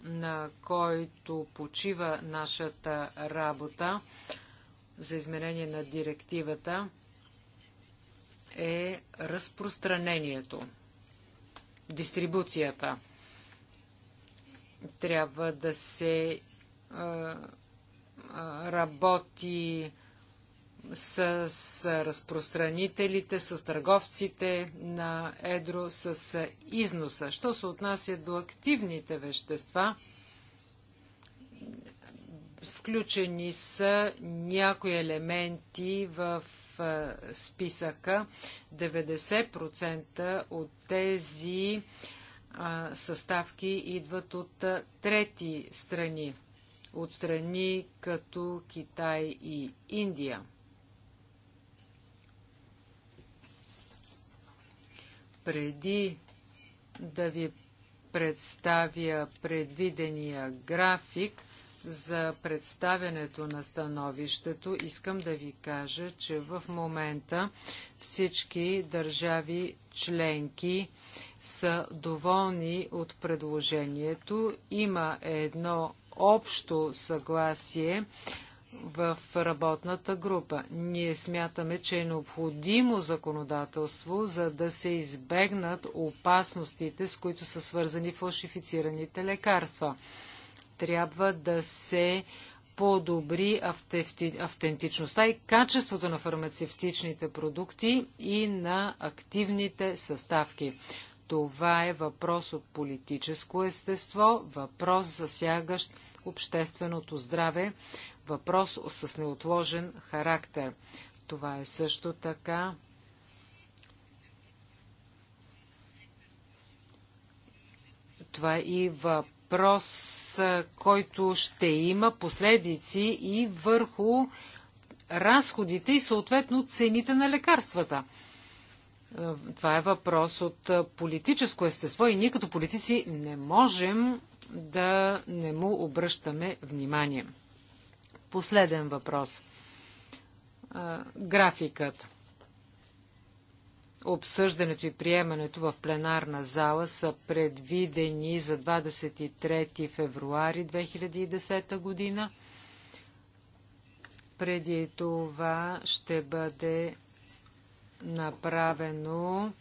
на който почива нашата работа за изменение на директивата, е разпространението, дистрибуцията. Трябва да се а, работи с, с разпространителите, с търговците на едро, с износа. Що се отнася до активните вещества, включени са някои елементи в списъка. 90% от тези съставки идват от трети страни, от страни като Китай и Индия. преди да ви представя предвидения график за представянето на становището, искам да ви кажа, че в момента всички държави членки са доволни от предложението. Има едно общо съгласие в работната група. Ние смятаме, че е необходимо законодателство, за да се избегнат опасностите, с които са свързани фалшифицираните лекарства. Трябва да се подобри автентичността и качеството на фармацевтичните продукти и на активните съставки. Това е въпрос от политическо естество, въпрос засягащ общественото здраве въпрос с неотложен характер. Това е също така Това е и въпрос, който ще има последици и върху разходите и съответно цените на лекарствата. Това е въпрос от политическо естество и ние като политици не можем да не му обръщаме внимание последен въпрос. графикът. Обсъждането и приемането в пленарна зала са предвидени за 23 февруари 2010 година. Преди това ще бъде направено.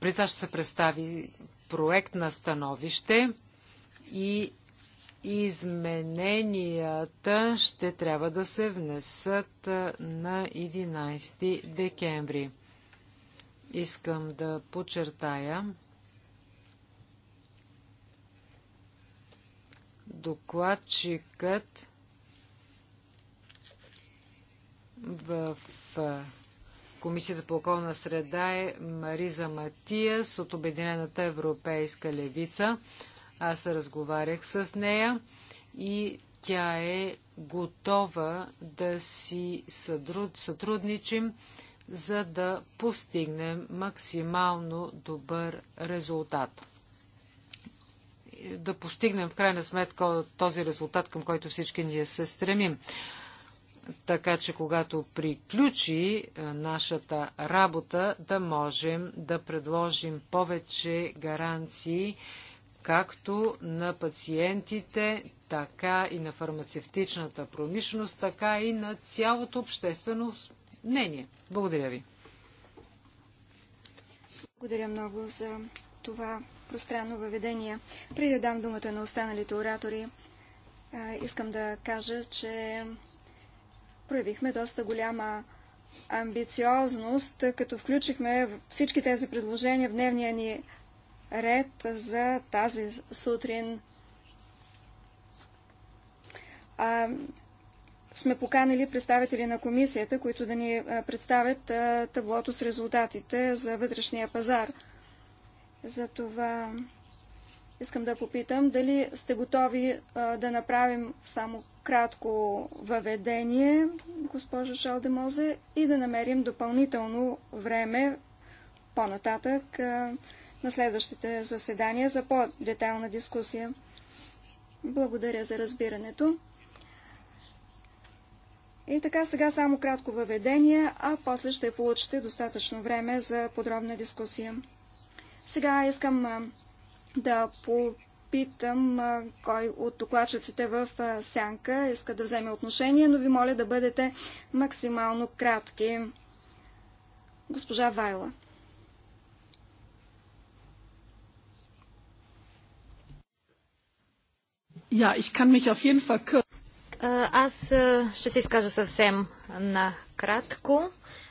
При това ще се представи проект на становище и Измененията ще трябва да се внесат на 11 декември. Искам да подчертая, докладчикът в Комисията по околна среда е Мариза Матиас от Обединената европейска левица. Аз разговарях с нея и тя е готова да си сътрудничим, за да постигнем максимално добър резултат. Да постигнем в крайна сметка този резултат, към който всички ние се стремим. Така че когато приключи нашата работа, да можем да предложим повече гаранции както на пациентите, така и на фармацевтичната промишленост, така и на цялото обществено мнение. Благодаря ви. Благодаря много за това пространно въведение. Преди да дам думата на останалите оратори, искам да кажа, че проявихме доста голяма амбициозност, като включихме всички тези предложения в дневния ни ред за тази сутрин. А, сме поканили представители на комисията, които да ни представят а, таблото с резултатите за вътрешния пазар. Затова искам да попитам дали сте готови а, да направим само кратко въведение, госпожа Шалдемозе, и да намерим допълнително време по-нататък. А, на следващите заседания за по-детайлна дискусия. Благодаря за разбирането. И така сега само кратко въведение, а после ще получите достатъчно време за подробна дискусия. Сега искам да попитам кой от докладчиците в сянка иска да вземе отношение, но ви моля да бъдете максимално кратки. Госпожа Вайла. Ja, ich kann mich auf jeden Fall kürzen. Аз ще се изкажа съвсем накратко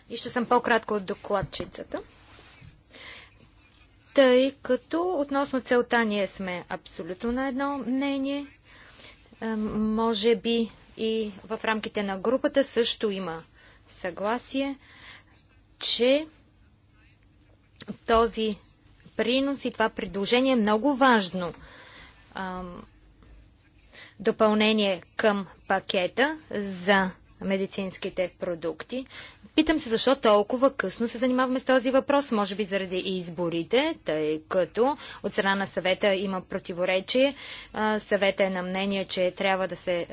и ще съм по-кратко от докладчицата. Тъй като относно целта ние сме абсолютно на едно мнение, може би и в рамките на групата също има съгласие, че този принос и това предложение е много важно допълнение към пакета за медицинските продукти. Питам се защо толкова късно се занимаваме с този въпрос. Може би заради изборите, тъй като от страна на съвета има противоречие. Съвета е на мнение, че трябва да се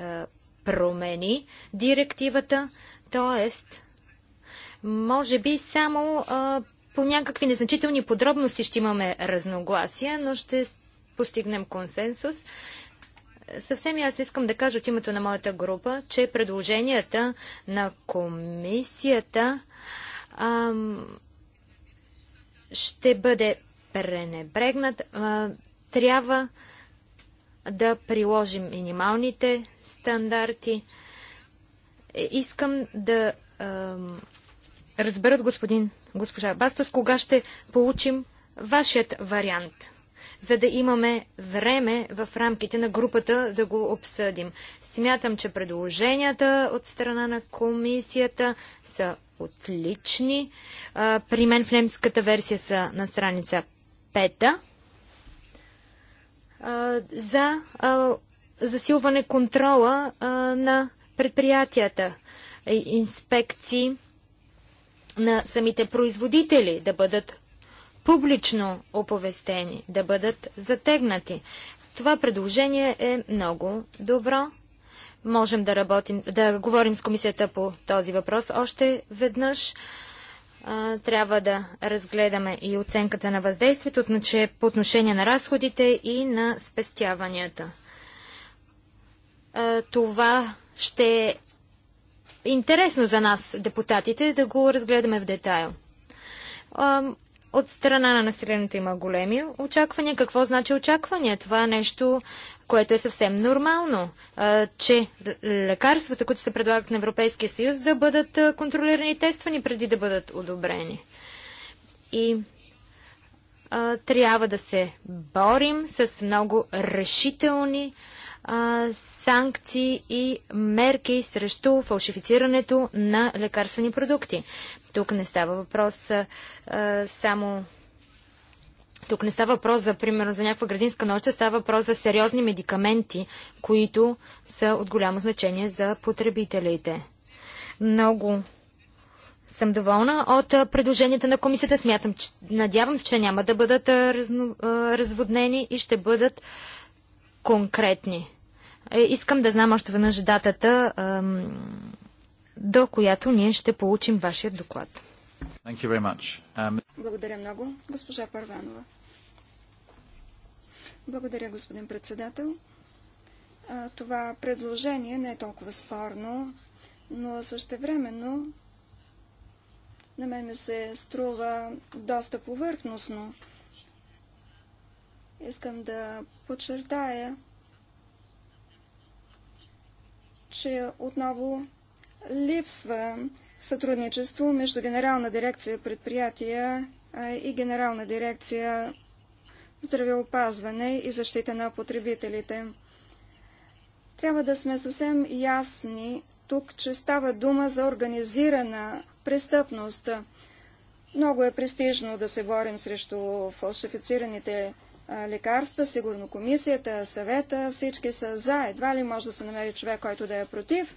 промени директивата. Тоест, може би само по някакви незначителни подробности ще имаме разногласия, но ще постигнем консенсус. Съвсем аз искам да кажа от името на моята група, че предложенията на комисията ам, ще бъде пренебрегнат. А, трябва да приложим минималните стандарти. Е, искам да ам, разберат господин, госпожа Бастос, кога ще получим вашият вариант за да имаме време в рамките на групата да го обсъдим. Смятам, че предложенията от страна на комисията са отлични. при мен в немската версия са на страница 5 за засилване контрола на предприятията, инспекции на самите производители да бъдат публично оповестени, да бъдат затегнати. Това предложение е много добро. Можем да, работим, да говорим с комисията по този въпрос още веднъж. А, трябва да разгледаме и оценката на въздействието по отношение на разходите и на спестяванията. А, това ще е интересно за нас, депутатите, да го разгледаме в детайл. От страна на населението има големи очаквания. Какво значи очаквания? Това е нещо, което е съвсем нормално, че лекарствата, които се предлагат на Европейския съюз, да бъдат контролирани и тествани преди да бъдат одобрени. И трябва да се борим с много решителни санкции и мерки срещу фалшифицирането на лекарствени продукти. Тук не става въпрос а, само. Тук не става въпрос за, примерно, за някаква градинска нощ, става въпрос за сериозни медикаменти, които са от голямо значение за потребителите. Много съм доволна от предложенията на комисията. Смятам, че, надявам се, че няма да бъдат разно, разводнени и ще бъдат конкретни. Е, искам да знам още веднъж датата до която ние ще получим вашия доклад. Um... Благодаря много, госпожа Парванова. Благодаря, господин председател. Това предложение не е толкова спорно, но същевременно на мен ми се струва доста повърхностно. Искам да подчертая, че отново липсва сътрудничество между Генерална дирекция предприятия и Генерална дирекция здравеопазване и защита на потребителите. Трябва да сме съвсем ясни тук, че става дума за организирана престъпност. Много е престижно да се борим срещу фалшифицираните лекарства, сигурно комисията, съвета, всички са за. Едва ли може да се намери човек, който да е против,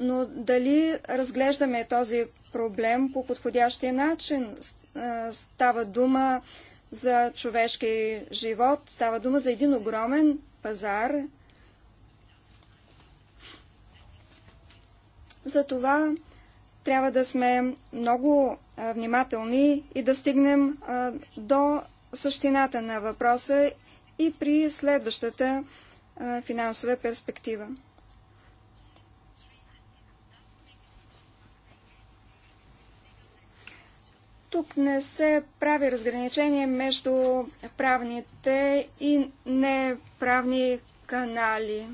но дали разглеждаме този проблем по подходящия начин? Става дума за човешки живот, става дума за един огромен пазар. Затова трябва да сме много внимателни и да стигнем до същината на въпроса и при следващата финансова перспектива. Тук не се прави разграничение между правните и неправни канали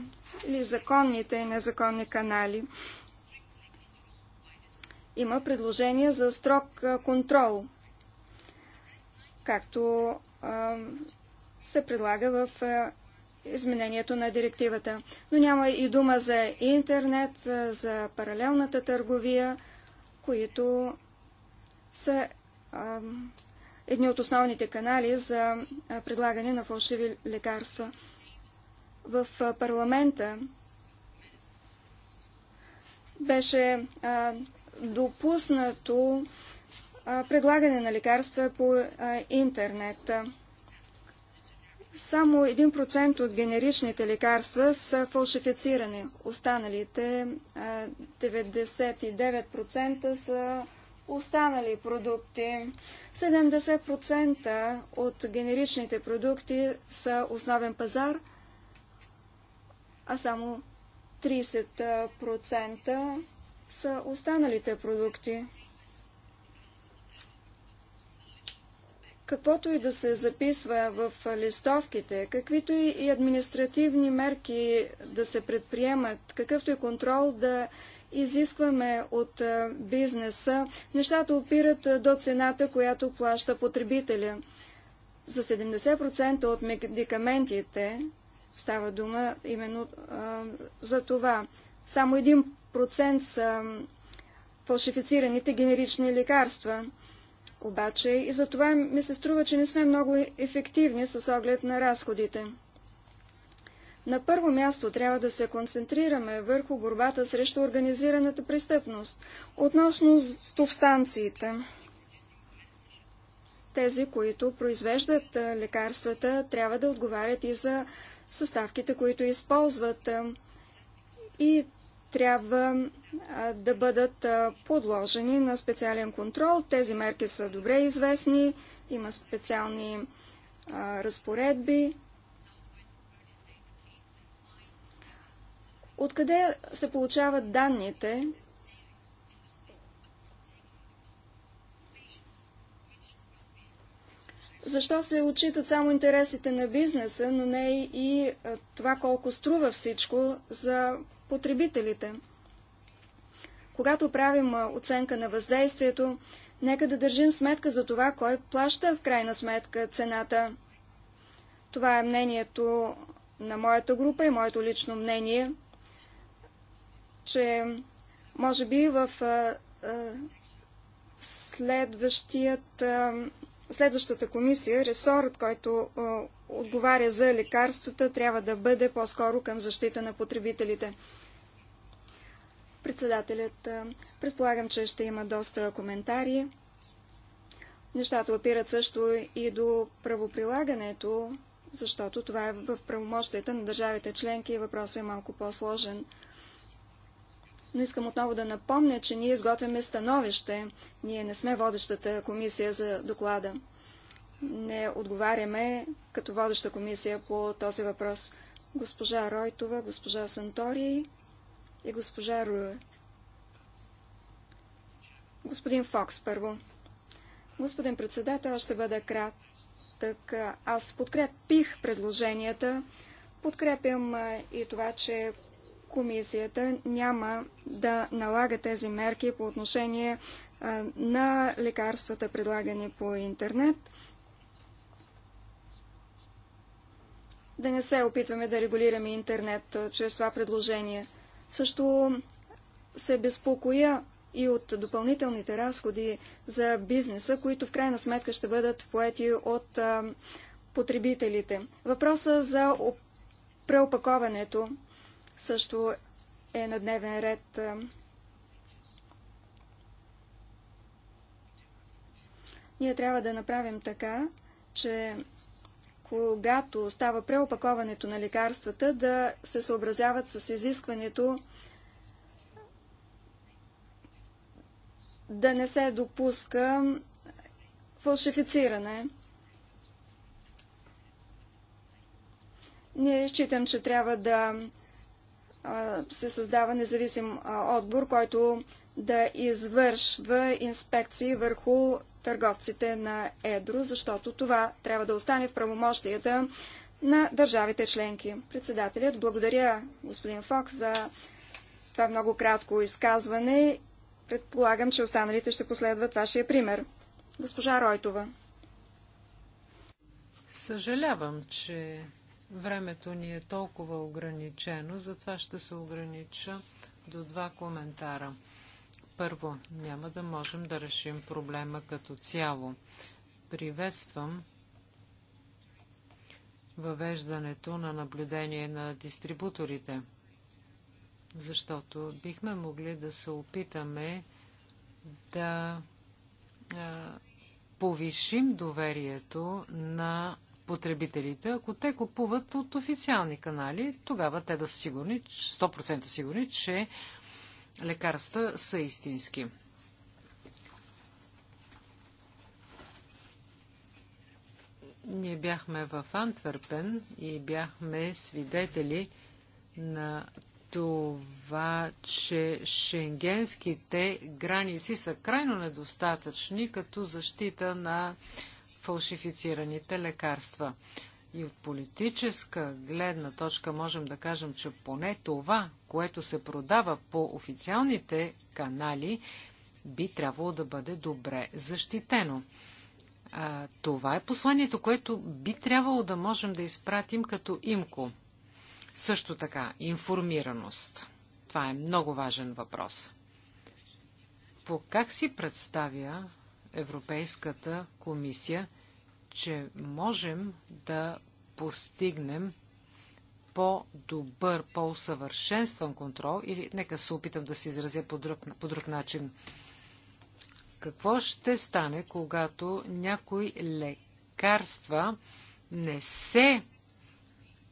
или законните и незаконни канали. Има предложение за строг контрол, както а, се предлага в а, изменението на директивата. Но няма и дума за интернет, за паралелната търговия, които са едни от основните канали за предлагане на фалшиви лекарства. В парламента беше допуснато предлагане на лекарства по интернет. Само 1% от генеричните лекарства са фалшифицирани. Останалите 99% са останали продукти. 70% от генеричните продукти са основен пазар, а само 30% са останалите продукти. Каквото и да се записва в листовките, каквито и административни мерки да се предприемат, какъвто и контрол да изискваме от е, бизнеса, нещата опират е, до цената, която плаща потребителя. За 70% от медикаментите става дума именно а, е, за това. Само 1% са фалшифицираните генерични лекарства. Обаче и за това ми се струва, че не сме много ефективни с оглед на разходите. На първо място трябва да се концентрираме върху борбата срещу организираната престъпност, относно субстанциите. Тези, които произвеждат лекарствата, трябва да отговарят и за съставките, които използват и трябва да бъдат подложени на специален контрол. Тези мерки са добре известни, има специални разпоредби, Откъде се получават данните? Защо се отчитат само интересите на бизнеса, но не и това колко струва всичко за потребителите? Когато правим оценка на въздействието, нека да държим сметка за това, кой плаща в крайна сметка цената. Това е мнението на моята група и моето лично мнение – че може би в следващият, следващата комисия, ресорът, който отговаря за лекарствата, трябва да бъде по-скоро към защита на потребителите. Председателят, предполагам, че ще има доста коментари. Нещата опират също и до правоприлагането, защото това е в правомощията на държавите членки и въпросът е малко по-сложен но искам отново да напомня, че ние изготвяме становище. Ние не сме водещата комисия за доклада. Не отговаряме като водеща комисия по този въпрос. Госпожа Ройтова, госпожа Сантори и госпожа Руе. Господин Фокс първо. Господин председател, ще бъда кратък. Аз подкрепих предложенията. Подкрепям и това, че комисията няма да налага тези мерки по отношение на лекарствата, предлагани по интернет. Да не се опитваме да регулираме интернет чрез това предложение. Също се безпокоя и от допълнителните разходи за бизнеса, които в крайна сметка ще бъдат поети от потребителите. Въпроса за преопаковането също е на дневен ред. Ние трябва да направим така, че когато става преопаковането на лекарствата, да се съобразяват с изискването да не се допуска фалшифициране. Ние считам, че трябва да се създава независим отбор, който да извършва инспекции върху търговците на Едро, защото това трябва да остане в правомощията на държавите членки. Председателят, благодаря господин Фокс за това много кратко изказване. Предполагам, че останалите ще последват вашия пример. Госпожа Ройтова. Съжалявам, че Времето ни е толкова ограничено, затова ще се огранича до два коментара. Първо, няма да можем да решим проблема като цяло. Приветствам въвеждането на наблюдение на дистрибуторите, защото бихме могли да се опитаме да повишим доверието на потребителите, ако те купуват от официални канали, тогава те да са сигурни, 100% сигурни, че лекарства са истински. Ние бяхме в Антверпен и бяхме свидетели на това, че шенгенските граници са крайно недостатъчни като защита на фалшифицираните лекарства. И от политическа гледна точка можем да кажем, че поне това, което се продава по официалните канали, би трябвало да бъде добре защитено. А, това е посланието, което би трябвало да можем да изпратим като имко. Също така, информираност. Това е много важен въпрос. По как си представя Европейската комисия, че можем да постигнем по-добър, по-усъвършенстван контрол или нека се опитам да се изразя по друг, по друг начин. Какво ще стане, когато някои лекарства не се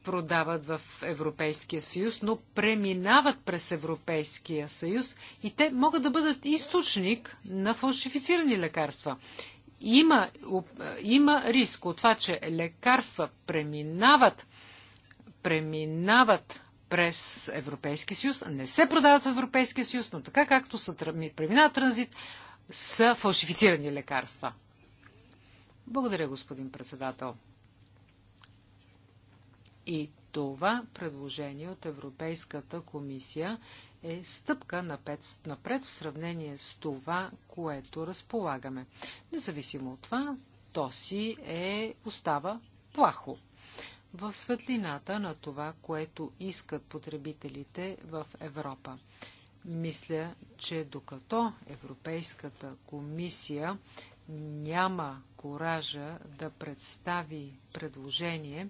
продават в Европейския съюз, но преминават през Европейския съюз и те могат да бъдат източник на фалшифицирани лекарства. Има, има риск от това, че лекарства преминават, преминават през Европейския съюз, не се продават в Европейския съюз, но така както са, преминават транзит, са фалшифицирани лекарства. Благодаря, господин председател. И това предложение от Европейската комисия е стъпка напред, напред в сравнение с това, което разполагаме. Независимо от това, то си е, остава плахо. В светлината на това, което искат потребителите в Европа. Мисля, че докато Европейската комисия няма коража да представи предложение,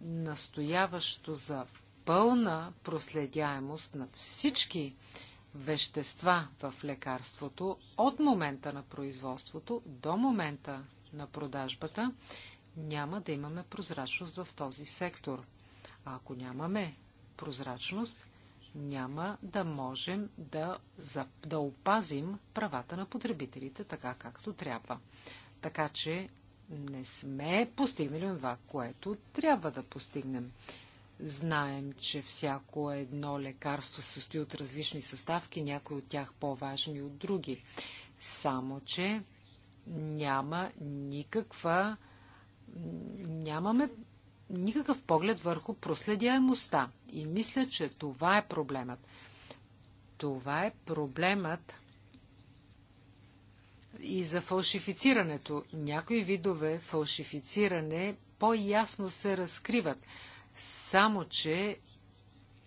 настояващо за пълна проследяемост на всички вещества в лекарството от момента на производството до момента на продажбата, няма да имаме прозрачност в този сектор. А ако нямаме прозрачност, няма да можем да, за, да опазим правата на потребителите така, както трябва. Така че не сме постигнали това, което трябва да постигнем. Знаем, че всяко едно лекарство състои от различни съставки, някои от тях по-важни от други. Само, че няма никаква. Нямаме никакъв поглед върху проследяемостта. И мисля, че това е проблемът. Това е проблемът и за фалшифицирането. Някои видове фалшифициране по-ясно се разкриват, само че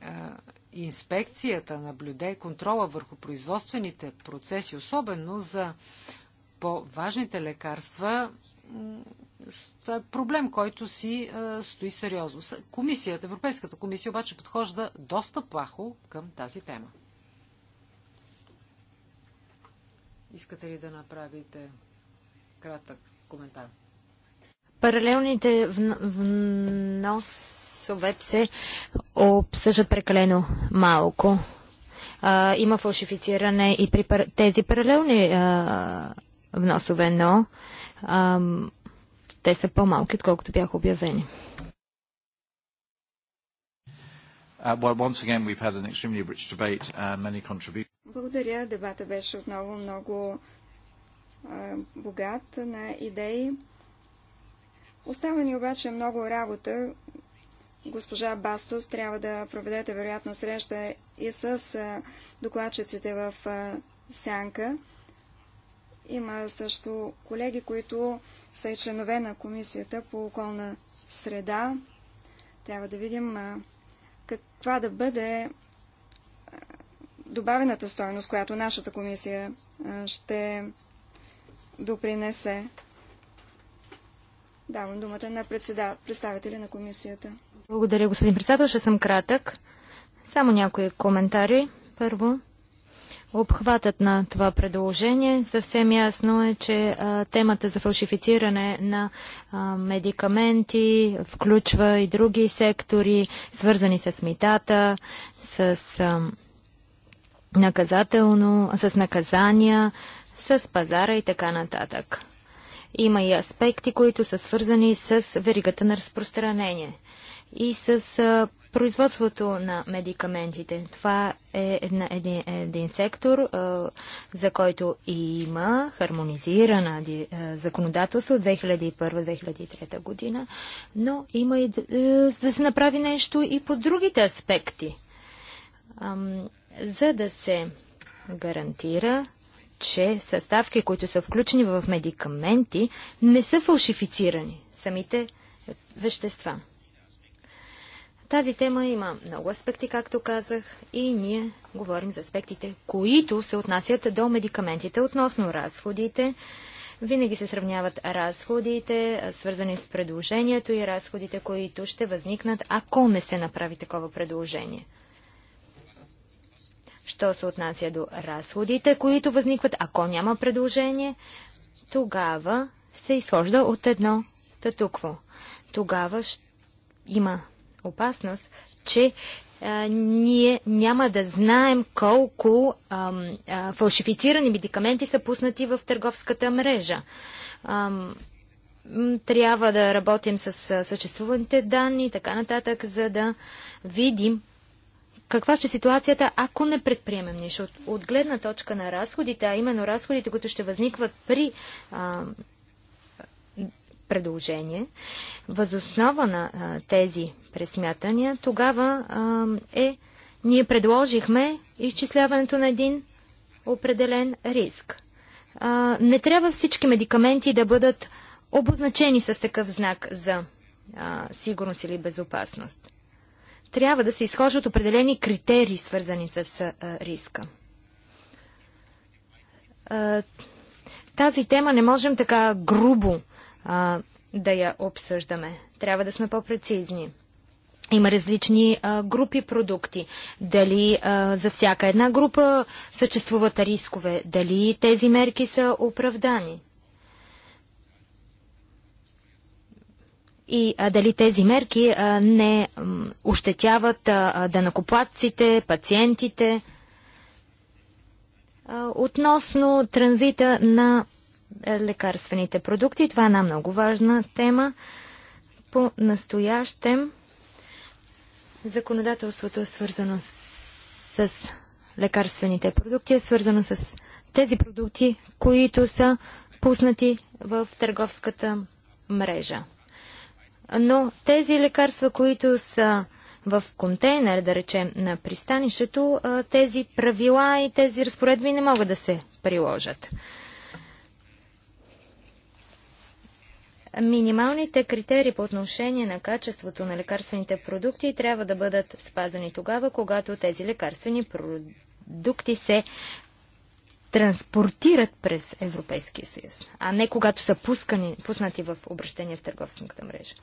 а, инспекцията наблюде контрола върху производствените процеси, особено за по-важните лекарства, това е проблем, който си а, стои сериозно. Комисията, Европейската комисия обаче подхожда доста плахо към тази тема. Искате ли да направите кратък коментар? Паралелните вносове се обсъждат прекалено малко. А, има фалшифициране и при пар... тези паралелни а, вносове, но а, те са по-малки, отколкото бяха обявени. Uh, Благодаря. Дебата беше отново много богат на идеи. Остава ни обаче много работа. Госпожа Бастос трябва да проведете вероятно среща и с докладчиците в Сянка. Има също колеги, които са и членове на Комисията по околна среда. Трябва да видим каква да бъде е, добавената стоеност, която нашата комисия е, ще допринесе. Давам думата на представители на комисията. Благодаря, господин председател. Ще съм кратък. Само някои коментари. Първо, Обхватът на това предложение съвсем ясно е, че а, темата за фалшифициране на а, медикаменти включва и други сектори, свързани с митата, с а, наказателно, с наказания, с пазара и така нататък. Има и аспекти, които са свързани с веригата на разпространение и с производството на медикаментите. Това е една, един, един сектор, а, за който и има хармонизирана а, законодателство от 2001-2003 година, но има и а, е, да се направи нещо и по другите аспекти, а, за да се гарантира че съставки, които са включени в медикаменти, не са фалшифицирани самите вещества. Тази тема има много аспекти, както казах, и ние говорим за аспектите, които се отнасят до медикаментите относно разходите. Винаги се сравняват разходите, свързани с предложението и разходите, които ще възникнат, ако не се направи такова предложение. Що се отнася до разходите, които възникват, ако няма предложение, тогава се изхожда от едно статукво. Тогава ще има опасност, че а, ние няма да знаем колко а, а, фалшифицирани медикаменти са пуснати в търговската мрежа. А, трябва да работим с съществуваните данни и така нататък, за да видим каква ще е ситуацията, ако не предприемем нищо. От, от гледна точка на разходите, а именно разходите, които ще възникват при а, предложение. Възоснова на тези пресмятания тогава е, ние предложихме изчисляването на един определен риск. не трябва всички медикаменти да бъдат обозначени с такъв знак за сигурност или безопасност. Трябва да се изхожат определени критерии, свързани с риска. тази тема не можем така грубо а, да я обсъждаме. Трябва да сме по-прецизни. Има различни а, групи продукти. Дали а, за всяка една група съществуват рискове? Дали тези мерки са оправдани? И а, дали тези мерки а, не м, ощетяват а, данакоплатците, пациентите? А, относно транзита на лекарствените продукти. Това е една много важна тема. По настоящем законодателството е свързано с, с лекарствените продукти, е свързано с тези продукти, които са пуснати в търговската мрежа. Но тези лекарства, които са в контейнер, да речем, на пристанището, тези правила и тези разпоредби не могат да се приложат. Минималните критерии по отношение на качеството на лекарствените продукти трябва да бъдат спазани тогава, когато тези лекарствени продукти се транспортират през Европейския съюз, а не когато са пускани, пуснати в обращение в търговската мрежа.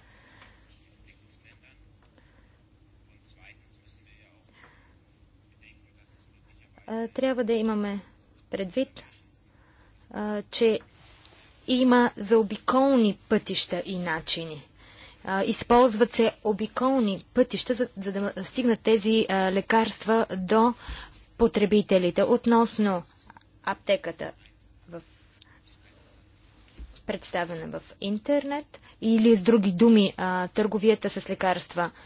Трябва да имаме предвид, че има заобиколни пътища и начини. Използват се обиколни пътища, за, за да стигнат тези лекарства до потребителите. Относно аптеката в... представена в интернет или с други думи търговията с лекарства –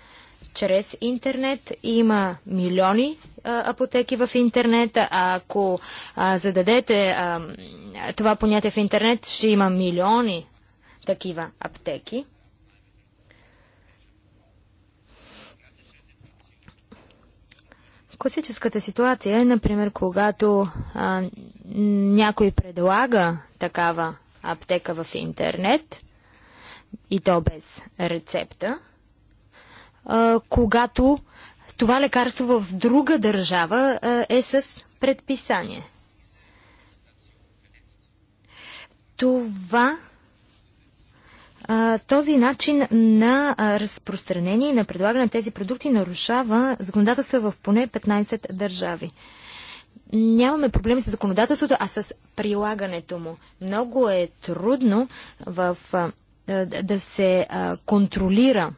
чрез интернет. Има милиони а, апотеки в интернет. А ако а, зададете а, това понятие в интернет, ще има милиони такива аптеки. Класическата ситуация е, например, когато а, някой предлага такава аптека в интернет и то без рецепта, когато това лекарство в друга държава е с предписание. Това този начин на разпространение и на предлагане на тези продукти нарушава законодателство в поне 15 държави. Нямаме проблеми с законодателството, а с прилагането му. Много е трудно в, да се контролира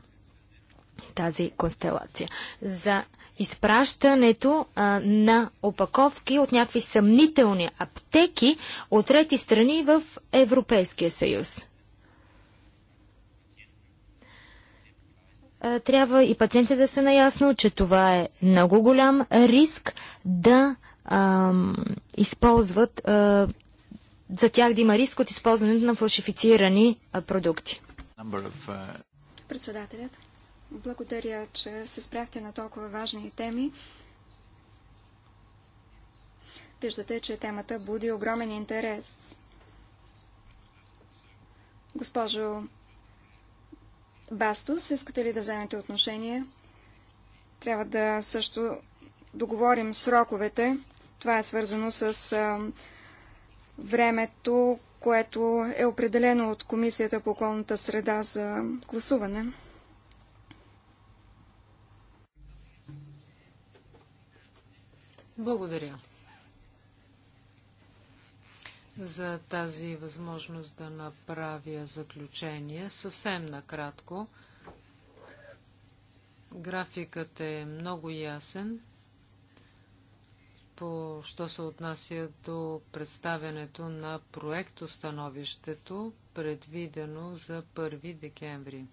тази констелация. За изпращането а, на опаковки от някакви съмнителни аптеки от трети страни в Европейския съюз. А, трябва и пациентите да са наясно, че това е много голям риск да а, използват, а, за тях да има риск от използването на фалшифицирани а, продукти. Uh, Председателят. Благодаря, че се спряхте на толкова важни теми. Виждате, че темата буди огромен интерес. Госпожо Бастус, искате ли да вземете отношение? Трябва да също договорим сроковете. Това е свързано с времето, което е определено от Комисията по околната среда за гласуване. Благодаря за тази възможност да направя заключение. Съвсем накратко. Графикът е много ясен по, що се отнася до представянето на проектостановището, предвидено за 1 декември.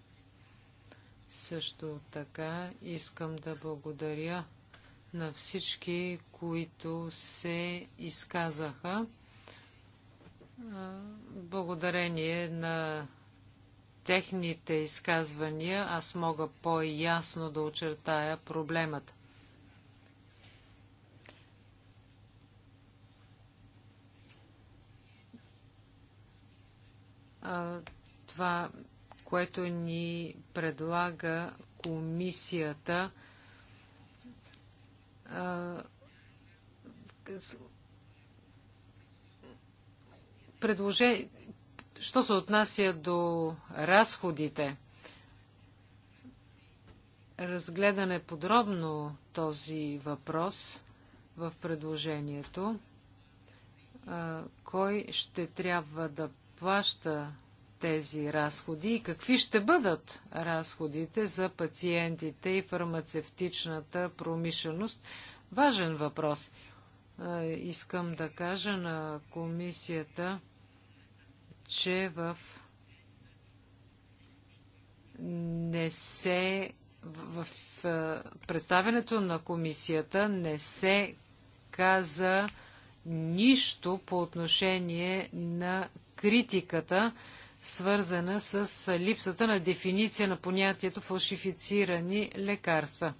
Също така искам да благодаря на всички, които се изказаха. Благодарение на техните изказвания аз мога по-ясно да очертая проблемата. това, което ни предлага комисията, предложение, що се отнася до разходите, разгледане подробно този въпрос в предложението, кой ще трябва да плаща тези разходи и какви ще бъдат разходите за пациентите и фармацевтичната промишленост? Важен въпрос. Искам да кажа на комисията, че в не се в, представенето на комисията не се каза нищо по отношение на критиката свързана с липсата на дефиниция на понятието фалшифицирани лекарства.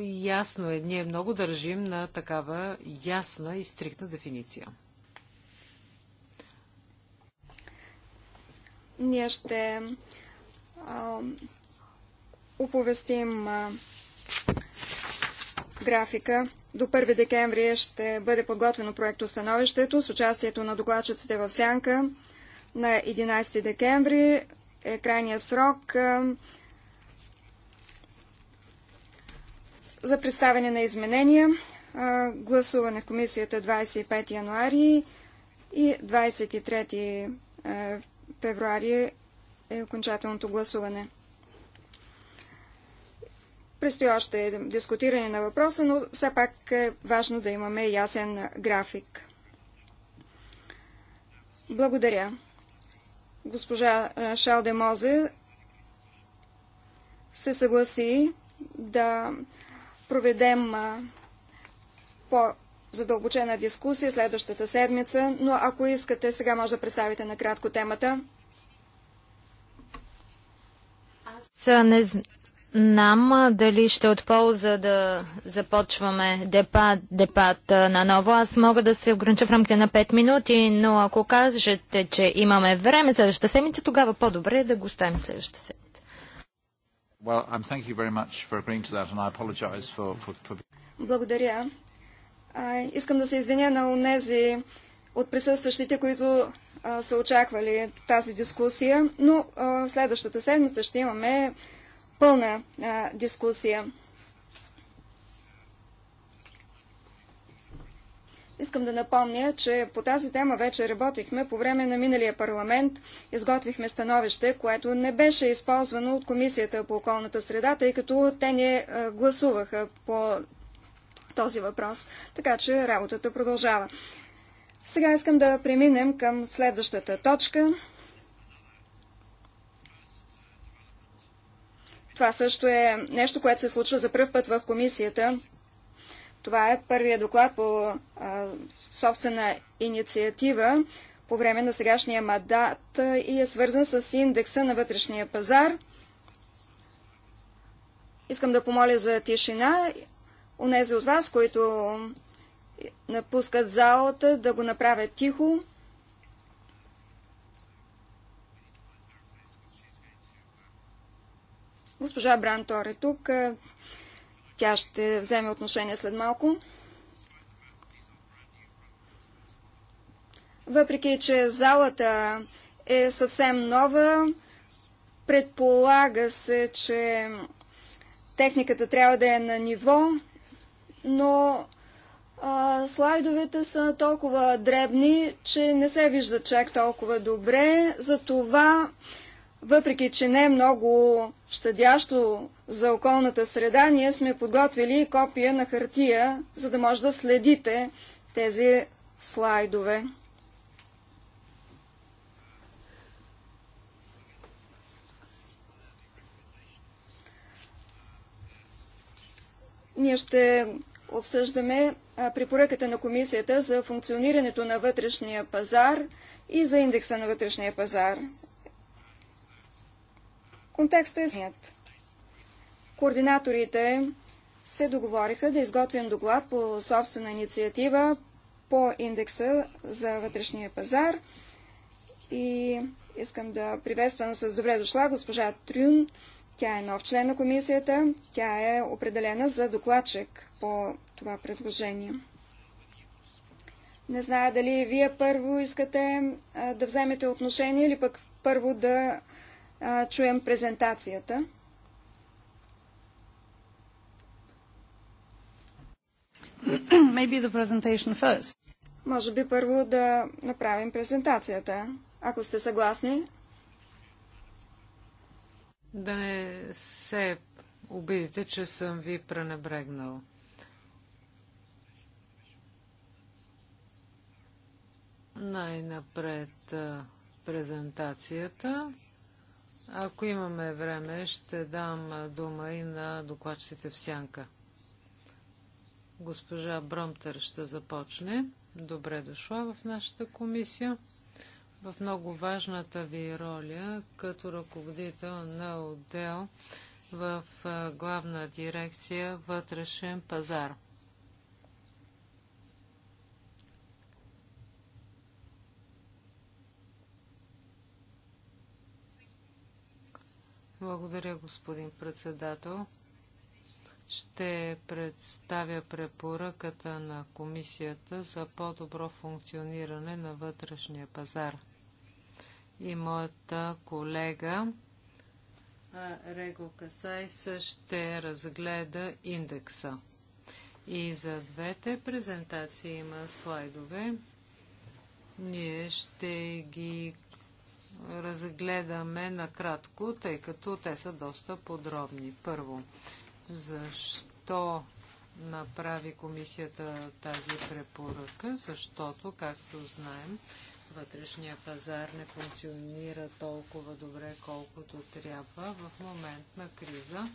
Ясно е, ние много държим на такава ясна и стриктна дефиниция. Ние ще а, оповестим а, графика. До 1 декември ще бъде подготвено проекто становището с участието на докладчиците в Сянка. На 11 декември е крайния срок е, за представяне на изменения. Е, гласуване в комисията 25 януари и 23 е, февруари е окончателното гласуване. Предстои още дискутиране на въпроса, но все пак е важно да имаме ясен график. Благодаря. Госпожа Шалде Мозе се съгласи да проведем по-задълбочена дискусия следващата седмица, но ако искате, сега може да представите накратко темата. Аз не, нам дали ще е от полза да започваме депат, депат на ново. Аз мога да се огранича в рамките на 5 минути, но ако кажете, че имаме време следващата седмица, тогава по-добре е да го оставим следващата седмица. Well, for, for, for... Благодаря. А, искам да се извиня на онези от присъстващите, които а, са очаквали тази дискусия, но а, следващата седмица ще имаме пълна а, дискусия. Искам да напомня, че по тази тема вече работихме по време на миналия парламент. Изготвихме становище, което не беше използвано от Комисията по околната среда, тъй като те не гласуваха по този въпрос. Така че работата продължава. Сега искам да преминем към следващата точка. Това също е нещо, което се случва за първ път в комисията. Това е първия доклад по а, собствена инициатива по време на сегашния мандат и е свързан с индекса на вътрешния пазар. Искам да помоля за тишина. Унези от вас, които напускат залата, да го направят тихо. Госпожа Брантор е тук. Е, тя ще вземе отношение след малко. Въпреки, че залата е съвсем нова, предполага се, че техниката трябва да е на ниво, но а, слайдовете са толкова дребни, че не се вижда чак толкова добре. Затова въпреки, че не е много щадящо за околната среда, ние сме подготвили копия на хартия, за да може да следите тези слайдове. Ние ще обсъждаме препоръката на комисията за функционирането на вътрешния пазар и за индекса на вътрешния пазар. Контекстът е сният. Координаторите се договориха да изготвим доклад по собствена инициатива по индекса за вътрешния пазар и искам да приветствам с добре дошла госпожа Трюн. Тя е нов член на комисията. Тя е определена за докладчик по това предложение. Не зная дали вие първо искате да вземете отношение или пък първо да а, чуем презентацията. *clears throat* Maybe the presentation first. Може би първо да направим презентацията, ако сте съгласни. Да не се обидите, че съм ви пренебрегнал. Най-напред презентацията. Ако имаме време, ще дам дума и на докладчиците в сянка. Госпожа Бромтер ще започне. Добре дошла в нашата комисия. В много важната ви роля като ръководител на отдел в главна дирекция вътрешен пазар. Благодаря, господин председател. Ще представя препоръката на Комисията за по-добро функциониране на вътрешния пазар. И моята колега Рего Касайс ще разгледа индекса. И за двете презентации има слайдове. Ние ще ги разгледаме накратко, тъй като те са доста подробни. Първо, защо направи комисията тази препоръка? Защото, както знаем, вътрешния пазар не функционира толкова добре, колкото трябва в момент на криза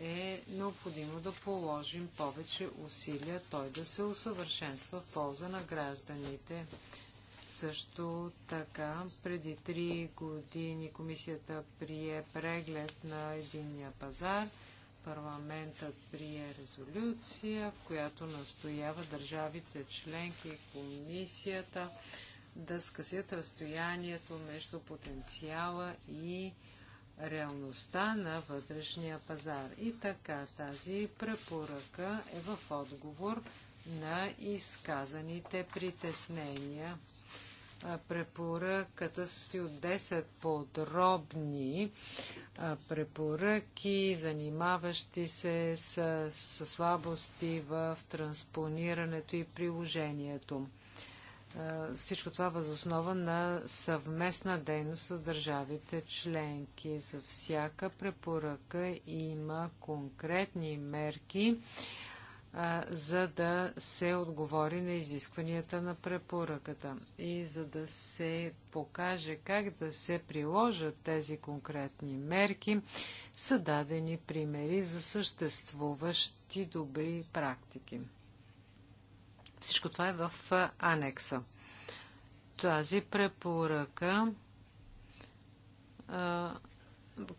е необходимо да положим повече усилия той да се усъвършенства в полза на гражданите. Също така, преди три години комисията прие преглед на единния пазар. Парламентът прие резолюция, в която настоява държавите членки и комисията да скъсят разстоянието между потенциала и реалността на вътрешния пазар. И така тази препоръка е в отговор на изказаните притеснения препоръката си от 10 подробни препоръки, занимаващи се с, с слабости в транспонирането и приложението. Всичко това възоснова на съвместна дейност с държавите членки. За всяка препоръка има конкретни мерки, за да се отговори на изискванията на препоръката и за да се покаже как да се приложат тези конкретни мерки, са дадени примери за съществуващи добри практики. Всичко това е в анекса. Тази препоръка а,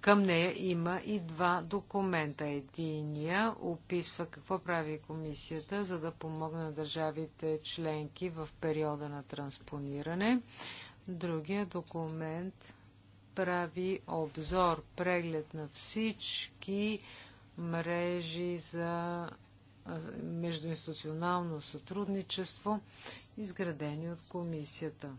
към нея има и два документа. Единия описва какво прави комисията, за да помогне на държавите членки в периода на транспониране. Другия документ прави обзор, преглед на всички мрежи за междуинституционално сътрудничество, изградени от комисията.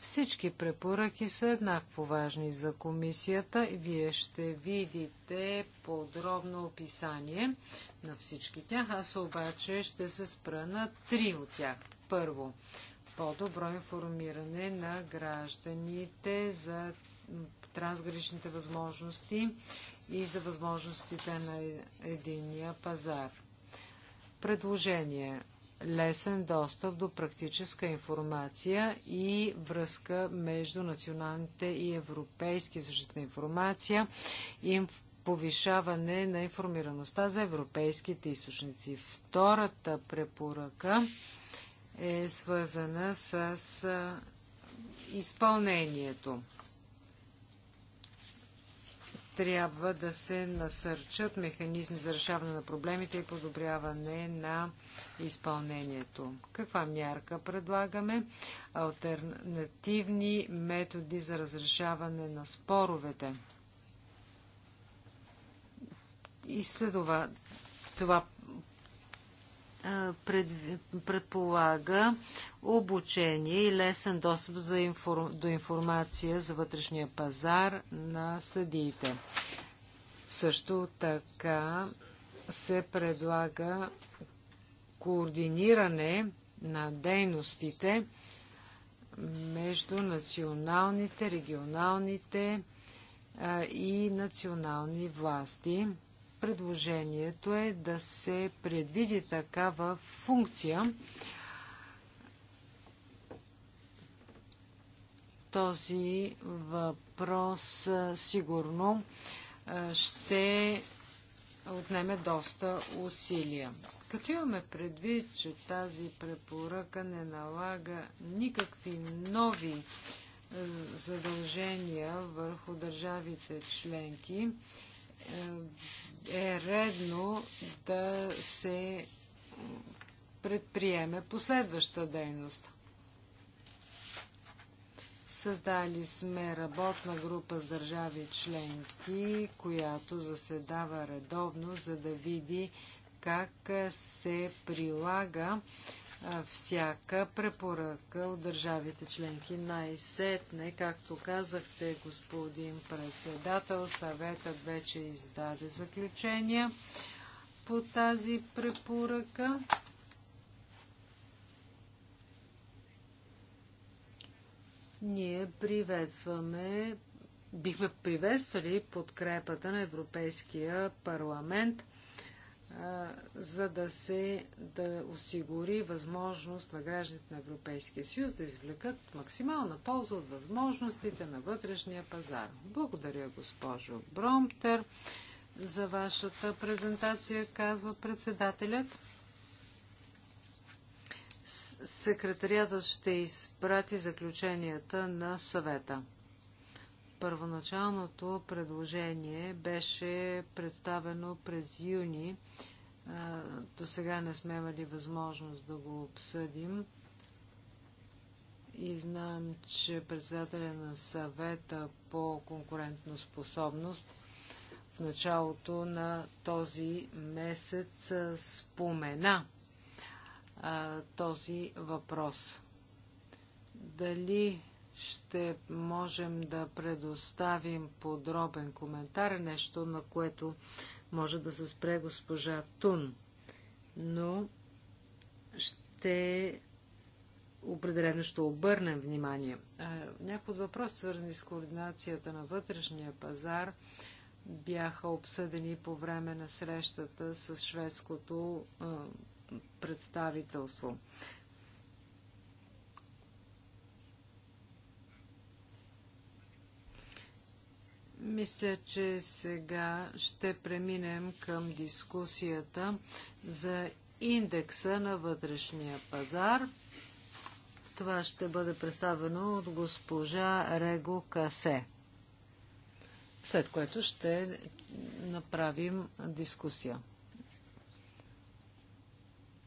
Всички препоръки са еднакво важни за комисията. Вие ще видите подробно описание на всички тях. Аз обаче ще се спра на три от тях. Първо, по-добро информиране на гражданите за трансграничните възможности и за възможностите на единия пазар. Предложение лесен достъп до практическа информация и връзка между националните и европейски на информация и повишаване на информираността за европейските източници. Втората препоръка е свързана с изпълнението трябва да се насърчат механизми за решаване на проблемите и подобряване на изпълнението. Каква мярка предлагаме? Альтернативни методи за разрешаване на споровете. И следова това пред, предполага обучение и лесен достъп за до информация за вътрешния пазар на съдиите. Също така се предлага координиране на дейностите между националните, регионалните а, и национални власти. Предложението е да се предвиди такава функция. Този въпрос сигурно ще отнеме доста усилия. Като имаме предвид, че тази препоръка не налага никакви нови задължения върху държавите членки е редно да се предприеме последваща дейност. Създали сме работна група с държави членки, която заседава редовно, за да види как се прилага всяка препоръка от държавите членки. Най-сетне, както казахте, господин председател, съветът вече издаде заключения по тази препоръка. Ние приветстваме, бихме приветствали подкрепата на Европейския парламент – за да се да осигури възможност на гражданите на Европейския съюз да извлекат максимална полза от възможностите на вътрешния пазар. Благодаря, госпожо Бромтер, за вашата презентация, казва председателят. Секретарията ще изпрати заключенията на съвета. Първоначалното предложение беше представено през юни. До сега не сме имали възможност да го обсъдим. И знам, че председателя на съвета по конкурентно способност в началото на този месец спомена този въпрос. Дали ще можем да предоставим подробен коментар, нещо на което може да се спре госпожа Тун. Но ще определено ще обърнем внимание. Някои от въпроси, свързани с координацията на вътрешния пазар, бяха обсъдени по време на срещата с шведското представителство. Мисля, че сега ще преминем към дискусията за индекса на вътрешния пазар. Това ще бъде представено от госпожа Рего Касе, след което ще направим дискусия.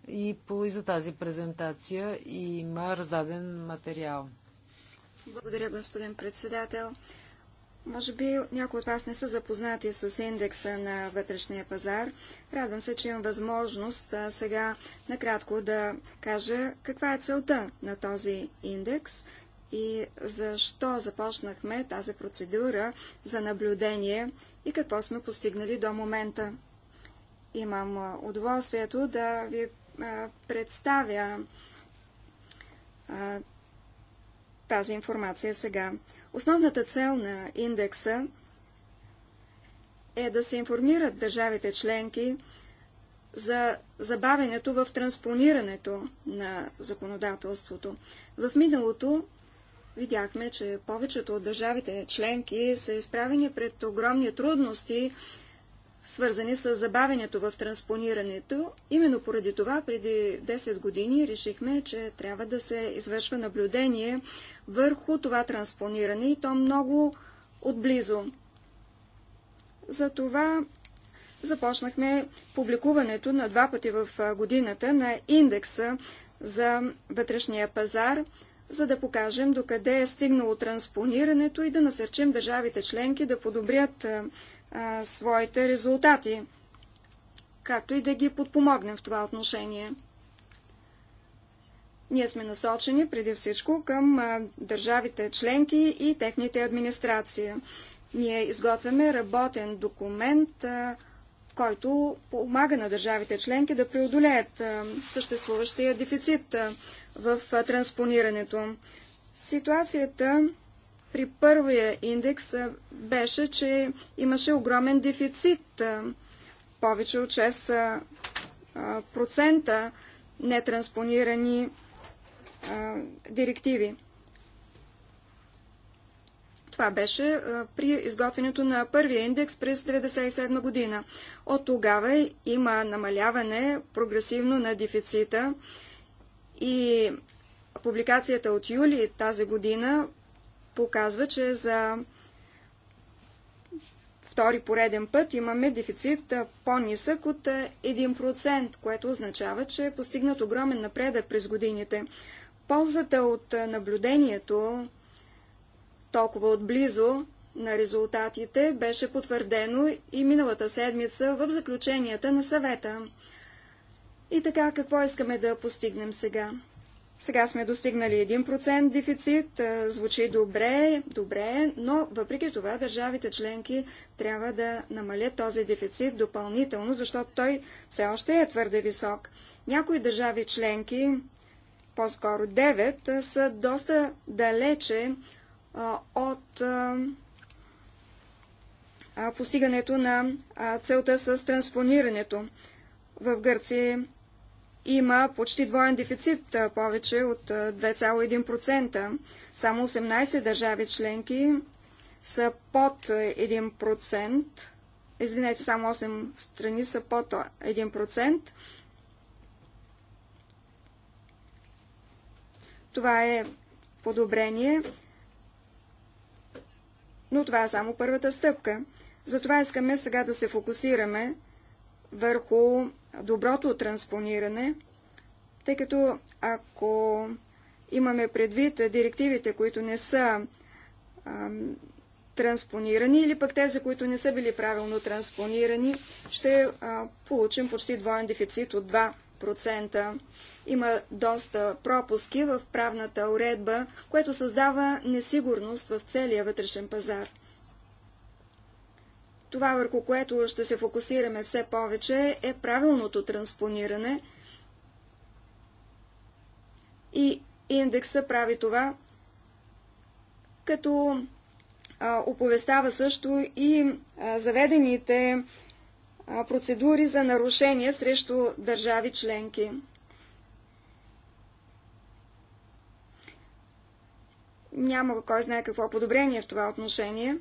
И, по, и за тази презентация има раздаден материал. Благодаря, господин председател. Може би някои от вас не са запознати с индекса на вътрешния пазар. Радвам се, че имам възможност сега накратко да кажа каква е целта на този индекс и защо започнахме тази процедура за наблюдение и какво сме постигнали до момента. Имам удоволствието да ви представя тази информация сега. Основната цел на индекса е да се информират държавите членки за забавенето в транспонирането на законодателството. В миналото видяхме, че повечето от държавите членки са изправени пред огромни трудности свързани с забавенето в транспонирането. Именно поради това преди 10 години решихме, че трябва да се извършва наблюдение върху това транспониране и то много отблизо. Затова започнахме публикуването на два пъти в годината на индекса за вътрешния пазар, за да покажем докъде е стигнало транспонирането и да насърчим държавите членки да подобрят а, своите резултати, както и да ги подпомогнем в това отношение. Ние сме насочени преди всичко към а, държавите членки и техните администрации. Ние изготвяме работен документ, а, който помага на държавите членки да преодолеят а, съществуващия дефицит в транспонирането. Ситуацията при първия индекс беше, че имаше огромен дефицит, повече от 6% нетранспонирани директиви. Това беше при изготвянето на първия индекс през 1997 година. От тогава има намаляване прогресивно на дефицита и публикацията от юли тази година показва, че за втори пореден път имаме дефицит по-нисък от 1%, което означава, че е постигнат огромен напредък през годините. Ползата от наблюдението толкова отблизо на резултатите беше потвърдено и миналата седмица в заключенията на съвета. И така, какво искаме да постигнем сега? Сега сме достигнали 1% дефицит, е, звучи добре, добре, но въпреки това държавите членки трябва да намалят този дефицит допълнително, защото той все още е твърде висок. Някои държави членки, по-скоро 9, е, са доста далече е, от постигането на целта с транспонирането. В Гърция има почти двоен дефицит, повече от 2,1%. Само 18 държави членки са под 1%. Извинете, само 8 страни са под 1%. Това е подобрение, но това е само първата стъпка. Затова искаме сега да се фокусираме върху доброто транспониране, тъй като ако имаме предвид директивите, които не са ам, транспонирани или пък тези, които не са били правилно транспонирани, ще а, получим почти двоен дефицит от 2%. Има доста пропуски в правната уредба, което създава несигурност в целия вътрешен пазар. Това, върху което ще се фокусираме все повече, е правилното транспониране. И индекса прави това, като а, оповестава също и а, заведените а, процедури за нарушения срещу държави членки. Няма кой знае какво подобрение в това отношение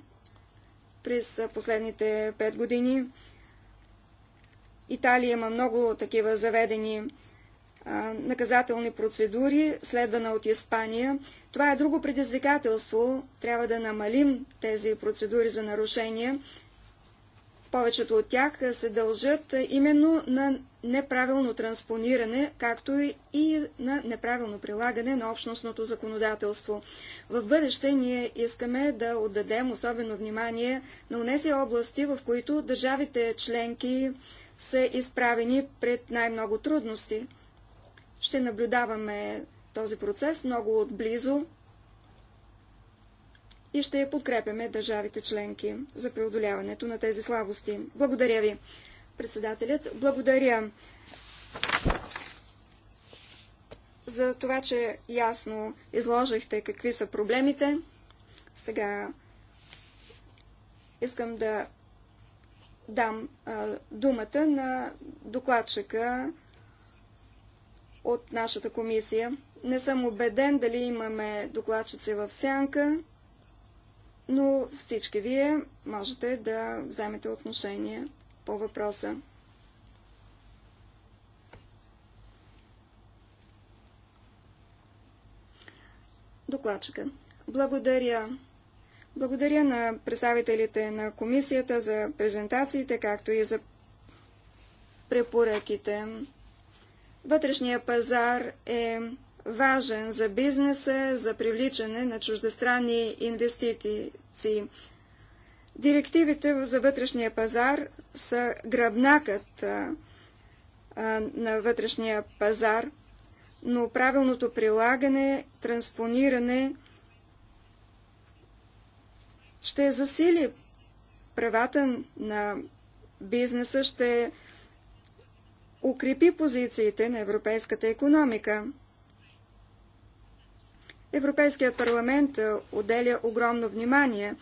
през последните 5 години. Италия има много такива заведени наказателни процедури, следвана от Испания. Това е друго предизвикателство. Трябва да намалим тези процедури за нарушения, повечето от тях се дължат именно на неправилно транспониране, както и на неправилно прилагане на общностното законодателство. В бъдеще ние искаме да отдадем особено внимание на тези области, в които държавите членки са изправени пред най-много трудности. Ще наблюдаваме този процес много отблизо, и ще подкрепяме държавите членки за преодоляването на тези слабости. Благодаря ви, председателят. Благодаря за това, че ясно изложихте какви са проблемите. Сега искам да дам а, думата на докладчика от нашата комисия. Не съм убеден дали имаме докладчици в сянка но всички вие можете да вземете отношение по въпроса. Докладчика. Благодаря. Благодаря на представителите на комисията за презентациите, както и за препоръките. Вътрешния пазар е важен за бизнеса, за привличане на чуждестранни инвестиции. Директивите за вътрешния пазар са гръбнакът на вътрешния пазар, но правилното прилагане, транспониране ще засили правата на бизнеса, ще укрепи позициите на европейската економика. Европейският парламент е, отделя огромно внимание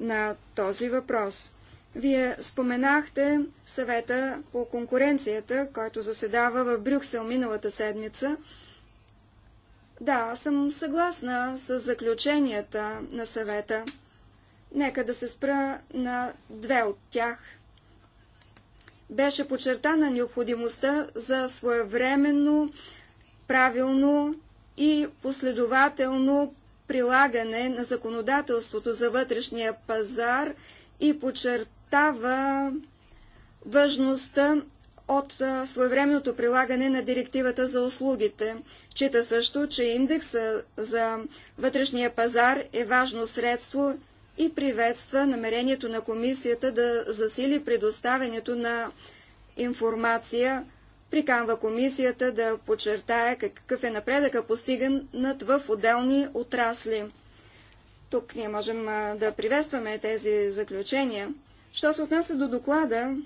на този въпрос. Вие споменахте съвета по конкуренцията, който заседава в Брюксел миналата седмица. Да, съм съгласна с заключенията на съвета. Нека да се спра на две от тях. Беше подчертана необходимостта за своевременно, правилно и последователно прилагане на законодателството за вътрешния пазар и подчертава важността от своевременното прилагане на директивата за услугите. Чита също, че индекса за вътрешния пазар е важно средство и приветства намерението на комисията да засили предоставянето на информация приканва комисията да подчертае какъв е напредъка постигнат в отделни отрасли. Тук ние можем да приветстваме тези заключения. Що се отнася до доклада,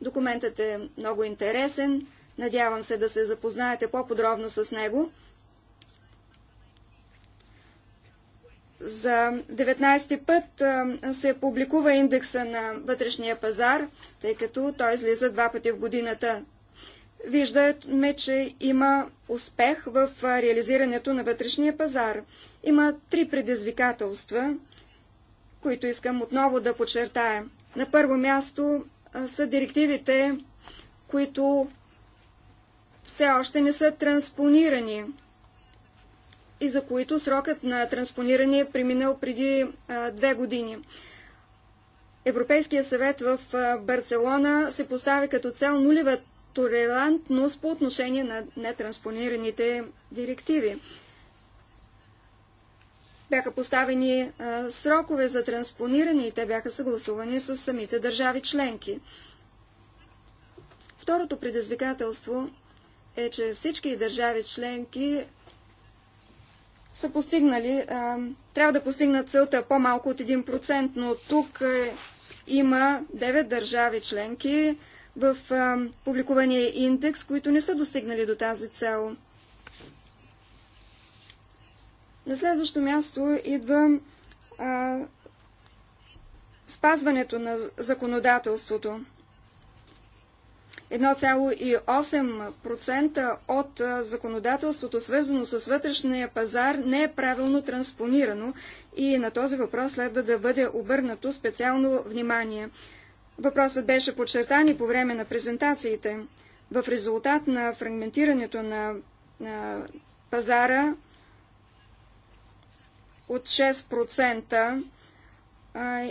документът е много интересен. Надявам се да се запознаете по-подробно с него. За 19-ти път се публикува индекса на вътрешния пазар, тъй като той излиза два пъти в годината виждаме, че има успех в реализирането на вътрешния пазар. Има три предизвикателства, които искам отново да подчертая. На първо място са директивите, които все още не са транспонирани и за които срокът на транспониране е преминал преди а, две години. Европейския съвет в Барселона се постави като цел нулевата толерантност по отношение на нетранспонираните директиви. Бяха поставени срокове за транспониране и те бяха съгласувани с самите държави членки. Второто предизвикателство е, че всички държави членки са постигнали, трябва да постигнат целта по-малко от 1%, но тук е, има 9 държави членки, в публикувания индекс, които не са достигнали до тази цел. На следващо място идва а, спазването на законодателството. 1,8% от законодателството, свързано с вътрешния пазар, не е правилно транспонирано и на този въпрос следва да бъде обърнато специално внимание. Въпросът беше подчертан и по време на презентациите. В резултат на фрагментирането на, на пазара от 6% а,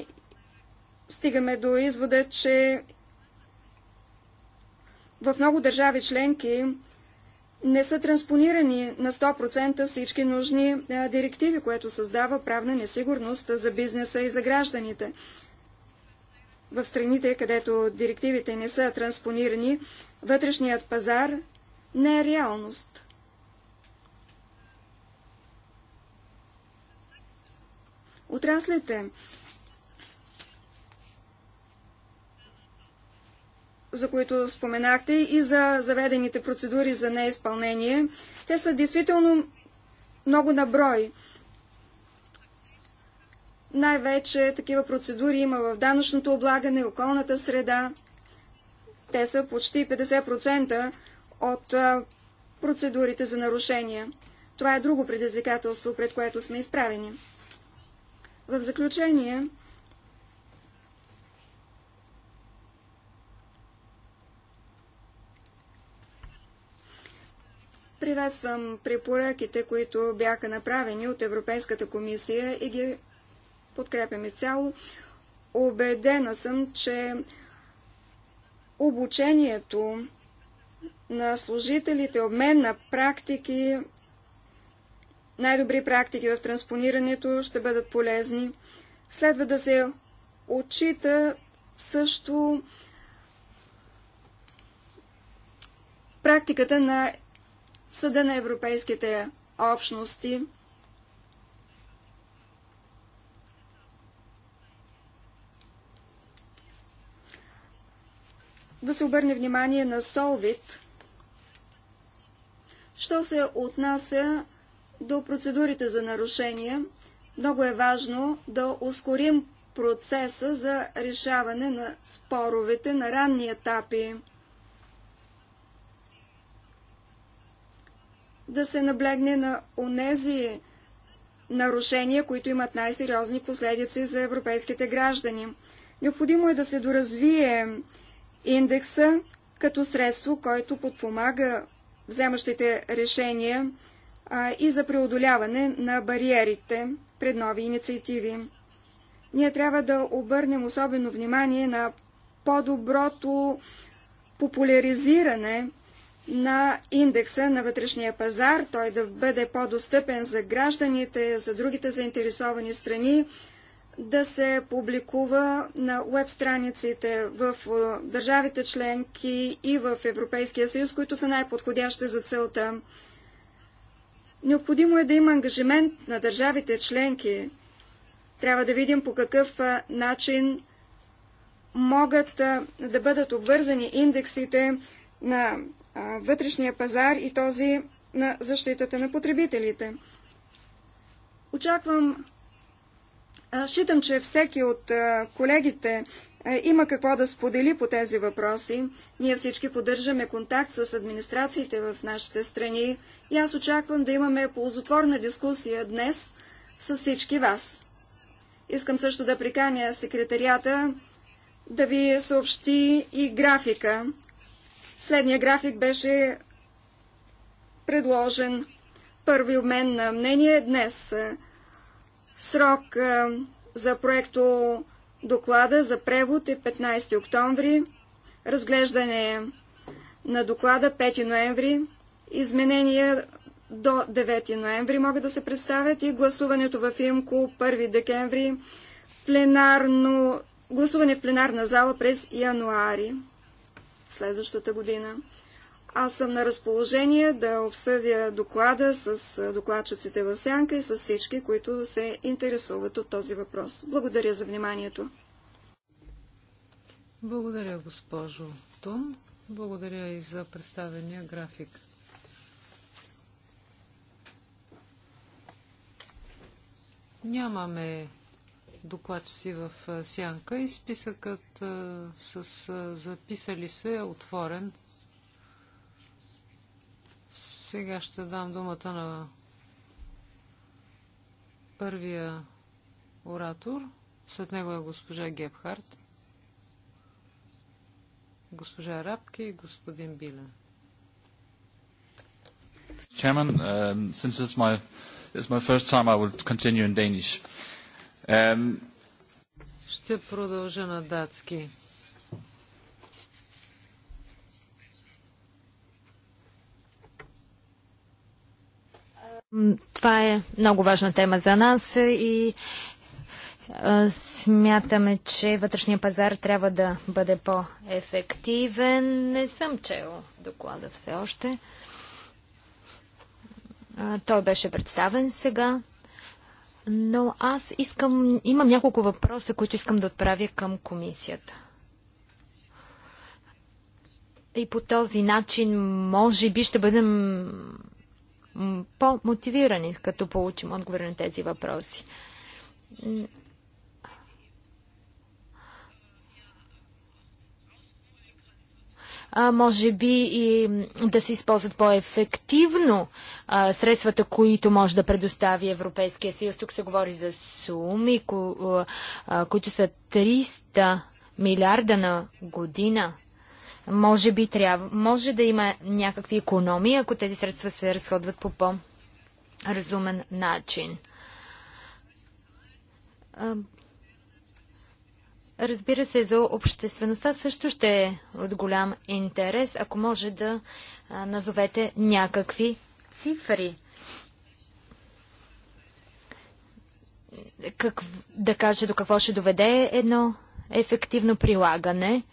стигаме до извода, че в много държави членки не са транспонирани на 100% всички нужни а, директиви, което създава правна несигурност за бизнеса и за гражданите в страните, където директивите не са транспонирани, вътрешният пазар не е реалност. Отраслите, за които споменахте, и за заведените процедури за неизпълнение, те са действително много наброй. брой. Най-вече такива процедури има в данъчното облагане, околната среда. Те са почти 50% от процедурите за нарушения. Това е друго предизвикателство, пред което сме изправени. В заключение, приветствам препоръките, които бяха направени от Европейската комисия и ги подкрепям изцяло. Обедена съм, че обучението на служителите, обмен на практики, най-добри практики в транспонирането ще бъдат полезни. Следва да се отчита също практиката на Съда на европейските общности. да се обърне внимание на Солвит, що се отнася до процедурите за нарушения. Много е важно да ускорим процеса за решаване на споровете на ранни етапи. Да се наблегне на онези нарушения, които имат най-сериозни последици за европейските граждани. Необходимо е да се доразвие индекса като средство, който подпомага вземащите решения а, и за преодоляване на бариерите пред нови инициативи. Ние трябва да обърнем особено внимание на по-доброто популяризиране на индекса на вътрешния пазар, той да бъде по-достъпен за гражданите, за другите заинтересовани страни, да се публикува на веб страниците в държавите членки и в Европейския съюз, които са най-подходящи за целта. Необходимо е да има ангажимент на държавите членки. Трябва да видим по какъв начин могат да бъдат обвързани индексите на вътрешния пазар и този на защитата на потребителите. Очаквам Считам, че всеки от колегите има какво да сподели по тези въпроси. Ние всички поддържаме контакт с администрациите в нашите страни и аз очаквам да имаме ползотворна дискусия днес с всички вас. Искам също да приканя секретарията да ви съобщи и графика. Следния график беше предложен. Първи обмен на мнение днес Срок за проекто доклада за превод е 15 октомври, разглеждане на доклада 5 ноември, изменения до 9 ноември могат да се представят и гласуването в ИМКО 1 декември, пленарно, гласуване в пленарна зала през януари следващата година. Аз съм на разположение да обсъдя доклада с докладчиците в сянка и с всички, които се интересуват от този въпрос. Благодаря за вниманието. Благодаря, госпожо Тун. Благодаря и за представения график. Нямаме докладчици в сянка и списъкът с записали се е отворен сега ще дам думата на първия оратор. След него е госпожа Гебхарт, госпожа Рапки и господин Биле. Chairman, um, since it's my, it's my first time, I will continue in Danish. Um... Ще продължа на датски. Това е много важна тема за нас и смятаме, че вътрешния пазар трябва да бъде по-ефективен. Не съм чел доклада все още. Той беше представен сега. Но аз искам, имам няколко въпроса, които искам да отправя към комисията. И по този начин, може би, ще бъдем по-мотивирани, като получим отговор на тези въпроси. а, може би и да се използват по-ефективно средствата, които може да предостави Европейския съюз. Тук се говори за суми, ко, а, които са 300 милиарда на година. Може би трябва, може да има някакви економии, ако тези средства се разходват по по-разумен начин. Разбира се, за обществеността също ще е от голям интерес, ако може да назовете някакви цифри. Как, да каже до какво ще доведе едно ефективно прилагане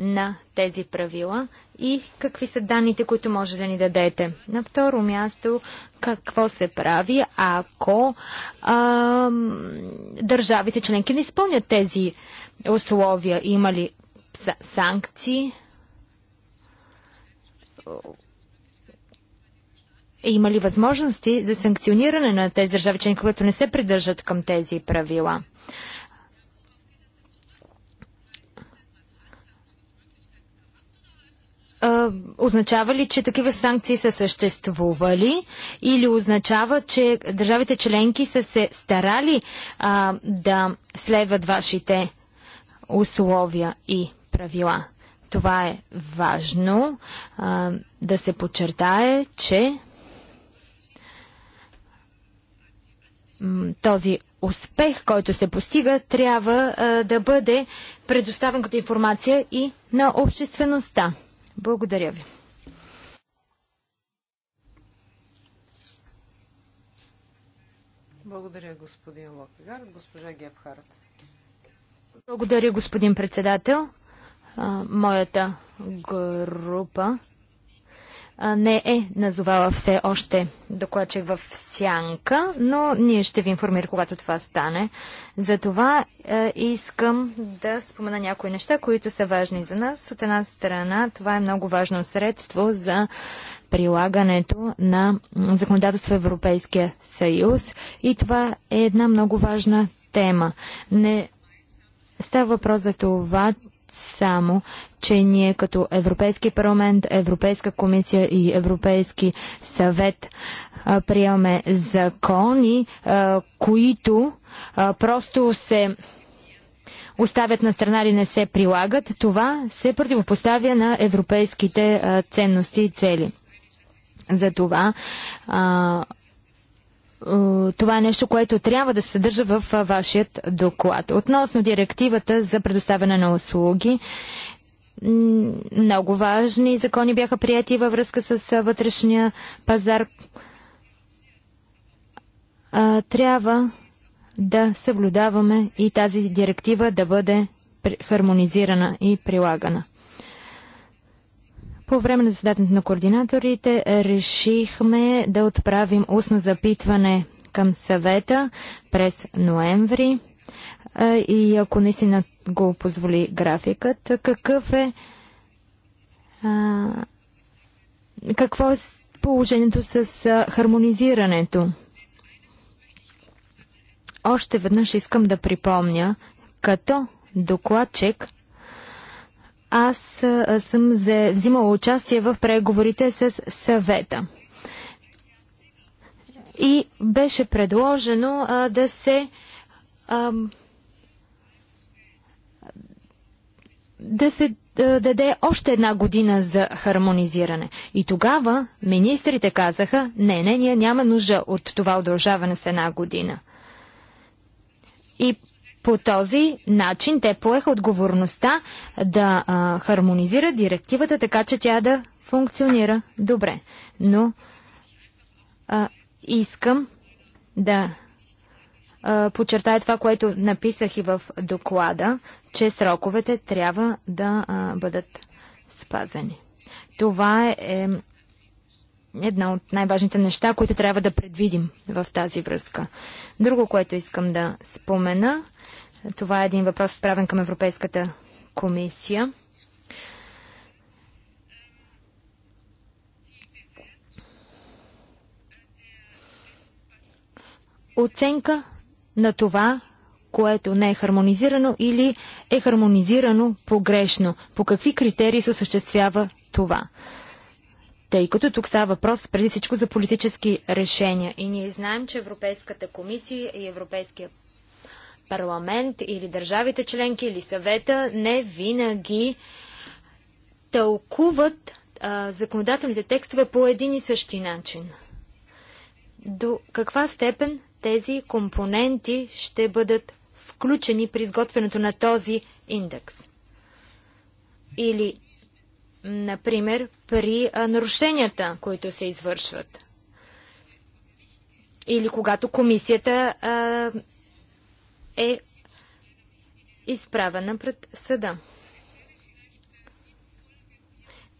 на тези правила и какви са данните, които може да ни дадете. На второ място, какво се прави, ако а, държавите членки не изпълнят тези условия? Има ли санкции? Има ли възможности за санкциониране на тези държави членки, които не се придържат към тези правила? а, означава ли, че такива санкции са съществували или означава, че държавите членки са се старали а, да следват вашите условия и правила? Това е важно а, да се подчертае, че този успех, който се постига, трябва а, да бъде предоставен като информация и на обществеността. Благодаря ви. Благодаря, господин Локегард. Госпожа Гепхарт. Благодаря, господин председател. моята група не е назовала все още докладчик в сянка, но ние ще ви информира, когато това стане. За това е, искам да спомена някои неща, които са важни за нас. От една страна, това е много важно средство за прилагането на законодателство в Европейския съюз и това е една много важна тема. Не става въпрос за това, само, че ние като Европейски парламент, Европейска комисия и Европейски съвет приемаме закони, които просто се оставят на страна или не се прилагат. Това се противопоставя на европейските ценности и цели. Затова е, това е нещо, което трябва да се съдържа в вашият доклад. Относно директивата за предоставяне на услуги, много важни закони бяха прияти във връзка с вътрешния пазар. Трябва да съблюдаваме и тази директива да бъде хармонизирана и прилагана. По време на заседанието на координаторите решихме да отправим устно запитване към съвета през ноември и ако наистина го позволи графикът, какъв е а, какво е положението с хармонизирането? Още веднъж искам да припомня, като докладчик аз съм взимала участие в преговорите с съвета. И беше предложено а, да се а, да се даде още една година за хармонизиране. И тогава министрите казаха, не, не, ние няма нужда от това удължаване с една година. И по този начин те поеха отговорността да а, хармонизират директивата така, че тя да функционира добре. Но а, искам да а, подчертая това, което написах и в доклада, че сроковете трябва да а, бъдат спазени. Това е, е една от най-важните неща, които трябва да предвидим в тази връзка. Друго, което искам да спомена, това е един въпрос отправен към Европейската комисия. Оценка на това, което не е хармонизирано или е хармонизирано погрешно. По какви критерии се осъществява това? Тъй като тук става въпрос преди всичко за политически решения и ние знаем, че Европейската комисия и Европейския парламент или държавите членки или съвета не винаги тълкуват а, законодателните текстове по един и същи начин. До каква степен тези компоненти ще бъдат включени при изготвянето на този индекс? Или, например, при а, нарушенията, които се извършват? Или когато комисията а, е изправена пред съда.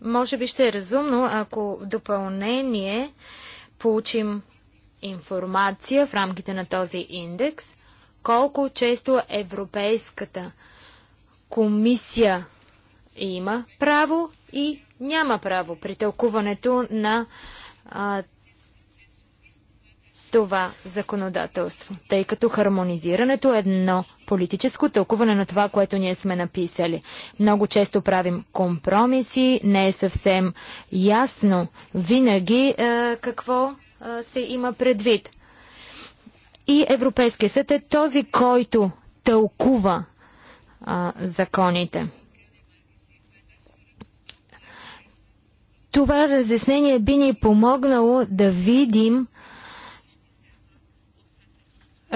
Може би ще е разумно, ако в допълнение получим информация в рамките на този индекс, колко често Европейската комисия има право и няма право при тълкуването на а, това законодателство, тъй като хармонизирането е едно политическо тълкуване на това, което ние сме написали. Много често правим компромиси, не е съвсем ясно винаги е, какво е, се има предвид. И Европейския съд е този, който тълкува е, законите. Това разяснение би ни помогнало да видим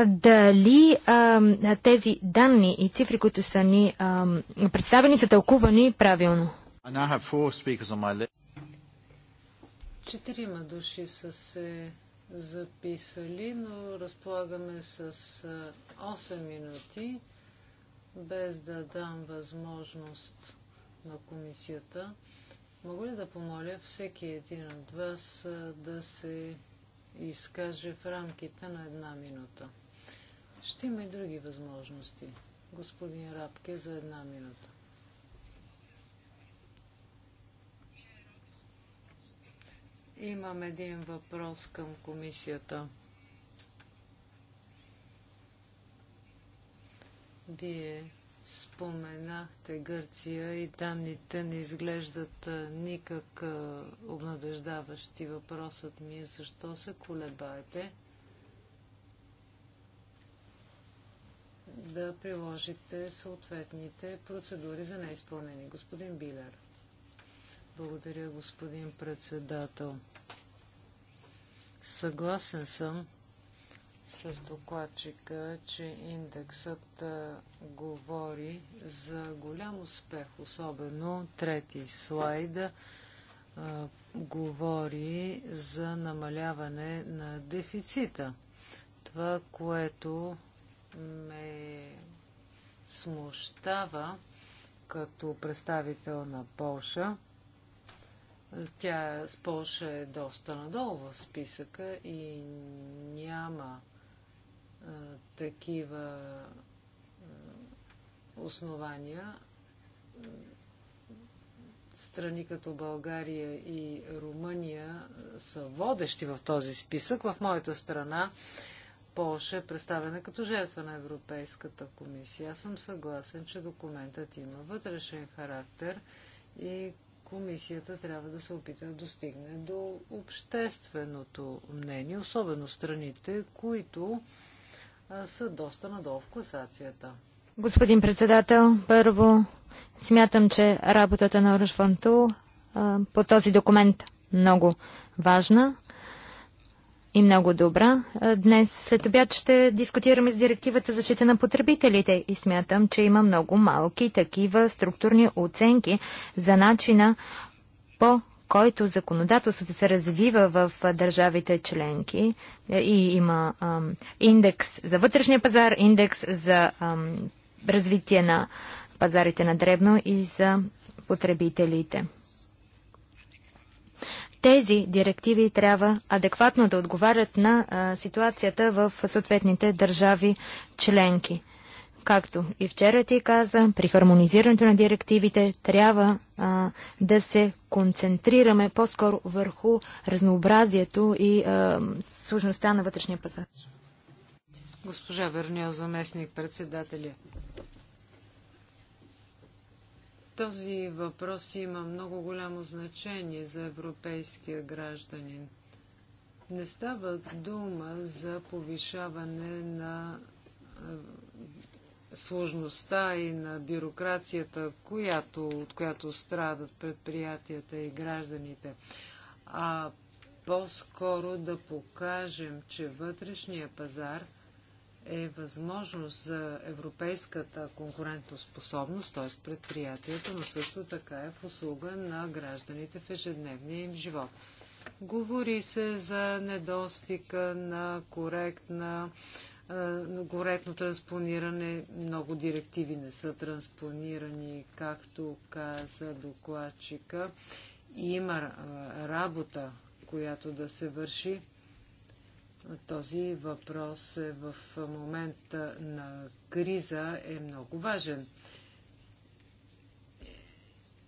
дали а, тези данни и цифри, които са ни а, представени, са тълкувани правилно. Четирима души са се записали, но разполагаме с 8 минути, без да дам възможност на комисията. Мога ли да помоля всеки един от вас да се изкаже в рамките на една минута? Ще има и други възможности. Господин Рапке за една минута. Имам един въпрос към комисията. Вие споменахте Гърция и данните не изглеждат никак обнадеждаващи. Въпросът ми е защо се колебаете? да приложите съответните процедури за неизпълнение. Господин Билер. Благодаря, господин председател. Съгласен съм с докладчика, че индексът говори за голям успех, особено трети слайд говори за намаляване на дефицита. Това, което ме смущава като представител на Полша. Тя с Полша е доста надолу в списъка и няма а, такива а, основания. Страни като България и Румъния са водещи в този списък. В моята страна а, Полша е представена като жертва на Европейската комисия. Аз съм съгласен, че документът има вътрешен характер и комисията трябва да се опита да достигне до общественото мнение, особено страните, които са доста надолу в класацията. Господин председател, първо смятам, че работата на Оръжванту по този документ е много важна и много добра. Днес след обяд ще дискутираме с директивата защита на потребителите и смятам, че има много малки такива структурни оценки за начина по който законодателството се развива в държавите членки е, и има ам, индекс за вътрешния пазар, индекс за ам, развитие на пазарите на дребно и за потребителите. Тези директиви трябва адекватно да отговарят на а, ситуацията в съответните държави членки. Както и вчера ти каза, при хармонизирането на директивите трябва а, да се концентрираме по-скоро върху разнообразието и а, сложността на вътрешния пазар. Госпожа Верния, заместник председателя. Този въпрос има много голямо значение за европейския гражданин. Не става дума за повишаване на е, сложността и на бюрокрацията, която, от която страдат предприятията и гражданите, а по-скоро да покажем, че вътрешния пазар – е възможност за европейската конкурентоспособност, т.е. предприятието, но също така е в услуга на гражданите в ежедневния им живот. Говори се за недостига на коректна коректно транспониране. Много директиви не са транспонирани, както каза докладчика. Има работа, която да се върши. Този въпрос е в момента на криза е много важен.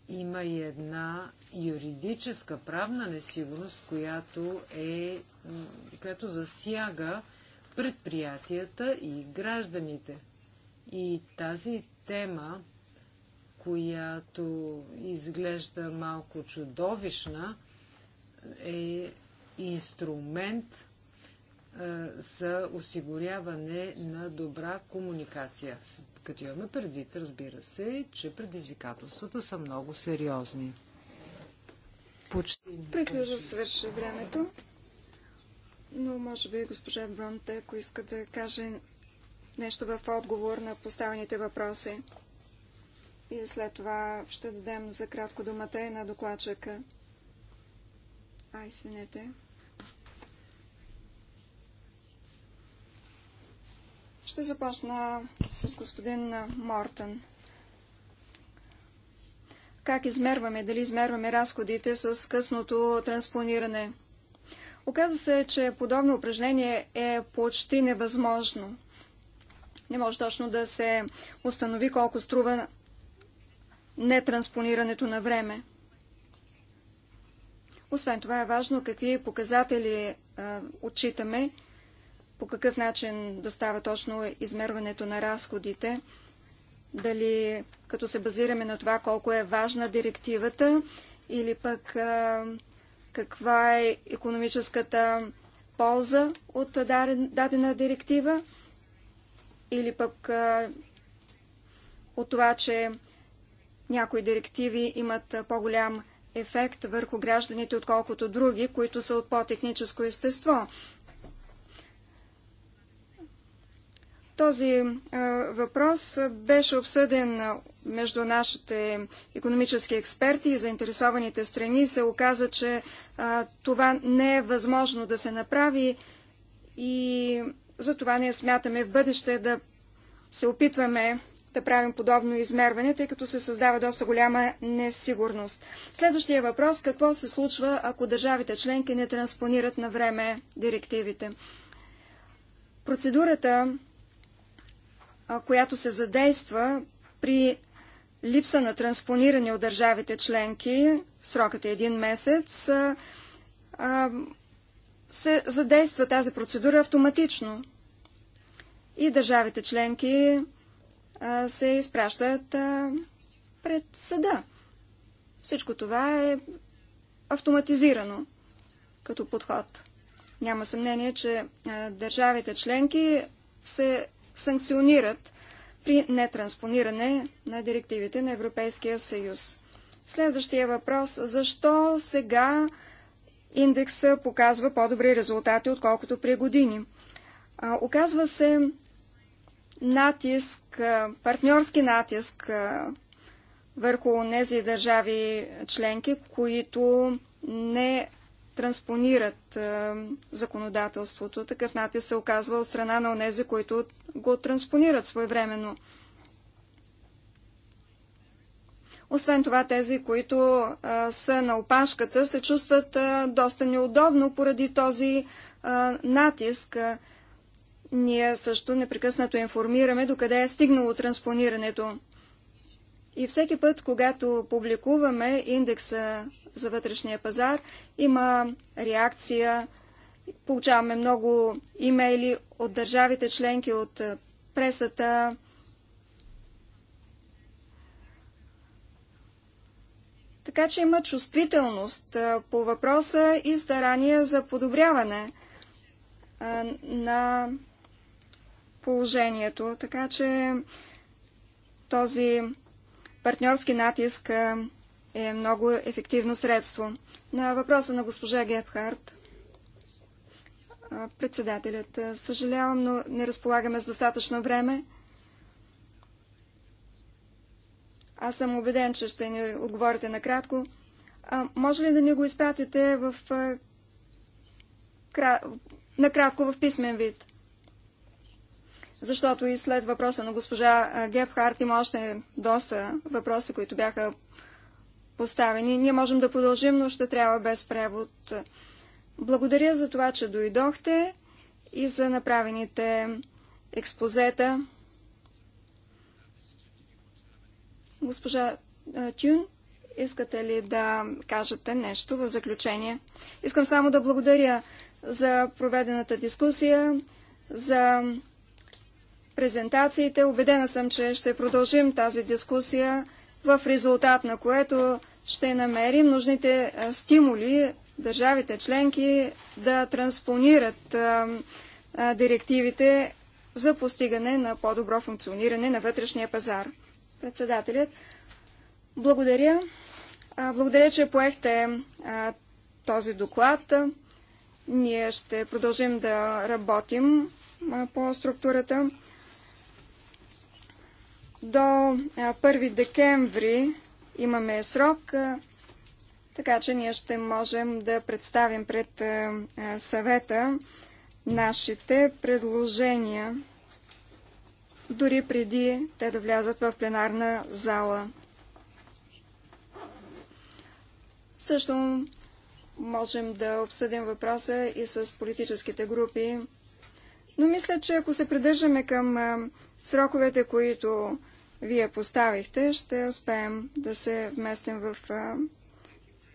Има и една юридическа правна несигурност, която, е, която засяга предприятията и гражданите. И тази тема, която изглежда малко чудовищна, е инструмент, е, за осигуряване на добра комуникация. Като имаме предвид, разбира се, че предизвикателствата са много сериозни. Почти. Приключва свърши времето, но може би госпожа Бронте, ако иска да каже нещо в отговор на поставените въпроси. И след това ще дадем за кратко думата и на докладчика. А, извинете. Ще започна с господин Мортън. Как измерваме? Дали измерваме разходите с късното транспониране? Оказва се, че подобно упражнение е почти невъзможно. Не може точно да се установи колко струва нетранспонирането на време. Освен това е важно какви показатели а, отчитаме по какъв начин да става точно измерването на разходите, дали като се базираме на това колко е важна директивата или пък каква е економическата полза от дадена директива или пък от това, че някои директиви имат по-голям ефект върху гражданите, отколкото други, които са от по-техническо естество. Този въпрос беше обсъден между нашите економически експерти и заинтересованите страни. Се оказа, че това не е възможно да се направи и за това ние смятаме в бъдеще да се опитваме да правим подобно измерване, тъй като се създава доста голяма несигурност. Следващия въпрос – какво се случва, ако държавите членки не транспонират на време директивите? Процедурата която се задейства при липса на транспониране от държавите членки, срокът е един месец, се задейства тази процедура автоматично. И държавите членки се изпращат пред съда. Всичко това е автоматизирано като подход. Няма съмнение, че държавите членки се санкционират при нетранспониране на директивите на Европейския съюз. Следващия въпрос. Защо сега индекса показва по-добри резултати, отколкото при години? А, оказва се натиск, партньорски натиск върху тези държави членки, които не транспонират е, законодателството. Такъв натиск се оказва от страна на онези, които го транспонират своевременно. Освен това, тези, които а, е, са на опашката, се чувстват а, е, доста неудобно поради този а, натиск. Ние също непрекъснато информираме докъде е стигнало транспонирането. И всеки път, когато публикуваме индекса за вътрешния пазар, има реакция, получаваме много имейли от държавите членки, от пресата. Така че има чувствителност по въпроса и старания за подобряване на положението. Така че този партньорски натиск е, е много ефективно средство. На въпроса на госпожа Гепхарт, е, председателят, е, съжалявам, но не разполагаме с достатъчно време. Аз съм убеден, че ще ни отговорите накратко. А, може ли да ни го изпратите в, кра... накратко в писмен вид? защото и след въпроса на госпожа Гебхарт има още доста въпроси, които бяха поставени. Ние можем да продължим, но ще трябва без превод. Благодаря за това, че дойдохте и за направените експозета. Госпожа Тюн, искате ли да кажете нещо в заключение? Искам само да благодаря за проведената дискусия, за презентациите. Обедена съм, че ще продължим тази дискусия, в резултат на което ще намерим нужните стимули държавите членки да транспонират директивите за постигане на по-добро функциониране на вътрешния пазар. Председателят, благодаря. благодаря, че поехте този доклад. Ние ще продължим да работим по структурата. До 1 декември имаме срок, така че ние ще можем да представим пред съвета нашите предложения, дори преди те да влязат в пленарна зала. Също можем да обсъдим въпроса и с политическите групи. Но мисля, че ако се придържаме към сроковете, които вие поставихте, ще успеем да се вместим в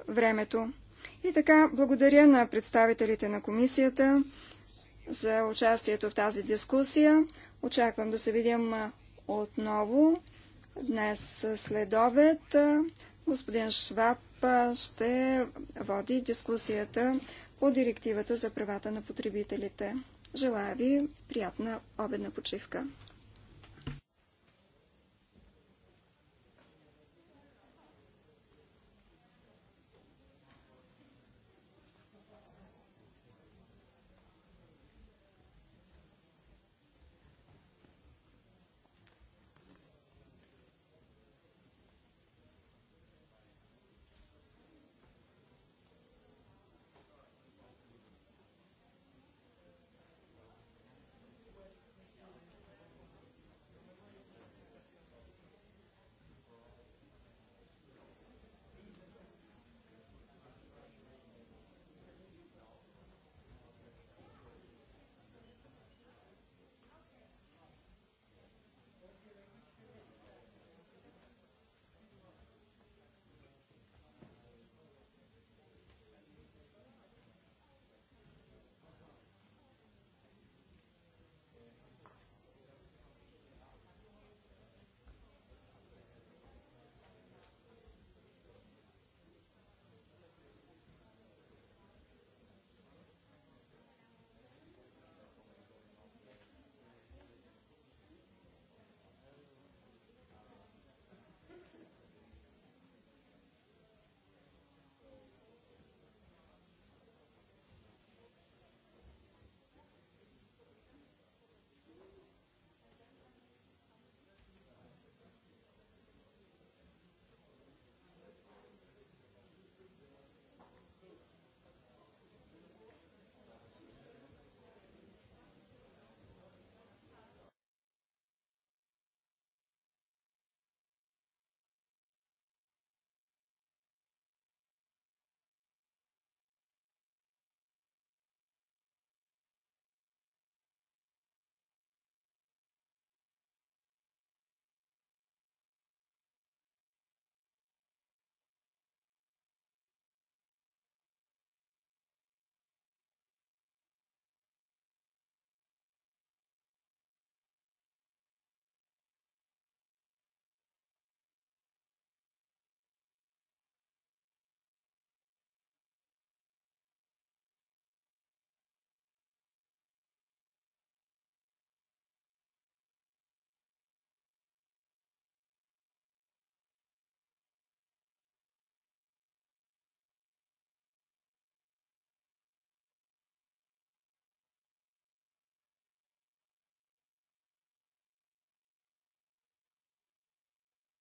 времето. И така, благодаря на представителите на комисията за участието в тази дискусия. Очаквам да се видим отново днес след обед. Господин Шваб ще води дискусията по директивата за правата на потребителите. Желая ви приятна обедна почивка.